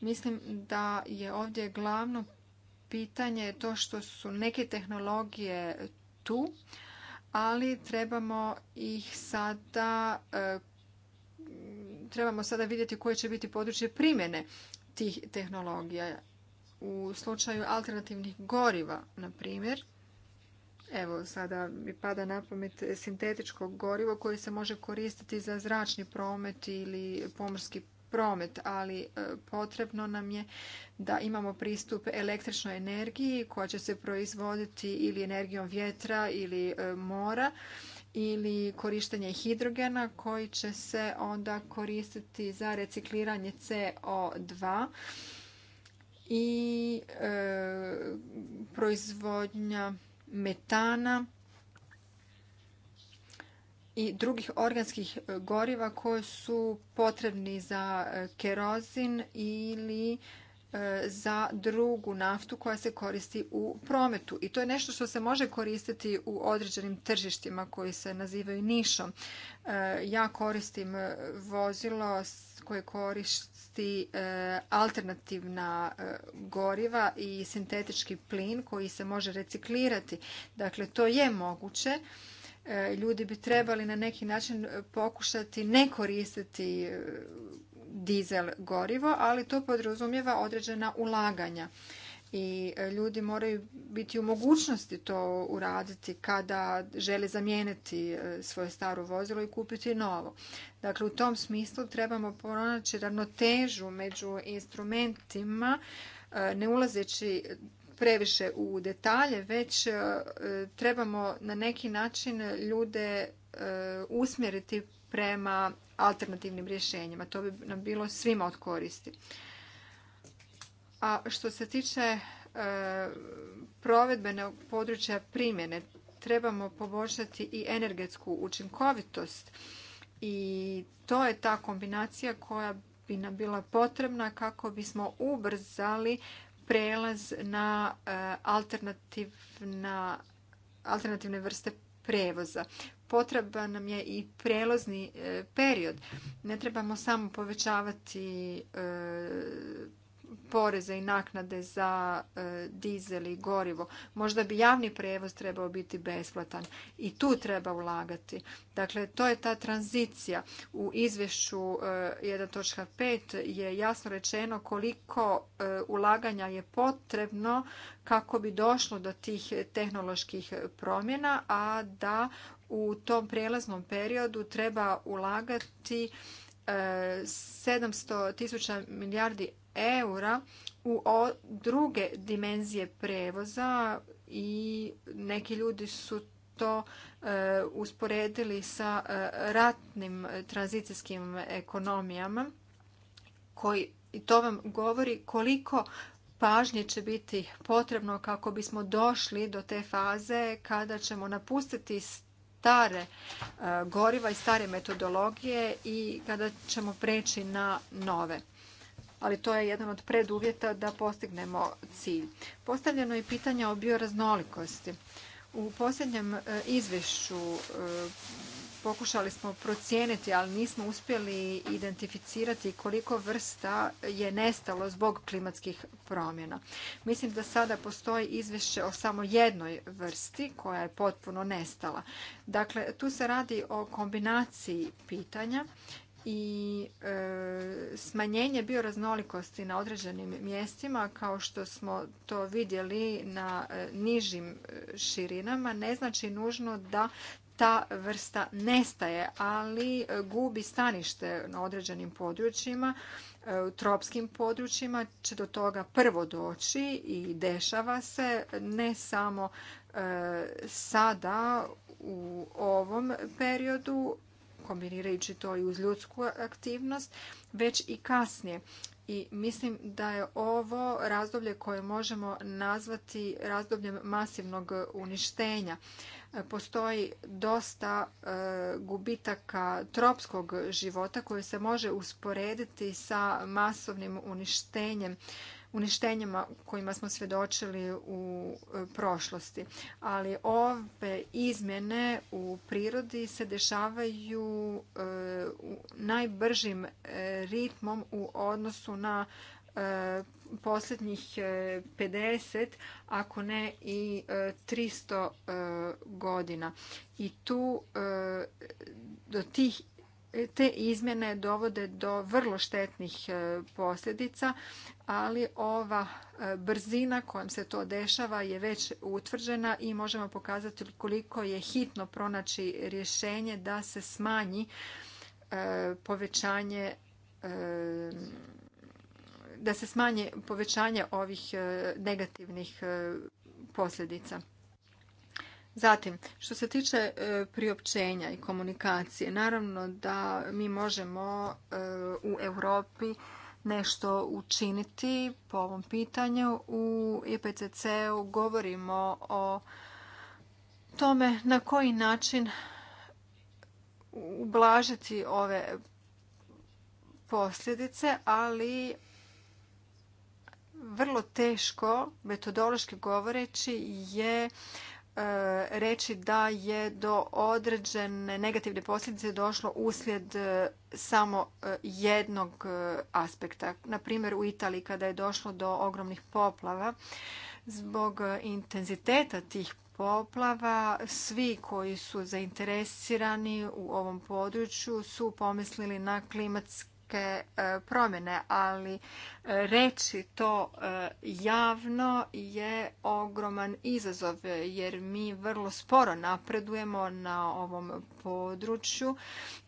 mislim da je ovdje glavno pitanje to što su neke tehnologije tu, ali trebamo ih sada e, trebamo sada vidjeti koje će biti područje primjene tih tehnologija. U slučaju alternativnih goriva, na primjer, evo sada mi pada na pamet sintetičko gorivo koje se može koristiti za zračni promet ili pomorski promet, ali e, potrebno nam je da imamo pristup električnoj energiji koja će se proizvoditi ili energijom vjetra ili e, mora ili korištenje hidrogena koji će se onda koristiti za recikliranje CO2 i e, proizvodnja metana i drugih organskih e, goriva koji su potrebni za e, kerozin ili e, za drugu naftu koja se koristi u prometu. I to je nešto što se može koristiti u određenim tržištima koji se nazivaju nišom. Ja koristim vozilo koje koristi alternativna goriva i sintetički plin koji se može reciklirati. Dakle, to je moguće E, ljudi bi trebali na neki način e, pokušati ne koristiti e, dizel gorivo, ali to podrazumijeva određena ulaganja. I ljudi moraju biti u mogućnosti to uraditi kada žele zamijeniti svoje staro vozilo i kupiti novo. Dakle, u tom smislu trebamo pronaći ravnotežu među instrumentima ne ulazeći previše u detalje, već e, trebamo na neki način ljude e, usmjeriti prema alternativnim rješenjima. To bi nam bilo svima od koristi. A što se tiče e, provedbenog područja primjene, trebamo poboljšati i energetsku učinkovitost i to je ta kombinacija koja bi nam bila potrebna kako bismo ubrzali prelaz na e, alternativne vrste prevoza. Potreba nam je i prelozni e, period. Ne trebamo samo povećavati e, poreze i naknade za e, dizel i gorivo. Možda bi javni prijevoz trebao biti besplatan i tu treba ulagati. Dakle, to je ta tranzicija. U izvješću 1.5 e, je jasno rečeno koliko e, ulaganja je potrebno kako bi došlo do tih tehnoloških promjena, a da u tom prijelaznom periodu treba ulagati 700 tisuća milijardi eura u druge dimenzije prevoza i neki ljudi su to e, usporedili sa e, ratnim tranzicijskim ekonomijama koji i to vam govori koliko pažnje će biti potrebno kako bismo došli do te faze kada ćemo napustiti stare e, goriva i stare metodologije i kada ćemo preći na nove ali to je jedan od preduvjeta da postignemo cilj. Postavljeno je pitanje o bioraznolikosti. U posljednjem e, izvješću e, pokušali smo procijeniti, ali nismo uspjeli identificirati koliko vrsta je nestalo zbog klimatskih promjena. Mislim da sada postoji izvješće o samo jednoj vrsti koja je potpuno nestala. Dakle, tu se radi o kombinaciji pitanja i e, smanjenje bioraznolikosti na određenim mjestima kao što smo to vidjeli na e, nižim e, širinama ne znači nužno da ta vrsta nestaje, ali gubi stanište na određenim područjima, u tropskim područjima će do toga prvo doći i dešava se ne samo sada u ovom periodu, kombinirajući to i uz ljudsku aktivnost, već i kasnije. I mislim da je ovo razdoblje koje možemo nazvati razdobljem masivnog uništenja. Postoji dosta e, gubitaka tropskog života koje se može usporediti sa masovnim uništenjem uništenjima kojima smo svjedočili u e, prošlosti. Ali ove izmjene u prirodi se dešavaju e, najbržim e, ritmom u odnosu na posljednjih 50, ako ne i 300 godina. I tu do tih te izmjene dovode do vrlo štetnih e, posljedica, ali ova e, brzina kojom se to dešava je već utvrđena i možemo pokazati koliko je hitno pronaći rješenje da se smanji e, povećanje da se smanje povećanje ovih negativnih posljedica. Zatim, što se tiče e, priopćenja i komunikacije, naravno da mi možemo e, u Europi nešto učiniti po ovom pitanju. U IPCC-u e govorimo o tome na koji način ublažiti ove posljedice, ali vrlo teško, metodološki govoreći, je E, reći da je do određene negativne posljedice došlo uslijed e, samo e, jednog aspekta. Na primjer u Italiji kada je došlo do ogromnih poplava zbog intenziteta tih poplava svi koji su zainteresirani u ovom području su pomislili na klimatske E, promjene, ali e, reći to e, javno je ogroman izazov jer mi vrlo sporo napredujemo na ovom području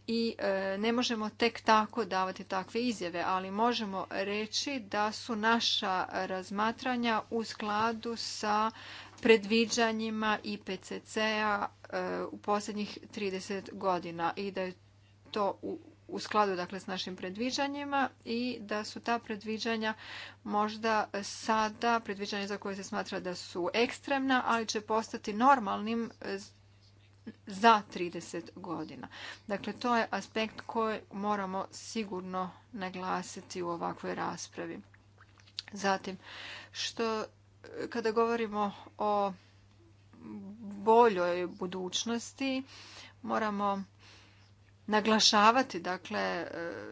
i ne možemo tek tako davati takve izjave, ali možemo reći da su naša razmatranja u skladu sa predviđanjima IPCC-a u posljednjih 30 godina i da je to u u skladu dakle s našim predviđanjima i da su ta predviđanja možda sada predviđanja za koje se smatra da su ekstremna, ali će postati normalnim eh, za 30 godina. Dakle, to je aspekt koji moramo sigurno naglasiti u ovakvoj raspravi. Zatim, što eh, kada govorimo o boljoj budućnosti, moramo naglašavati dakle e,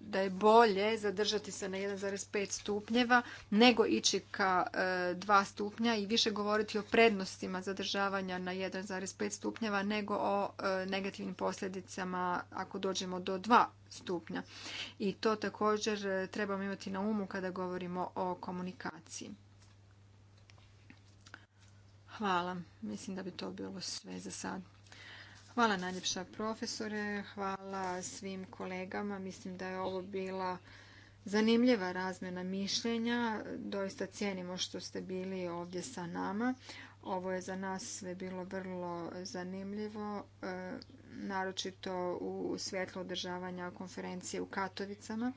da je bolje zadržati se na 1,5 stupnjeva nego ići ka 2 e, stupnja i više govoriti o prednostima zadržavanja na 1,5 stupnjeva nego o e, negativnim posljedicama ako dođemo do 2 stupnja. I to također trebamo imati na umu kada govorimo o komunikaciji. Hvala. Mislim da bi to bilo sve za sad. Hvala najljepša profesore, hvala svim kolegama. Mislim da je ovo bila zanimljiva razmjena mišljenja. Doista cijenimo što ste bili ovdje sa nama. Ovo je za nas sve bilo vrlo zanimljivo, e, naročito u svjetlu održavanja konferencije u Katovicama.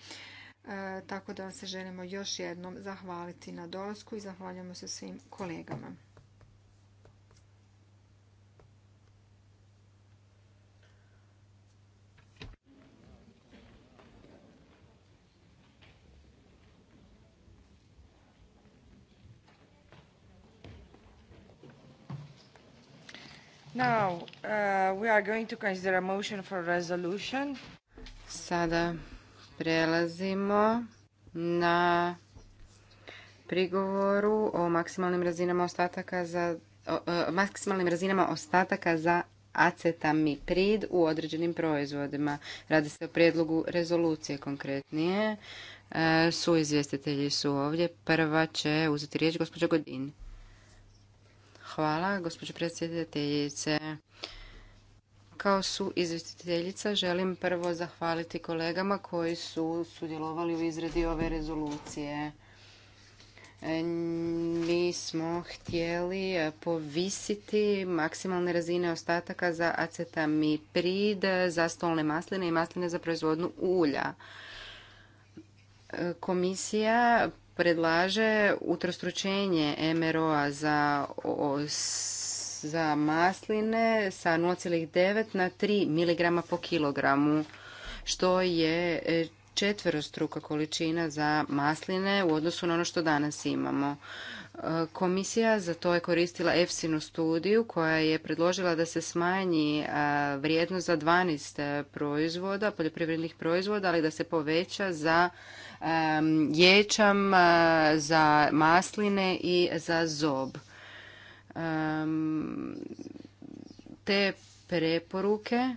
E, tako da vam se želimo još jednom zahvaliti na dolasku i zahvaljujemo se svim kolegama. Uh, Sada prelazimo na prigovoru o maksimalnim razinama ostataka za maksimalnim razinama ostataka za acetamiprid u određenim proizvodima. Radi se o prijedlogu rezolucije konkretnije. E, su izvjestitelji su ovdje. Prva će uzeti riječ gospođa Godin. Hvala, gospođo predsjedateljice. Kao su izvjestiteljica želim prvo zahvaliti kolegama koji su sudjelovali u izradi ove rezolucije. Mi e, smo htjeli e, povisiti maksimalne razine ostataka za acetamiprid, za stolne masline i masline za proizvodnu ulja. E, komisija predlaže utrostručenje MRO-a za, za masline sa 0,9 na 3 mg po kilogramu, što je e, četverostruka količina za masline u odnosu na ono što danas imamo. E, komisija za to je koristila EFSINU studiju koja je predložila da se smanji e, vrijednost za 12 proizvoda, poljoprivrednih proizvoda, ali da se poveća za e, ječam, za masline i za zob. Te preporuke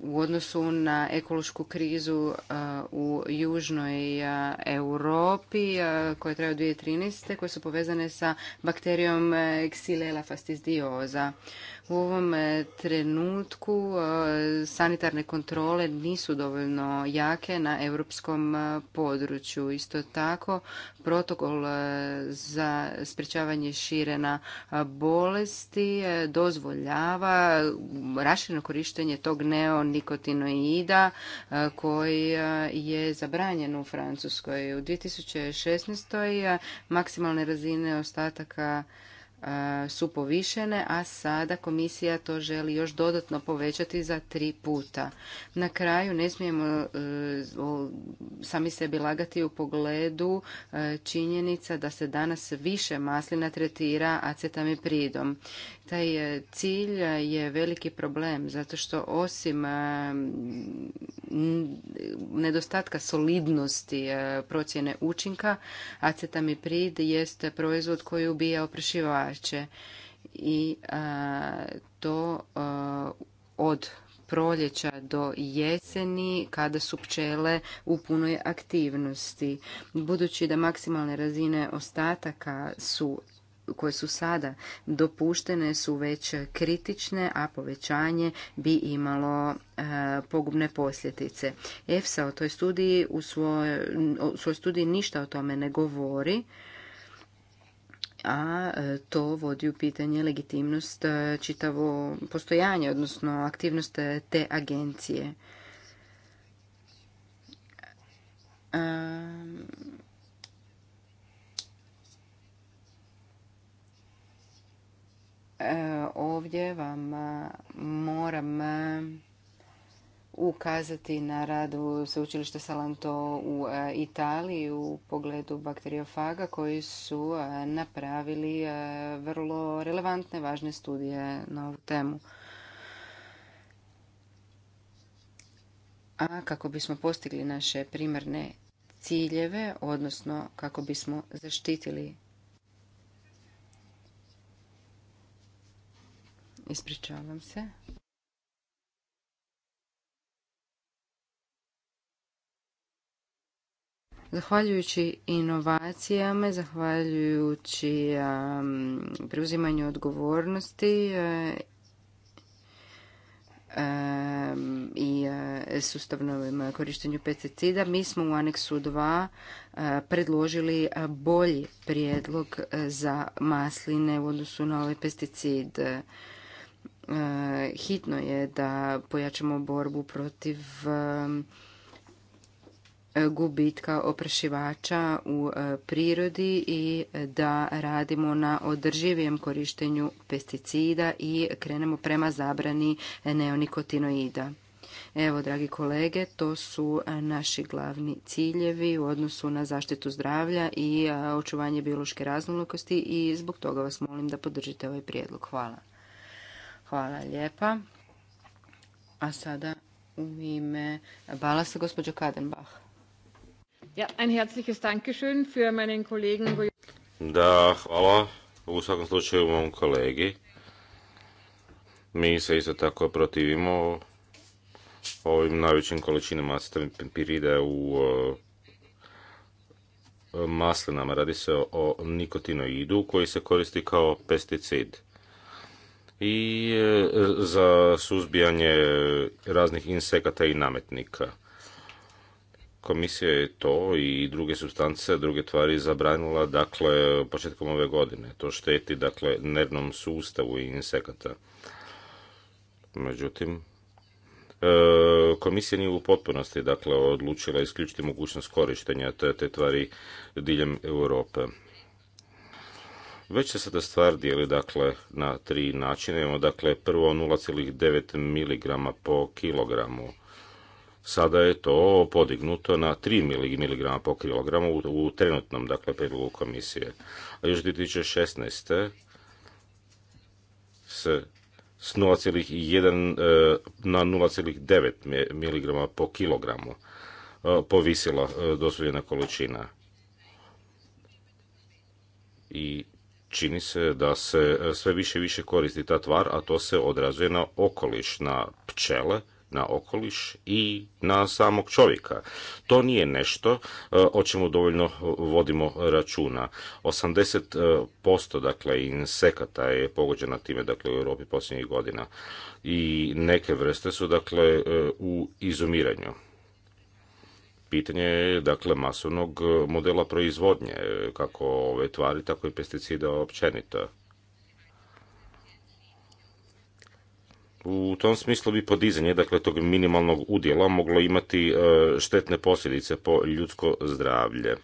u odnosu na ekološku krizu e, u južnoj e, Europi e, koje traje od 2013. koje su povezane sa bakterijom Xylella fastidiosa u ovom trenutku e, sanitarne kontrole nisu dovoljno jake na europskom e, području. Isto tako, protokol e, za sprječavanje širena bolesti dozvoljava rašireno korištenje tog neonikotinoida koji je zabranjen u Francuskoj. U 2016. maksimalne razine ostataka su povišene, a sada komisija to želi još dodatno povećati za tri puta. Na kraju ne smijemo e, sami sebi lagati u pogledu e, činjenica da se danas više maslina tretira acetamipridom. Taj e, cilj je veliki problem zato što osim nedostatka solidnosti procjene učinka acetamiprid jest proizvod koji ubija oprašivač i to od proljeća do jeseni kada su pčele u punoj aktivnosti. Budući da maksimalne razine ostataka su koje su sada dopuštene su već kritične, a povećanje bi imalo pogubne posljedice. EFSA o toj studiji u svojoj, u svojoj studiji ništa o tome ne govori a e, to vodi u pitanje legitimnost e, čitavo postojanje, odnosno aktivnost te agencije. E, ovdje vam moram ukazati na radu sveučilišta Salanto u e, Italiji u pogledu bakteriofaga koji su e, napravili e, vrlo relevantne, važne studije na ovu temu. A kako bismo postigli naše primarne ciljeve, odnosno kako bismo zaštitili Ispričavam se. Zahvaljujući inovacijama, zahvaljujući um, preuzimanju odgovornosti uh, um, i uh, sustavnom korištenju pesticida, mi smo u aneksu 2 uh, predložili bolji prijedlog za masline u odnosu na ovaj pesticid. Hitno je da pojačamo borbu protiv um, E, gubitka oprašivača u e, prirodi i e, da radimo na održivijem korištenju pesticida i krenemo prema zabrani neonikotinoida. Evo, dragi kolege, to su naši glavni ciljevi u odnosu na zaštitu zdravlja i očuvanje biološke raznolikosti i zbog toga vas molim da podržite ovaj prijedlog. Hvala. Hvala lijepa. A sada u ime Balasa gospođo Kadenbach. Da, hvala u svakom slučaju mom kolegi. Mi se isto tako protivimo ovim najvećim količinama acetamipirida u e, maslinama. Radi se o nikotinoidu koji se koristi kao pesticid i e, za suzbijanje raznih insekata i nametnika. Komisija je to i druge substance, druge tvari zabranila dakle početkom ove godine. To šteti dakle nervnom sustavu i insekata. Međutim, e, komisija nije u potpunosti dakle odlučila isključiti mogućnost korištenja te, te tvari diljem Europe. Već se sada stvar dijeli dakle, na tri načine. Imamo dakle, prvo 0,9 mg po kilogramu Sada je to podignuto na 3 mg po kilogramu u trenutnom dakle, predlogu komisije. A još 2016. se s 0,1 e, na 0,9 mg po kilogramu e, povisila e, dozvoljena količina. I čini se da se sve više i više koristi ta tvar, a to se odrazuje na okoliš, na pčele, na okoliš i na samog čovjeka. To nije nešto e, o čemu dovoljno vodimo računa. 80% dakle insekata je pogođena time dakle u Europi posljednjih godina i neke vrste su dakle e, u izumiranju. Pitanje je dakle masovnog modela proizvodnje kako ove tvari tako i pesticida općenito u tom smislu bi podizanje dakle tog minimalnog udjela moglo imati e, štetne posljedice po ljudsko zdravlje.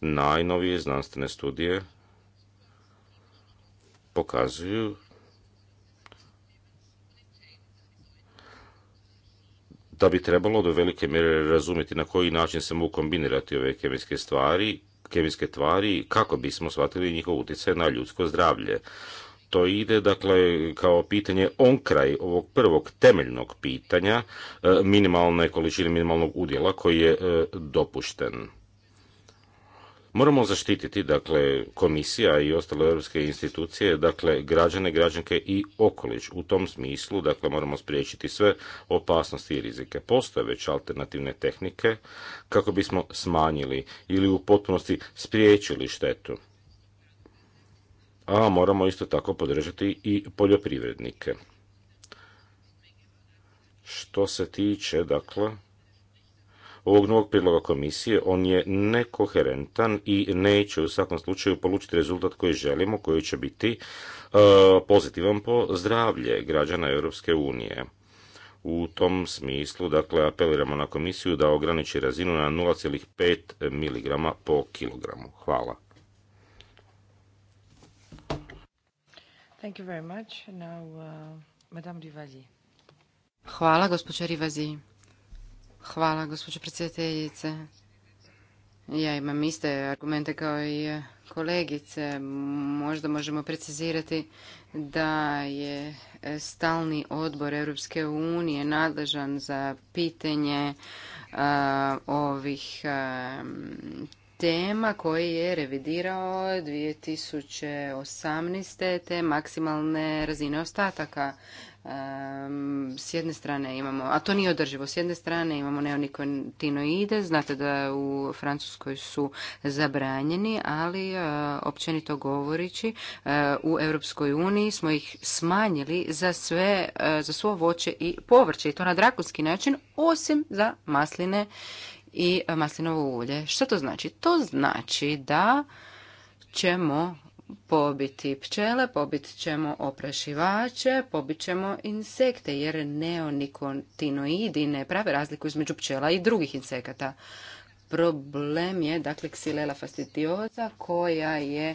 Najnovije znanstvene studije pokazuju da bi trebalo do velike mjere razumjeti na koji način se mogu kombinirati ove kemijske stvari, kemijske tvari kako bismo shvatili njihov utjecaj na ljudsko zdravlje to ide dakle kao pitanje on kraj ovog prvog temeljnog pitanja e, minimalne količine minimalnog udjela koji je e, dopušten. Moramo zaštititi, dakle, komisija i ostale europske institucije, dakle, građane, građanke i okoliš. U tom smislu, dakle, moramo spriječiti sve opasnosti i rizike. Postoje već alternativne tehnike kako bismo smanjili ili u potpunosti spriječili štetu a moramo isto tako podržati i poljoprivrednike. Što se tiče, dakle, ovog novog prijedloga komisije, on je nekoherentan i neće u svakom slučaju polučiti rezultat koji želimo, koji će biti e, pozitivan po zdravlje građana Europske unije. U tom smislu, dakle, apeliramo na komisiju da ograniči razinu na 0,5 mg po kilogramu. Hvala. Uh, Hvala, gospođa Rivazi. Hvala, gospođo predsjedateljice. Ja imam iste argumente kao i kolegice. Možda možemo precizirati da je stalni odbor Europske unije nadležan za pitanje ovih tema koji je revidirao 2018. te maksimalne razine ostataka. S jedne strane imamo, a to nije održivo, s jedne strane imamo neonikotinoide, znate da u Francuskoj su zabranjeni, ali e, općenito govoreći e, u Europskoj uniji smo ih smanjili za sve, e, za svo voće i povrće i to na drakonski način, osim za masline i maslinovo ulje. Što to znači? To znači da ćemo pobiti pčele, pobit ćemo oprašivače, pobit ćemo insekte, jer neonikotinoidi ne prave razliku između pčela i drugih insekata. Problem je, dakle, ksilela fastidioza koja je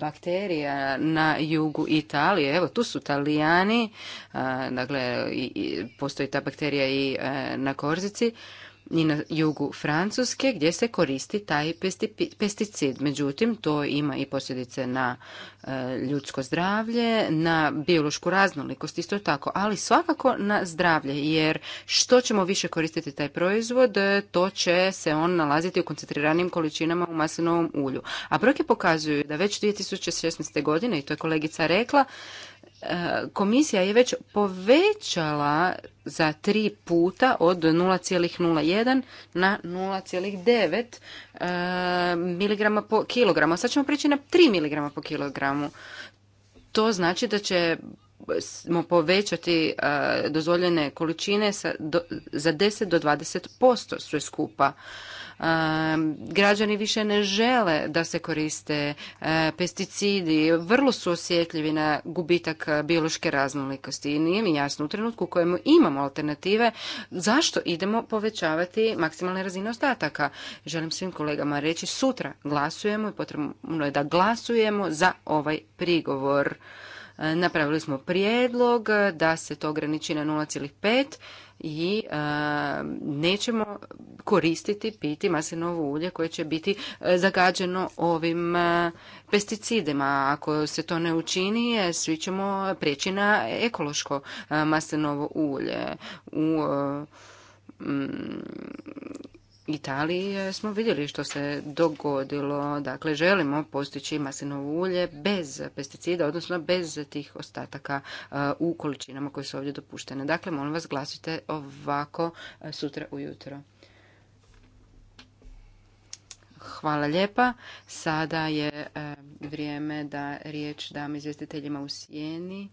bakterija na jugu Italije. Evo, tu su Talijani, dakle, postoji ta bakterija i e, na Korzici i na jugu Francuske gdje se koristi taj pesticid. Međutim, to ima i posljedice na e, ljudsko zdravlje, na biološku raznolikost isto tako, ali svakako na zdravlje jer što ćemo više koristiti taj proizvod, e, to će se on nalaziti u koncentriranim količinama u maslinovom ulju. A brojke pokazuju da već 2016. godine, i to je kolegica rekla, komisija je već povećala za tri puta od 0,01 na 0,9 eh, miligrama po kilogramu. Sad ćemo prići na 3 miligrama po kilogramu. To znači da će smo povećati eh, dozvoljene količine za 10 do 20% sve skupa. Građani više ne žele da se koriste e, pesticidi, vrlo su osjetljivi na gubitak biološke raznolikosti i nije mi jasno u trenutku u kojemu imamo alternative zašto idemo povećavati maksimalne razine ostataka. Želim svim kolegama reći sutra glasujemo i potrebno je da glasujemo za ovaj prigovor. E, napravili smo prijedlog da se to ograniči na 0,5 i e, nećemo koristiti piti maslinovo ulje koje će biti e, zagađeno ovim e, pesticidima. Ako se to ne učini, svi ćemo prijeći na ekološko maslinovo ulje. U Italiji e, smo vidjeli što se dogodilo. Dakle, želimo postići maslinovo ulje bez pesticida, odnosno bez tih ostataka e, u količinama koje su ovdje dopuštene. Dakle, molim vas glasite ovako e, sutra ujutro. Hvala lijepa. Sada je vrijeme da riječ dam izvjestiteljima u sjeni.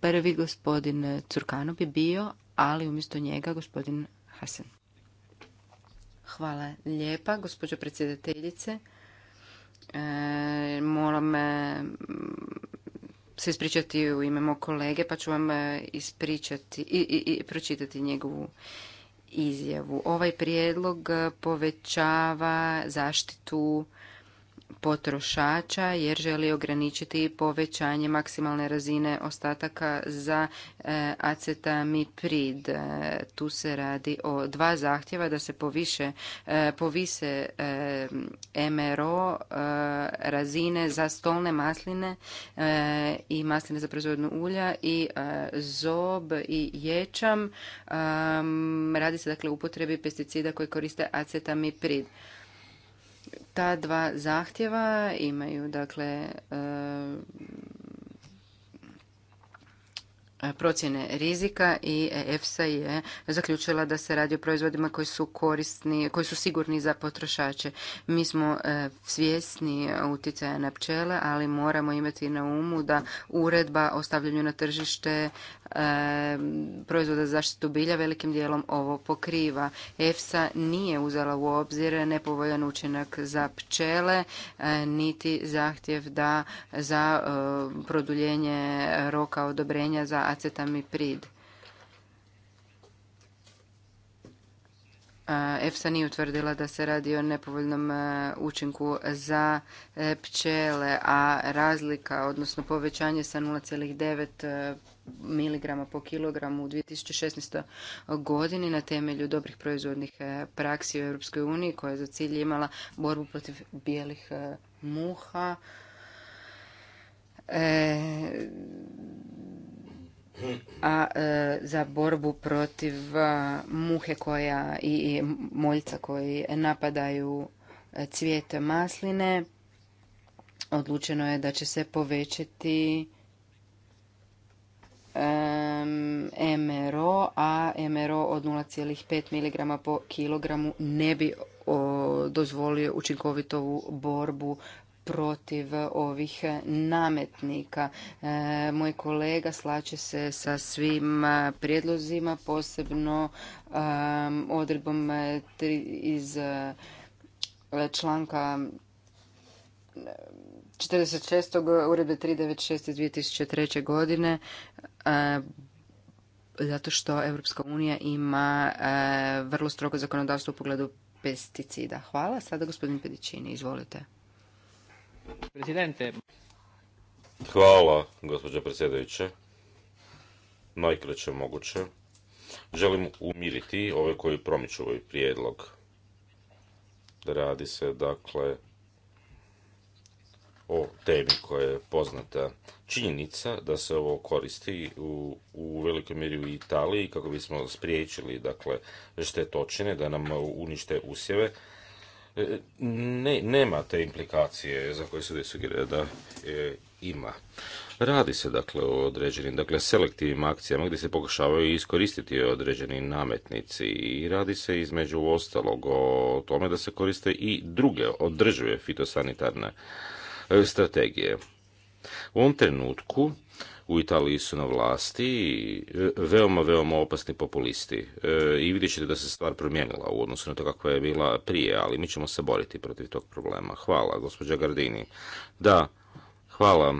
Prvi gospodin Curkanov bi bio, ali umjesto njega gospodin Hasen. Hvala lijepa, gospođo predsjedateljice. E, moram e, se ispričati u ime mog kolege, pa ću vam e, ispričati i pročitati njegovu izjavu. Ovaj prijedlog e, povećava zaštitu potrošača jer želi ograničiti povećanje maksimalne razine ostataka za e, acetamiprid. E, tu se radi o dva zahtjeva da se poviše, e, povise MRO razine za stolne masline i masline za proizvodnu ulja i zob i ječam. Radi se dakle o upotrebi pesticida koji koriste acetamiprid. Ta dva zahtjeva imaju dakle e, procjene rizika i EFSA je zaključila da se radi o proizvodima koji su korisni, koji su sigurni za potrošače. Mi smo e, svjesni utjecaja na pčele, ali moramo imati na umu da uredba o stavljanju na tržište proizvoda za zaštitu bilja velikim dijelom ovo pokriva. EFSA nije uzela u obzir nepovoljan učinak za pčele, e, niti zahtjev za e, produljenje roka odobrenja za acetamiprid. E, EFSA nije utvrdila da se radi o nepovoljnom učinku za pčele, a razlika, odnosno povećanje sa 0,9 miligrama po kilogramu u 2016. godini na temelju dobrih proizvodnih e, praksi u EU koja je za cilj imala borbu protiv bijelih e, muha. E, a za borbu protiv muhe koja i, i moljca koji napadaju cvijete masline odlučeno je da će se povećati MRO, a MRO od 0,5 mg po kilogramu ne bi dozvolio učinkovitovu borbu protiv ovih nametnika. E, moj kolega slače se sa svim prijedlozima, posebno um, odredbom iz e, članka 46. uredbe 396. iz 2003. godine zato što Europska unija ima e, vrlo strogo zakonodavstvo u pogledu pesticida. Hvala. Sada gospodin Pedićini, izvolite. Presidente. Hvala, gospođo predsjedajuće. Najkraće moguće. Želim umiriti ove koji promiču ovaj prijedlog. Radi se, dakle, o temi koja je poznata. Činjenica da se ovo koristi u, u velikoj mjeri u Italiji kako bismo spriječili dakle, štetočine da nam unište usjeve. E, ne, nema te implikacije za koje se desugira da e, ima. Radi se dakle o određenim dakle, selektivnim akcijama gdje se pokušavaju iskoristiti određeni nametnici i radi se između ostalog o tome da se koriste i druge održive fitosanitarne E, strategije. U ovom trenutku u Italiji su na vlasti e, veoma, veoma opasni populisti. E, I vidjet ćete da se stvar promijenila u odnosu na to kakva je bila prije, ali mi ćemo se boriti protiv tog problema. Hvala, gospođa Gardini. Da, hvala.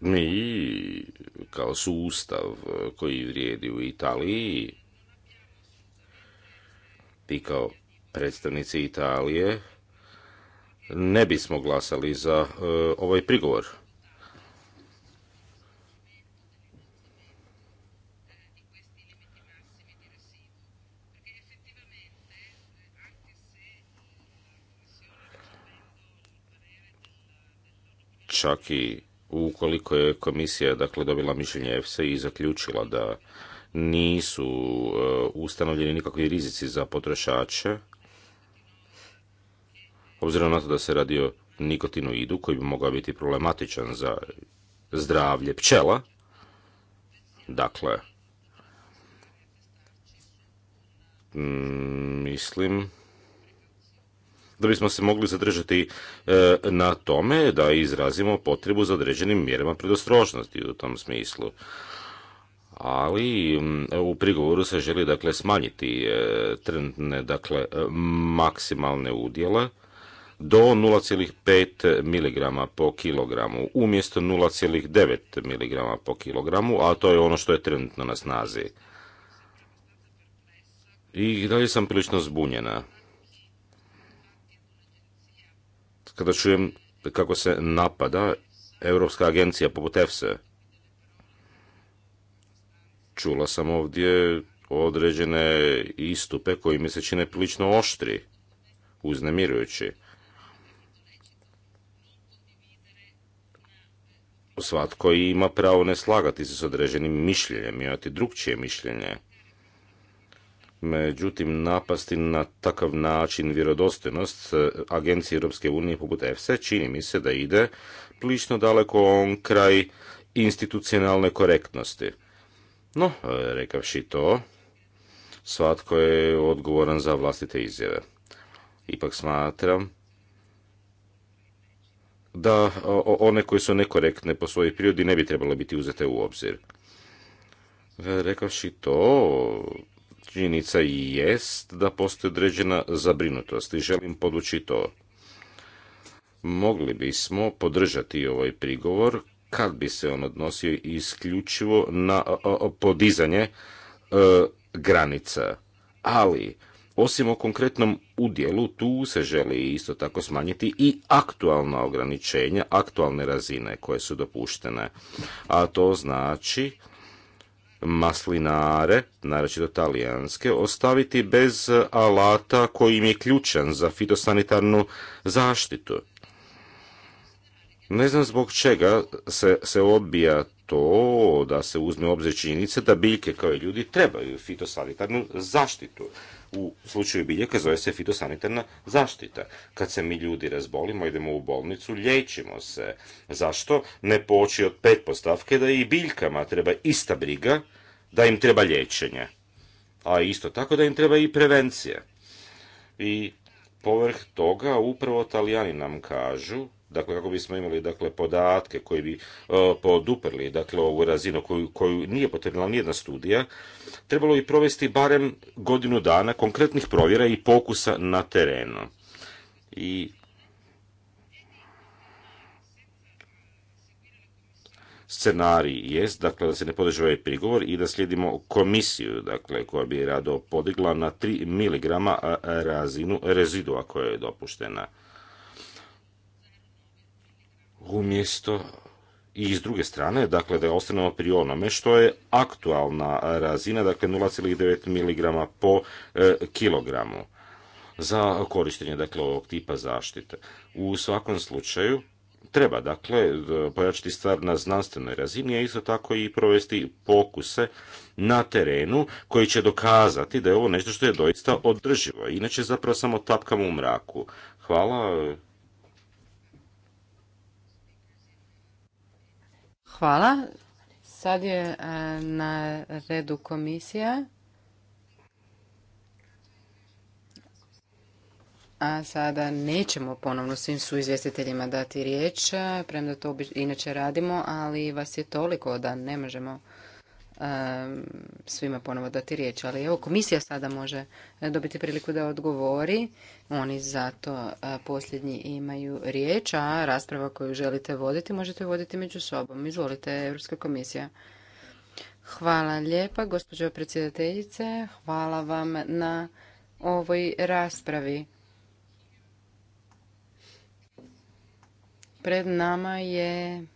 Mi, kao sustav koji vrijedi u Italiji, vi kao predstavnici Italije ne bismo glasali za e, ovaj prigovor. Čak i ukoliko je komisija dakle dobila mišljenje EFSA i zaključila da nisu e, ustanovljeni nikakvi rizici za potrošače, obzirom na to da se radi o nikotinoidu koji bi mogao biti problematičan za zdravlje pčela. Dakle, mm, mislim da bismo se mogli zadržati e, na tome da izrazimo potrebu za određenim mjerama predostrožnosti u tom smislu ali mm, u prigovoru se želi dakle smanjiti e, trenutne dakle e, maksimalne udjele do 0,5 mg po kilogramu umjesto 0,9 mg po kilogramu, a to je ono što je trenutno na snazi. I dalje sam prilično zbunjena. Kada čujem kako se napada Europska agencija poput EFSE, Čula sam ovdje određene istupe koji mi se čine prilično oštri, uznemirujući. Svatko ima pravo ne slagati se s određenim mišljenjem, imati drugčije mišljenje. Međutim, napasti na takav način vjerodostojnost e, Agencije Europske unije poput EFSA čini mi se da ide prilično daleko on kraj institucionalne korektnosti. No, e, rekavši to, svatko je odgovoran za vlastite izjave. Ipak smatram da one koje su nekorektne po svojoj prirodi ne bi trebalo biti uzete u obzir. E, rekavši to, činjenica i jest da postoji određena zabrinutost i želim podući to. Mogli bismo podržati ovaj prigovor kad bi se on odnosio isključivo na podizanje e, granica. Ali, osim o konkretnom udjelu, tu se želi isto tako smanjiti i aktualna ograničenja, aktualne razine koje su dopuštene. A to znači maslinare, naročito talijanske, ostaviti bez alata koji im je ključan za fitosanitarnu zaštitu. Ne znam zbog čega se, se odbija to da se uzme obzir činjenice da biljke kao i ljudi trebaju fitosanitarnu zaštitu. U slučaju biljaka zove se fitosanitarna zaštita. Kad se mi ljudi razbolimo, idemo u bolnicu, liječimo se. Zašto? Ne poći od pet postavke da i biljkama treba ista briga, da im treba liječenje. A isto tako da im treba i prevencija. I povrh toga upravo Talijani nam kažu dakle kako bismo imali dakle podatke koji bi e, poduprli dakle ovu razinu koju, koju nije potrebna nijedna studija, trebalo bi provesti barem godinu dana konkretnih provjera i pokusa na terenu. I scenarij jest, dakle, da se ne podrži ovaj prigovor i da slijedimo komisiju, dakle, koja bi rado podigla na 3 mg razinu rezidua koja je dopuštena umjesto i s druge strane, dakle da je ostanemo pri onome što je aktualna razina, dakle 0,9 mg po e, kilogramu za korištenje dakle ovog tipa zaštite. U svakom slučaju treba dakle e, pojačati stvar na znanstvenoj razini, a isto tako i provesti pokuse na terenu koji će dokazati da je ovo nešto što je doista održivo. Inače zapravo samo tapkamo u mraku. Hvala. Hvala. Sad je e, na redu komisija. A sada nećemo ponovno svim suizvjestiteljima dati riječ, premda to inače radimo, ali vas je toliko da ne možemo svima ponovo dati riječ, ali evo komisija sada može e, dobiti priliku da odgovori. Oni zato e, posljednji imaju riječ, a rasprava koju želite voditi možete voditi među sobom. Izvolite, Europska komisija. Hvala lijepa, gospođo predsjedateljice. Hvala vam na ovoj raspravi. Pred nama je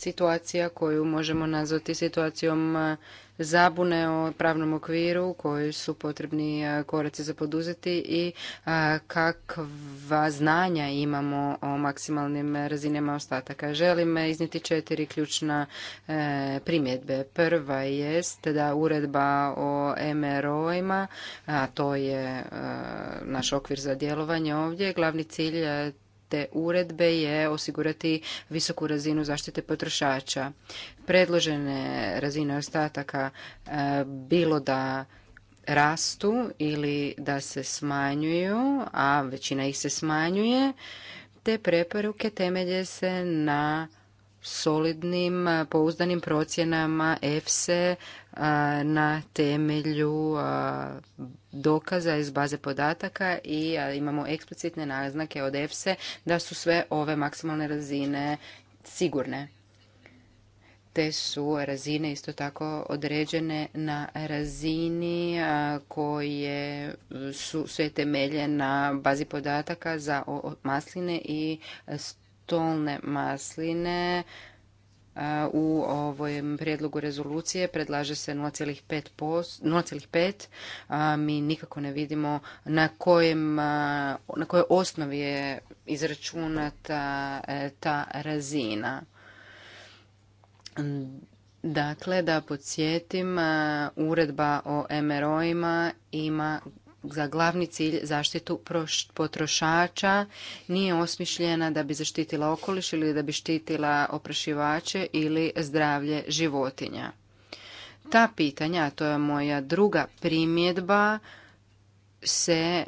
situacija koju možemo nazvati situacijom e, zabune o pravnom okviru koji su potrebni e, koraci za poduzeti i e, kakva znanja imamo o maksimalnim razinama ostataka. Želim izniti četiri ključna primjedbe. Prva jest da uredba o MRO-ima, a to je naš okvir za djelovanje ovdje, glavni cilj te uredbe je osigurati visoku razinu zaštite potrošača. Predložene razine ostataka e, bilo da rastu ili da se smanjuju, a većina ih se smanjuje, te preporuke temelje se na solidnim, pouzdanim procjenama EFSE na temelju dokaza iz baze podataka i imamo eksplicitne naznake od EFSE da su sve ove maksimalne razine sigurne. Te su razine isto tako određene na razini koje su sve temelje na bazi podataka za masline i tolne masline u ovom prijedlogu rezolucije predlaže se 0,5. Mi nikako ne vidimo na, kojem, na kojoj osnovi je izračunata e, ta razina. Dakle, da podsjetim, uredba o MRO-ima ima za glavni cilj zaštitu potrošača nije osmišljena da bi zaštitila okoliš ili da bi štitila oprašivače ili zdravlje životinja. Ta pitanja, a to je moja druga primjedba, se e,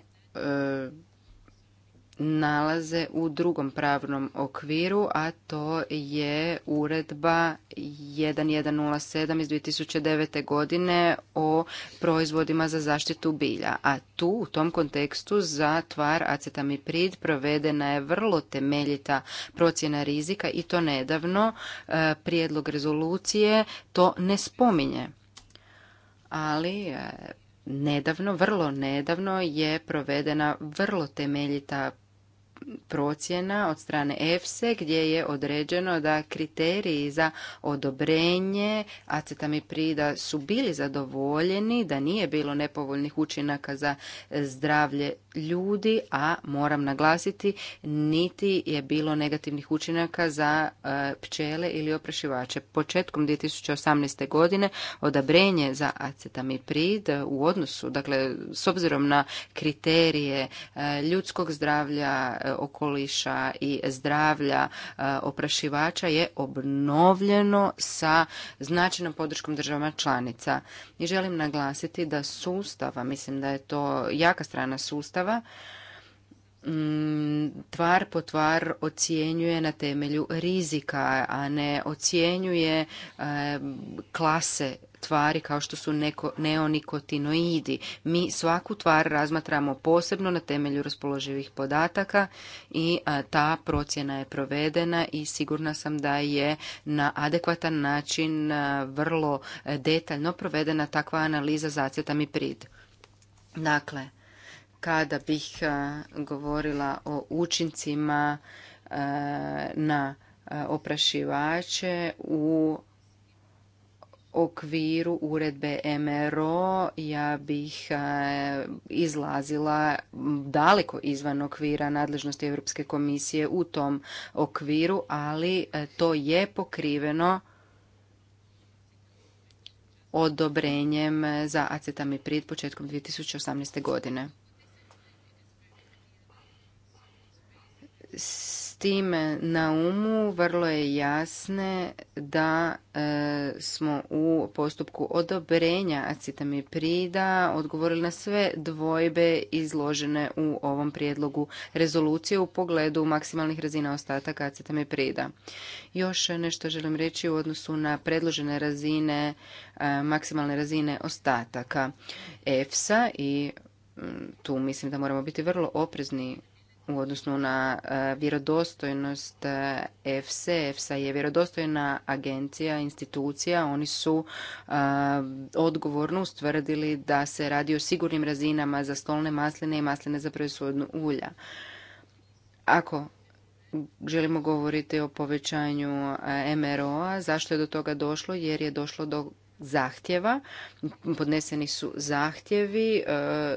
nalaze u drugom pravnom okviru, a to je uredba 1107 iz 2009. godine o proizvodima za zaštitu bilja. A tu, u tom kontekstu, za tvar acetamiprid provedena je vrlo temeljita procjena rizika i to nedavno. E, prijedlog rezolucije to ne spominje. Ali e, Nedavno, vrlo nedavno je provedena vrlo temeljita procjena od strane EFSE gdje je određeno da kriteriji za odobrenje acetamiprida su bili zadovoljeni, da nije bilo nepovoljnih učinaka za zdravlje ljudi, a moram naglasiti, niti je bilo negativnih učinaka za e, pčele ili oprašivače. Početkom 2018. godine odabrenje za acetamiprid e, u odnosu, dakle, s obzirom na kriterije e, ljudskog zdravlja, okoliša i zdravlja oprašivača je obnovljeno sa značajnom podrškom državama članica. I želim naglasiti da sustava, mislim da je to jaka strana sustava, Mm, tvar po tvar ocjenjuje na temelju rizika, a ne ocjenjuje e, klase tvari kao što su neko, neonikotinoidi. Mi svaku tvar razmatramo posebno na temelju raspoloživih podataka i e, ta procjena je provedena i sigurna sam da je na adekvatan način e, vrlo detaljno provedena takva analiza zacetamiprid. i prid. Dakle, kada bih e, govorila o učincima e, na e, oprašivače u okviru uredbe MRO ja bih izlazila daleko izvan okvira nadležnosti Europske komisije u tom okviru, ali to je pokriveno odobrenjem za acetamiprid početkom 2018. godine. s time na umu vrlo je jasne da e, smo u postupku odobrenja acetamiprida odgovorili na sve dvojbe izložene u ovom prijedlogu rezolucije u pogledu maksimalnih razina ostataka acetamiprida. Još nešto želim reći u odnosu na predložene razine, e, maksimalne razine ostataka EFSA i tu mislim da moramo biti vrlo oprezni u odnosu na e, vjerodostojnost EFSA. E. EFSA je vjerodostojna agencija, institucija. Oni su e, odgovorno ustvrdili da se radi o sigurnim razinama za stolne masline i masline za proizvodnu ulja. Ako želimo govoriti o povećanju MRO-a. Zašto je do toga došlo? Jer je došlo do zahtjeva. Podneseni su zahtjevi e,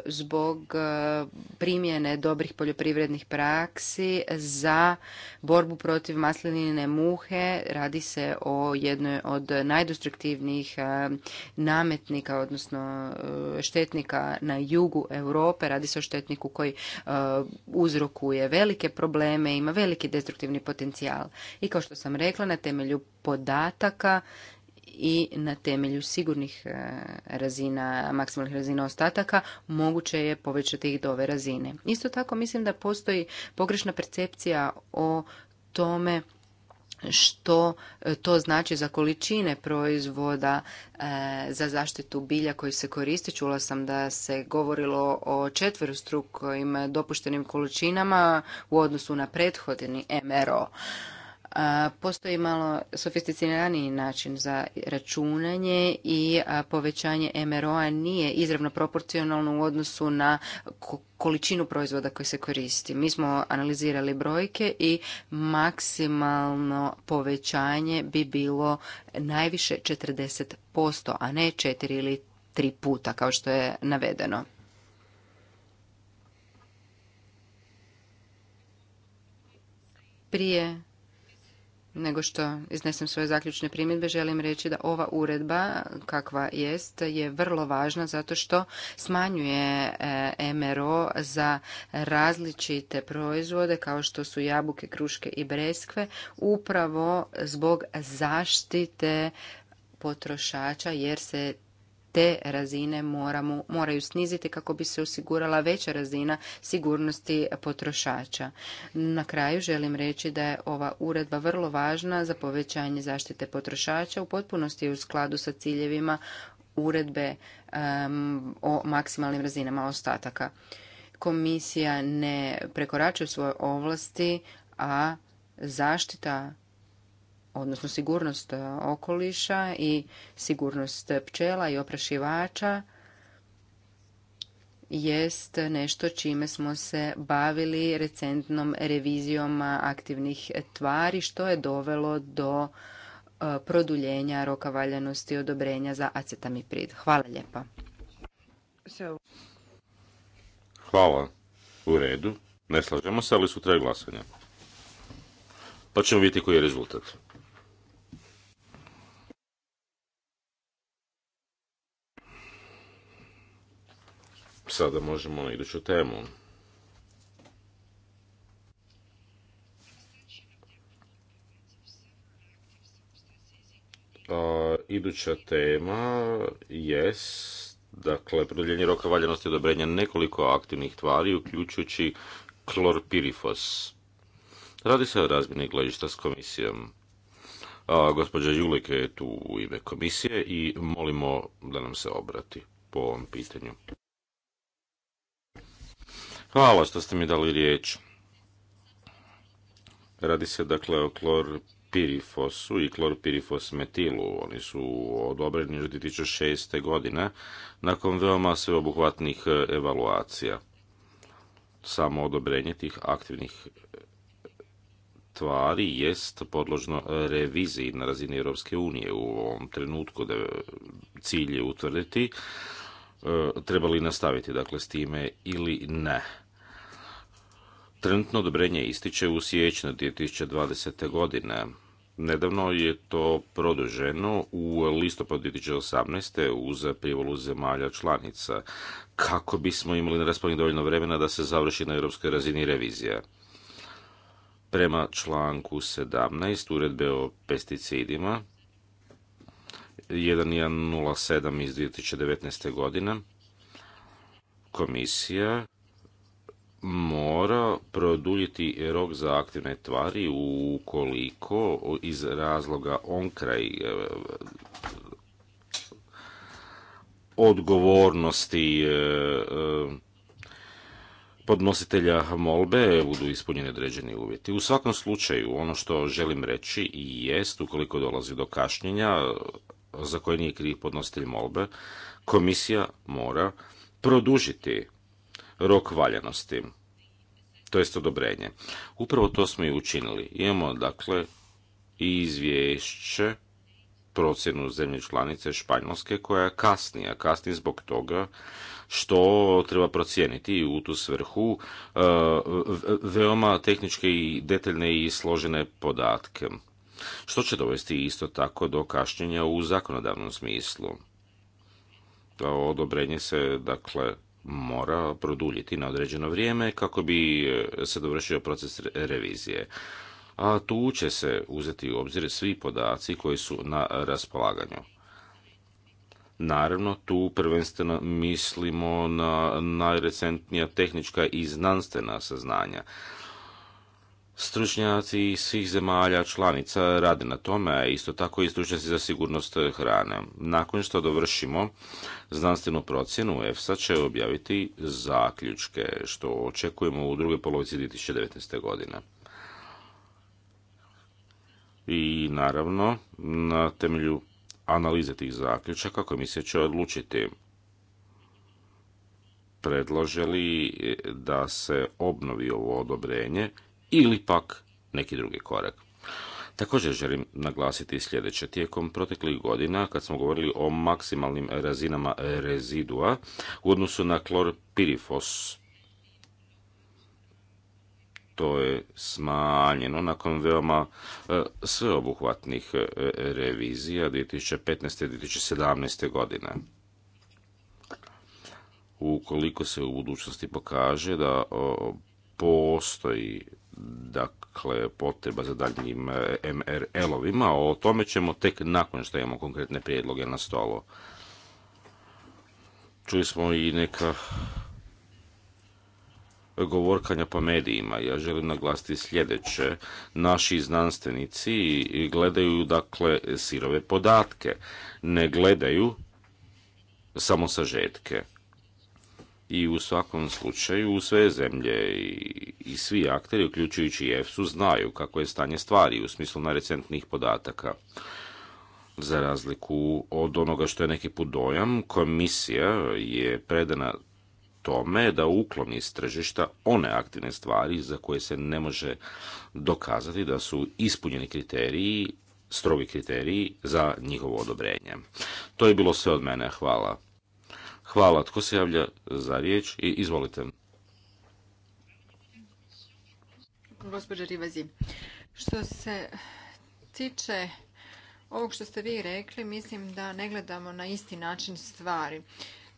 zbog e, primjene dobrih poljoprivrednih praksi za borbu protiv maslinine muhe. Radi se o jednoj od najdestruktivnijih e, nametnika, odnosno štetnika na jugu Europe. Radi se o štetniku koji uzrokuje velike probleme, ima veliki destruktivni potencijal. I kao što sam rekla, na temelju podataka i na temelju sigurnih e, razina, maksimalnih razina ostataka moguće je povećati ih do ove razine. Isto tako mislim da postoji pogrešna percepcija o tome što e, to znači za količine proizvoda e, za zaštitu bilja koji se koristi. Čula sam da se govorilo o četverostrukojim dopuštenim količinama u odnosu na prethodni MRO. Postoji malo sofisticiraniji način za računanje i povećanje MRO-a nije izravno proporcionalno u odnosu na količinu proizvoda koji se koristi. Mi smo analizirali brojke i maksimalno povećanje bi bilo najviše 40%, a ne 4 ili 3 puta kao što je navedeno. Prije nego što iznesem svoje zaključne primjedbe, želim reći da ova uredba kakva jest je vrlo važna zato što smanjuje e, MRO za različite proizvode kao što su jabuke, kruške i breskve upravo zbog zaštite potrošača jer se te razine moramo, moraju sniziti kako bi se osigurala veća razina sigurnosti potrošača. Na kraju želim reći da je ova uredba vrlo važna za povećanje zaštite potrošača u potpunosti u skladu sa ciljevima uredbe o maksimalnim razinama ostataka. Komisija ne prekoračuje svoje ovlasti, a zaštita odnosno sigurnost e, okoliša i sigurnost pčela i oprašivača jest nešto čime smo se bavili recentnom revizijom aktivnih tvari što je dovelo do e, produljenja roka valjanosti i odobrenja za acetamiprid. Hvala lijepa. Hvala. U redu. Ne slažemo se, ali sutra je glasanje. Pa ćemo vidjeti koji je rezultat. Sada možemo na iduću temu. iduća tema jest dakle produljenje roka valjanosti odobrenja nekoliko aktivnih tvari uključujući klorpirifos. Radi se o razmjeni gledišta s komisijom. A, gospođa Julike je tu u ime komisije i molimo da nam se obrati po ovom pitanju. Hvala što ste mi dali riječ. Radi se dakle o klorpirifosu i klorpirifos metilu. Oni su odobreni još 2006. godine nakon veoma sveobuhvatnih e, evaluacija. Samo odobrenje tih aktivnih e, tvari jest podložno e, reviziji na razini Europske unije u ovom trenutku da cilj je utvrditi treba li nastaviti dakle s time ili ne. Trenutno odobrenje ističe u siječnju 2020. godine. Nedavno je to produženo u listopadu 2018. uz privolu zemalja članica, kako bismo imali na dovoljno vremena da se završi na europskoj razini revizija. Prema članku 17 uredbe o pesticidima 1107 iz 2019. godine, komisija mora produljiti rok za aktivne tvari ukoliko iz razloga onkraj e, odgovornosti e, e, podnositelja molbe budu ispunjeni određeni uvjeti. U svakom slučaju, ono što želim reći i jest, ukoliko dolazi do kašnjenja za koje nije kriv podnositelj molbe, komisija mora produžiti rok valjanosti, to jest odobrenje. Upravo to smo i učinili. Imamo dakle izvješće procjenu zemlje članice Španjolske koja je kasnija, kasni zbog toga što treba procijeniti i u tu svrhu e, veoma tehničke i detaljne i složene podatke, što će dovesti isto tako do kašnjenja u zakonodavnom smislu. odobrenje se, dakle, mora produljiti na određeno vrijeme kako bi e, se dovršio proces revizije. A tu će se uzeti u obzir svi podaci koji su na raspolaganju. Naravno, tu prvenstveno mislimo na najrecentnija tehnička i znanstvena saznanja. Stručnjaci svih zemalja članica rade na tome, a isto tako i stručnjaci za sigurnost hrane. Nakon što dovršimo znanstvenu procjenu, EFSA će objaviti zaključke, što očekujemo u drugoj polovici 2019. godine. I naravno, na temelju analize tih zaključaka komisija će odlučiti predložili da se obnovi ovo odobrenje ili pak neki drugi korak. Također želim naglasiti sljedeće. Tijekom proteklih godina, kad smo govorili o maksimalnim razinama rezidua u odnosu na klorpirifos, to je smanjeno nakon veoma e, sveobuhvatnih e, revizija 2015. i 2017. godine. Ukoliko se u budućnosti pokaže da postoji dakle potreba za daljnjim e, MRL-ovima. O tome ćemo tek nakon što imamo konkretne prijedloge na stolu. Čuli smo i neka govorkanja po medijima. Ja želim naglasiti sljedeće. Naši znanstvenici gledaju dakle sirove podatke, ne gledaju samo sažetke i u svakom slučaju sve zemlje i, svi akteri, uključujući i EFSU, znaju kako je stanje stvari u smislu recentnih podataka. Za razliku od onoga što je neki put dojam, komisija je predana tome da ukloni iz tržišta one aktivne stvari za koje se ne može dokazati da su ispunjeni kriteriji, strogi kriteriji za njihovo odobrenje. To je bilo sve od mene, hvala. Hvala. Tko se javlja za riječ? I izvolite. Gospodin Rivazi, što se tiče ovog što ste vi rekli, mislim da ne gledamo na isti način stvari.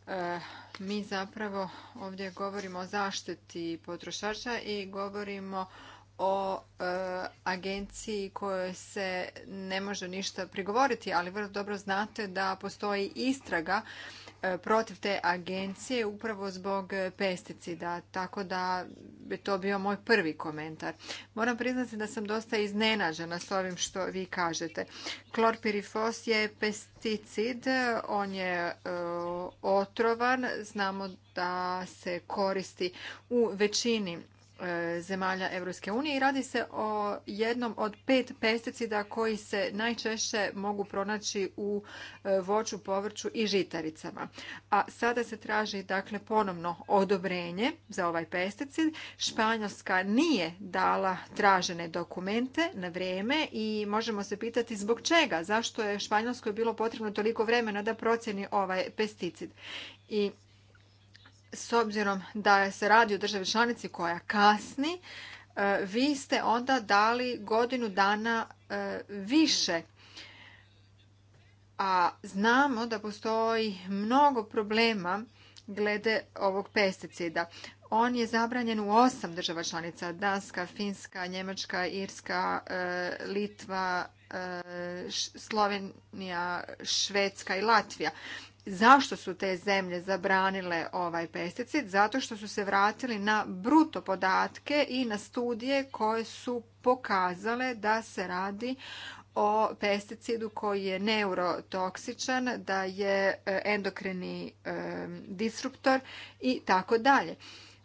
E, mi zapravo ovdje govorimo o zaštiti potrošača i govorimo o e, agenciji kojoj se ne može ništa prigovoriti, ali vrlo dobro znate da postoji istraga E, protiv te agencije upravo zbog pesticida, tako da bi to bio moj prvi komentar. Moram priznati da sam dosta iznenađena s ovim što vi kažete. Klorpirifos je pesticid, on je e, otrovan, znamo da se koristi u većini E, zemalja Europske unije i radi se o jednom od pet pesticida koji se najčešće mogu pronaći u e, voću, povrću i žitaricama. A sada se traži dakle ponovno odobrenje za ovaj pesticid. Španjolska nije dala tražene dokumente na vrijeme i možemo se pitati zbog čega, zašto je Španjolskoj bilo potrebno toliko vremena da procjeni ovaj pesticid. I s obzirom da se radi o državi članici koja kasni, e, vi ste onda dali godinu dana e, više. A znamo da postoji mnogo problema glede ovog pesticida. On je zabranjen u osam država članica. Danska, Finska, Njemačka, Irska, e, Litva, Slovenija, Švedska i Latvija. Zašto su te zemlje zabranile ovaj pesticid? Zato što su se vratili na bruto podatke i na studije koje su pokazale da se radi o pesticidu koji je neurotoksičan, da je e, endokrini e, disruptor i tako dalje.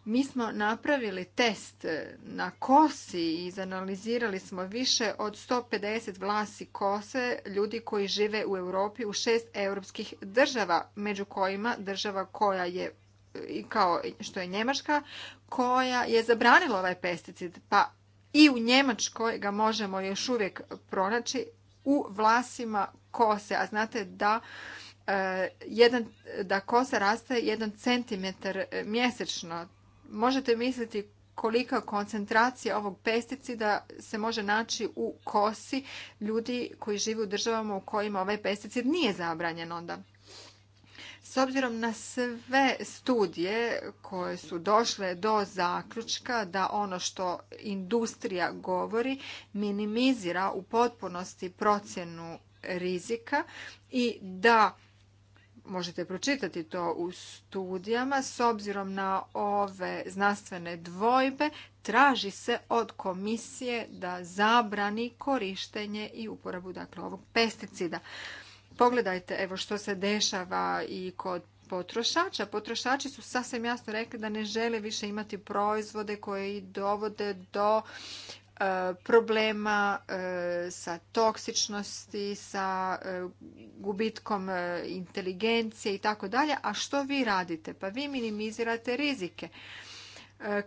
Mi smo napravili test e, na kosi i izanalizirali smo više od 150 vlasi kose ljudi koji žive u Europi u šest europskih država, među kojima država koja je e, kao što je Njemačka, koja je zabranila ovaj pesticid, pa i u Njemačkoj ga možemo još uvijek pronaći u vlasima kose, a znate da e, jedan, da kosa raste jedan centimetar mjesečno, možete misliti kolika koncentracija ovog pesticida se može naći u kosi ljudi koji žive u državama u kojima ovaj pesticid nije zabranjen onda. S obzirom na sve studije koje su došle do zaključka da ono što industrija govori minimizira u potpunosti procjenu rizika i da možete pročitati to u studijama, s obzirom na ove znanstvene dvojbe, traži se od komisije da zabrani korištenje i uporabu dakle, ovog pesticida. Pogledajte evo što se dešava i kod potrošača. Potrošači su sasvim jasno rekli da ne žele više imati proizvode koji dovode do E, problema e, sa toksičnosti, sa e, gubitkom inteligencije i tako dalje. A što vi radite? Pa vi minimizirate rizike.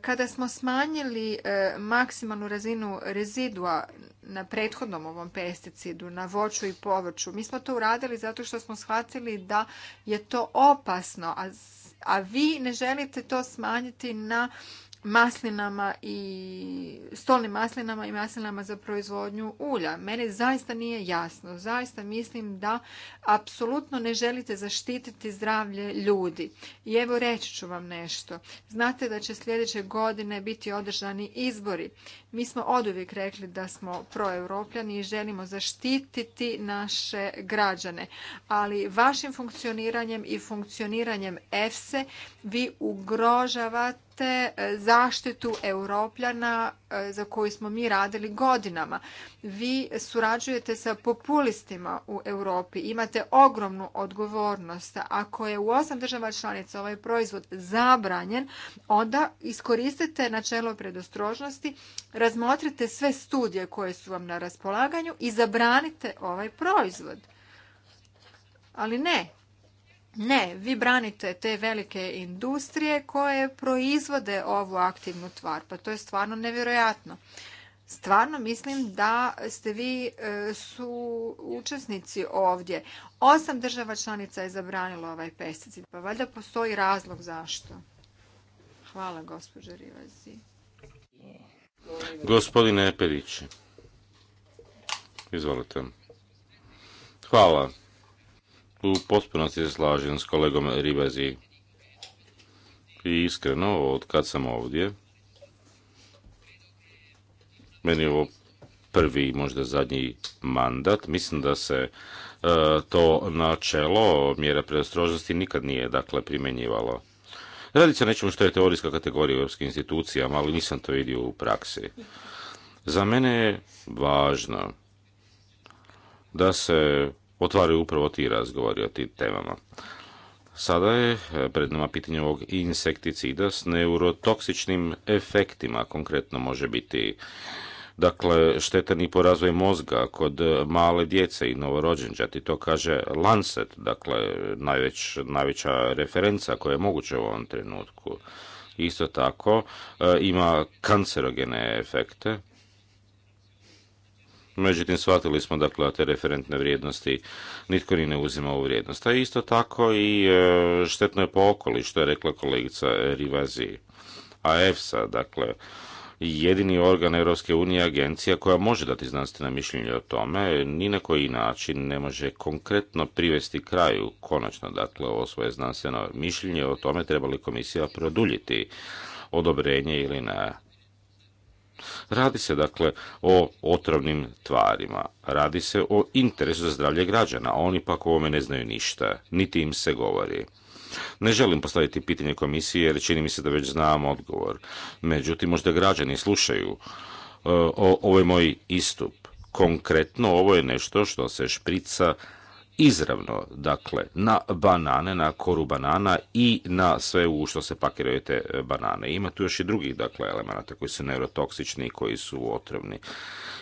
Kada smo smanjili maksimalnu razinu rezidua na prethodnom ovom pesticidu, na voću i povrću, mi smo to uradili zato što smo shvatili da je to opasno, a vi ne želite to smanjiti na maslinama i stolnim maslinama i maslinama za proizvodnju ulja. Mene zaista nije jasno. Zaista mislim da apsolutno ne želite zaštititi zdravlje ljudi. I evo reći ću vam nešto. Znate da će sljedeće godine biti održani izbori. Mi smo oduvijek rekli da smo proevropljani i želimo zaštititi naše građane. Ali vašim funkcioniranjem i funkcioniranjem EFSE vi ugrožavate te e, zaštitu europljana e, za koju smo mi radili godinama. Vi surađujete sa populistima u Europi, imate ogromnu odgovornost. Ako je u osam država članica ovaj proizvod zabranjen, onda iskoristite načelo predostrožnosti, razmotrite sve studije koje su vam na raspolaganju i zabranite ovaj proizvod. Ali ne, ne, vi branite te velike industrije koje proizvode ovu aktivnu tvar. Pa to je stvarno nevjerojatno. Stvarno mislim da ste vi e, su učesnici ovdje. Osam država članica je zabranilo ovaj pesticid, pa valjda postoji razlog zašto. Hvala, gospođo Rivazi. Gospodine izvolite. Hvala u potpunosti se slažem s kolegom Ribazi. I iskreno, od kad sam ovdje, meni je ovo prvi, možda zadnji mandat. Mislim da se e, to načelo mjera predostrožnosti nikad nije dakle primjenjivalo. Radi se nečemu što je teorijska kategorija u europskim institucijama, ali nisam to vidio u praksi. Za mene je važno da se otvaraju upravo ti razgovori o tim temama. Sada je e, pred nama pitanje ovog insekticida s neurotoksičnim efektima, konkretno može biti dakle štetan i po razvoju mozga kod male djece i novorođenčati, to kaže Lancet, dakle najveć, najveća referenca koja je moguća u ovom trenutku. Isto tako e, ima kancerogene efekte, Međutim, shvatili smo dakle da te referentne vrijednosti nitko ni ne uzima u vrijednost. A isto tako i e, štetno je po okoli, što je rekla kolegica Rivazi. A EFSA, dakle, jedini organ Europske unije agencija koja može dati znanstvene mišljenje o tome, ni na koji način ne može konkretno privesti kraju konačno, dakle, ovo svoje znanstveno mišljenje o tome treba li komisija produljiti odobrenje ili ne. Radi se dakle o otrovnim tvarima, radi se o interesu za zdravlje građana, a oni pak o ovome ne znaju ništa, niti im se govori. Ne želim postaviti pitanje komisije jer čini mi se da već znam odgovor. Međutim, možda građani slušaju e, o, moj istup. Konkretno ovo je nešto što se šprica izravno, dakle, na banane, na koru banana i na sve u što se pakiraju e, banane. Ima tu još i drugih, dakle, elemenata koji su neurotoksični i koji su otrovni.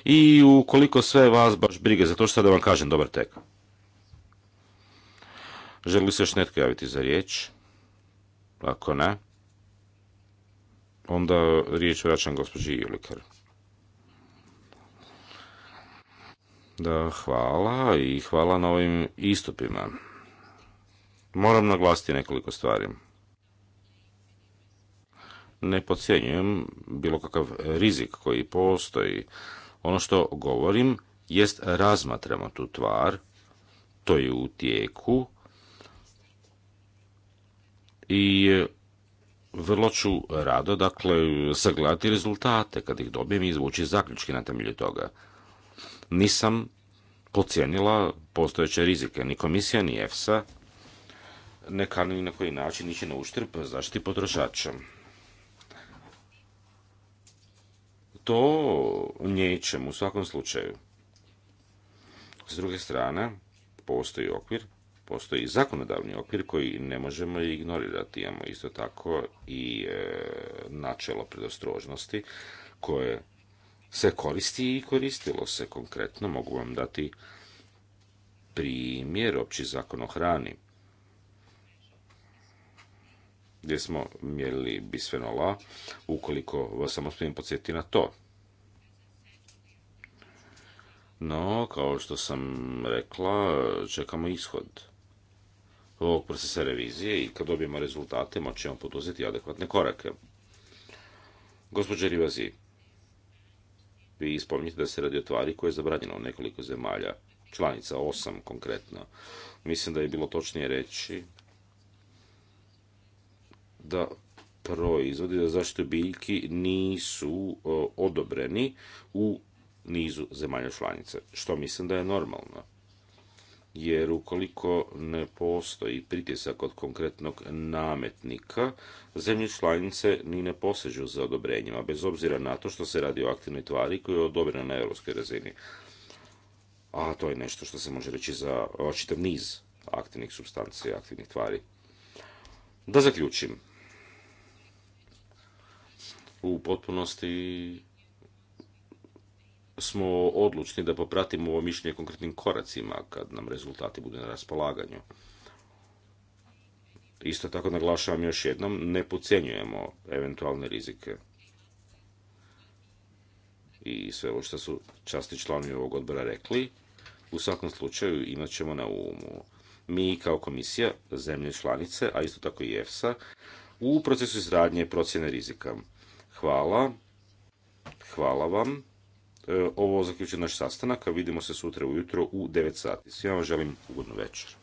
I ukoliko sve vas baš brige za to, što da vam kažem, dobar tek. Želi se još netko javiti za riječ? Ako ne, onda riječ vraćam gospođi Julikar. Da, hvala i hvala na ovim istupima. Moram naglasiti nekoliko stvari. Ne podcjenjujem bilo kakav rizik koji postoji. Ono što govorim jest razmatramo tu tvar, to je u tijeku i vrlo ću rado, dakle, sagledati rezultate kad ih dobijem i izvući zaključke na temelju toga nisam pocijenila postojeće rizike. Ni komisija, ni EFSA ne kani na koji način ići na uštrb zaštiti potrošača. To nečemu u svakom slučaju. S druge strane, postoji okvir, postoji zakonodavni okvir koji ne možemo ignorirati. Imamo isto tako i e, načelo predostrožnosti koje se koristi i koristilo se konkretno. Mogu vam dati primjer opći zakon o hrani gdje smo mjerili bisfenol ukoliko vas samo smijem podsjetiti na to. No, kao što sam rekla, čekamo ishod ovog procesa revizije i kad dobijemo rezultate moćemo poduzeti adekvatne korake. Gospodin Rivazi, vi spominjete da se radi o tvari koja je zabranjena u nekoliko zemalja, članica osam konkretno. Mislim da je bilo točnije reći da proizvodi za zaštitu biljki nisu odobreni u nizu zemalja članica, što mislim da je normalno jer ukoliko ne postoji pritisak od konkretnog nametnika, zemlje članice ni ne posežu za odobrenjima, bez obzira na to što se radi o aktivnoj tvari koja je odobrena na europskoj razini. A to je nešto što se može reći za čitav niz aktivnih i aktivnih tvari. Da zaključim. U potpunosti smo odlučni da popratimo ovo mišljenje konkretnim koracima kad nam rezultati budu na raspolaganju. Isto tako naglašavam još jednom, ne podcjenjujemo eventualne rizike i sve ovo što su časti članovi ovog odbora rekli, u svakom slučaju imat ćemo na umu. Mi kao komisija, zemlje članice, a isto tako i EFSA, u procesu izradnje procjene rizika. Hvala, hvala vam. E, ovo zaključuje naš sastanak, a vidimo se sutra ujutro u 9 sati. Svima vam želim ugodnu večer.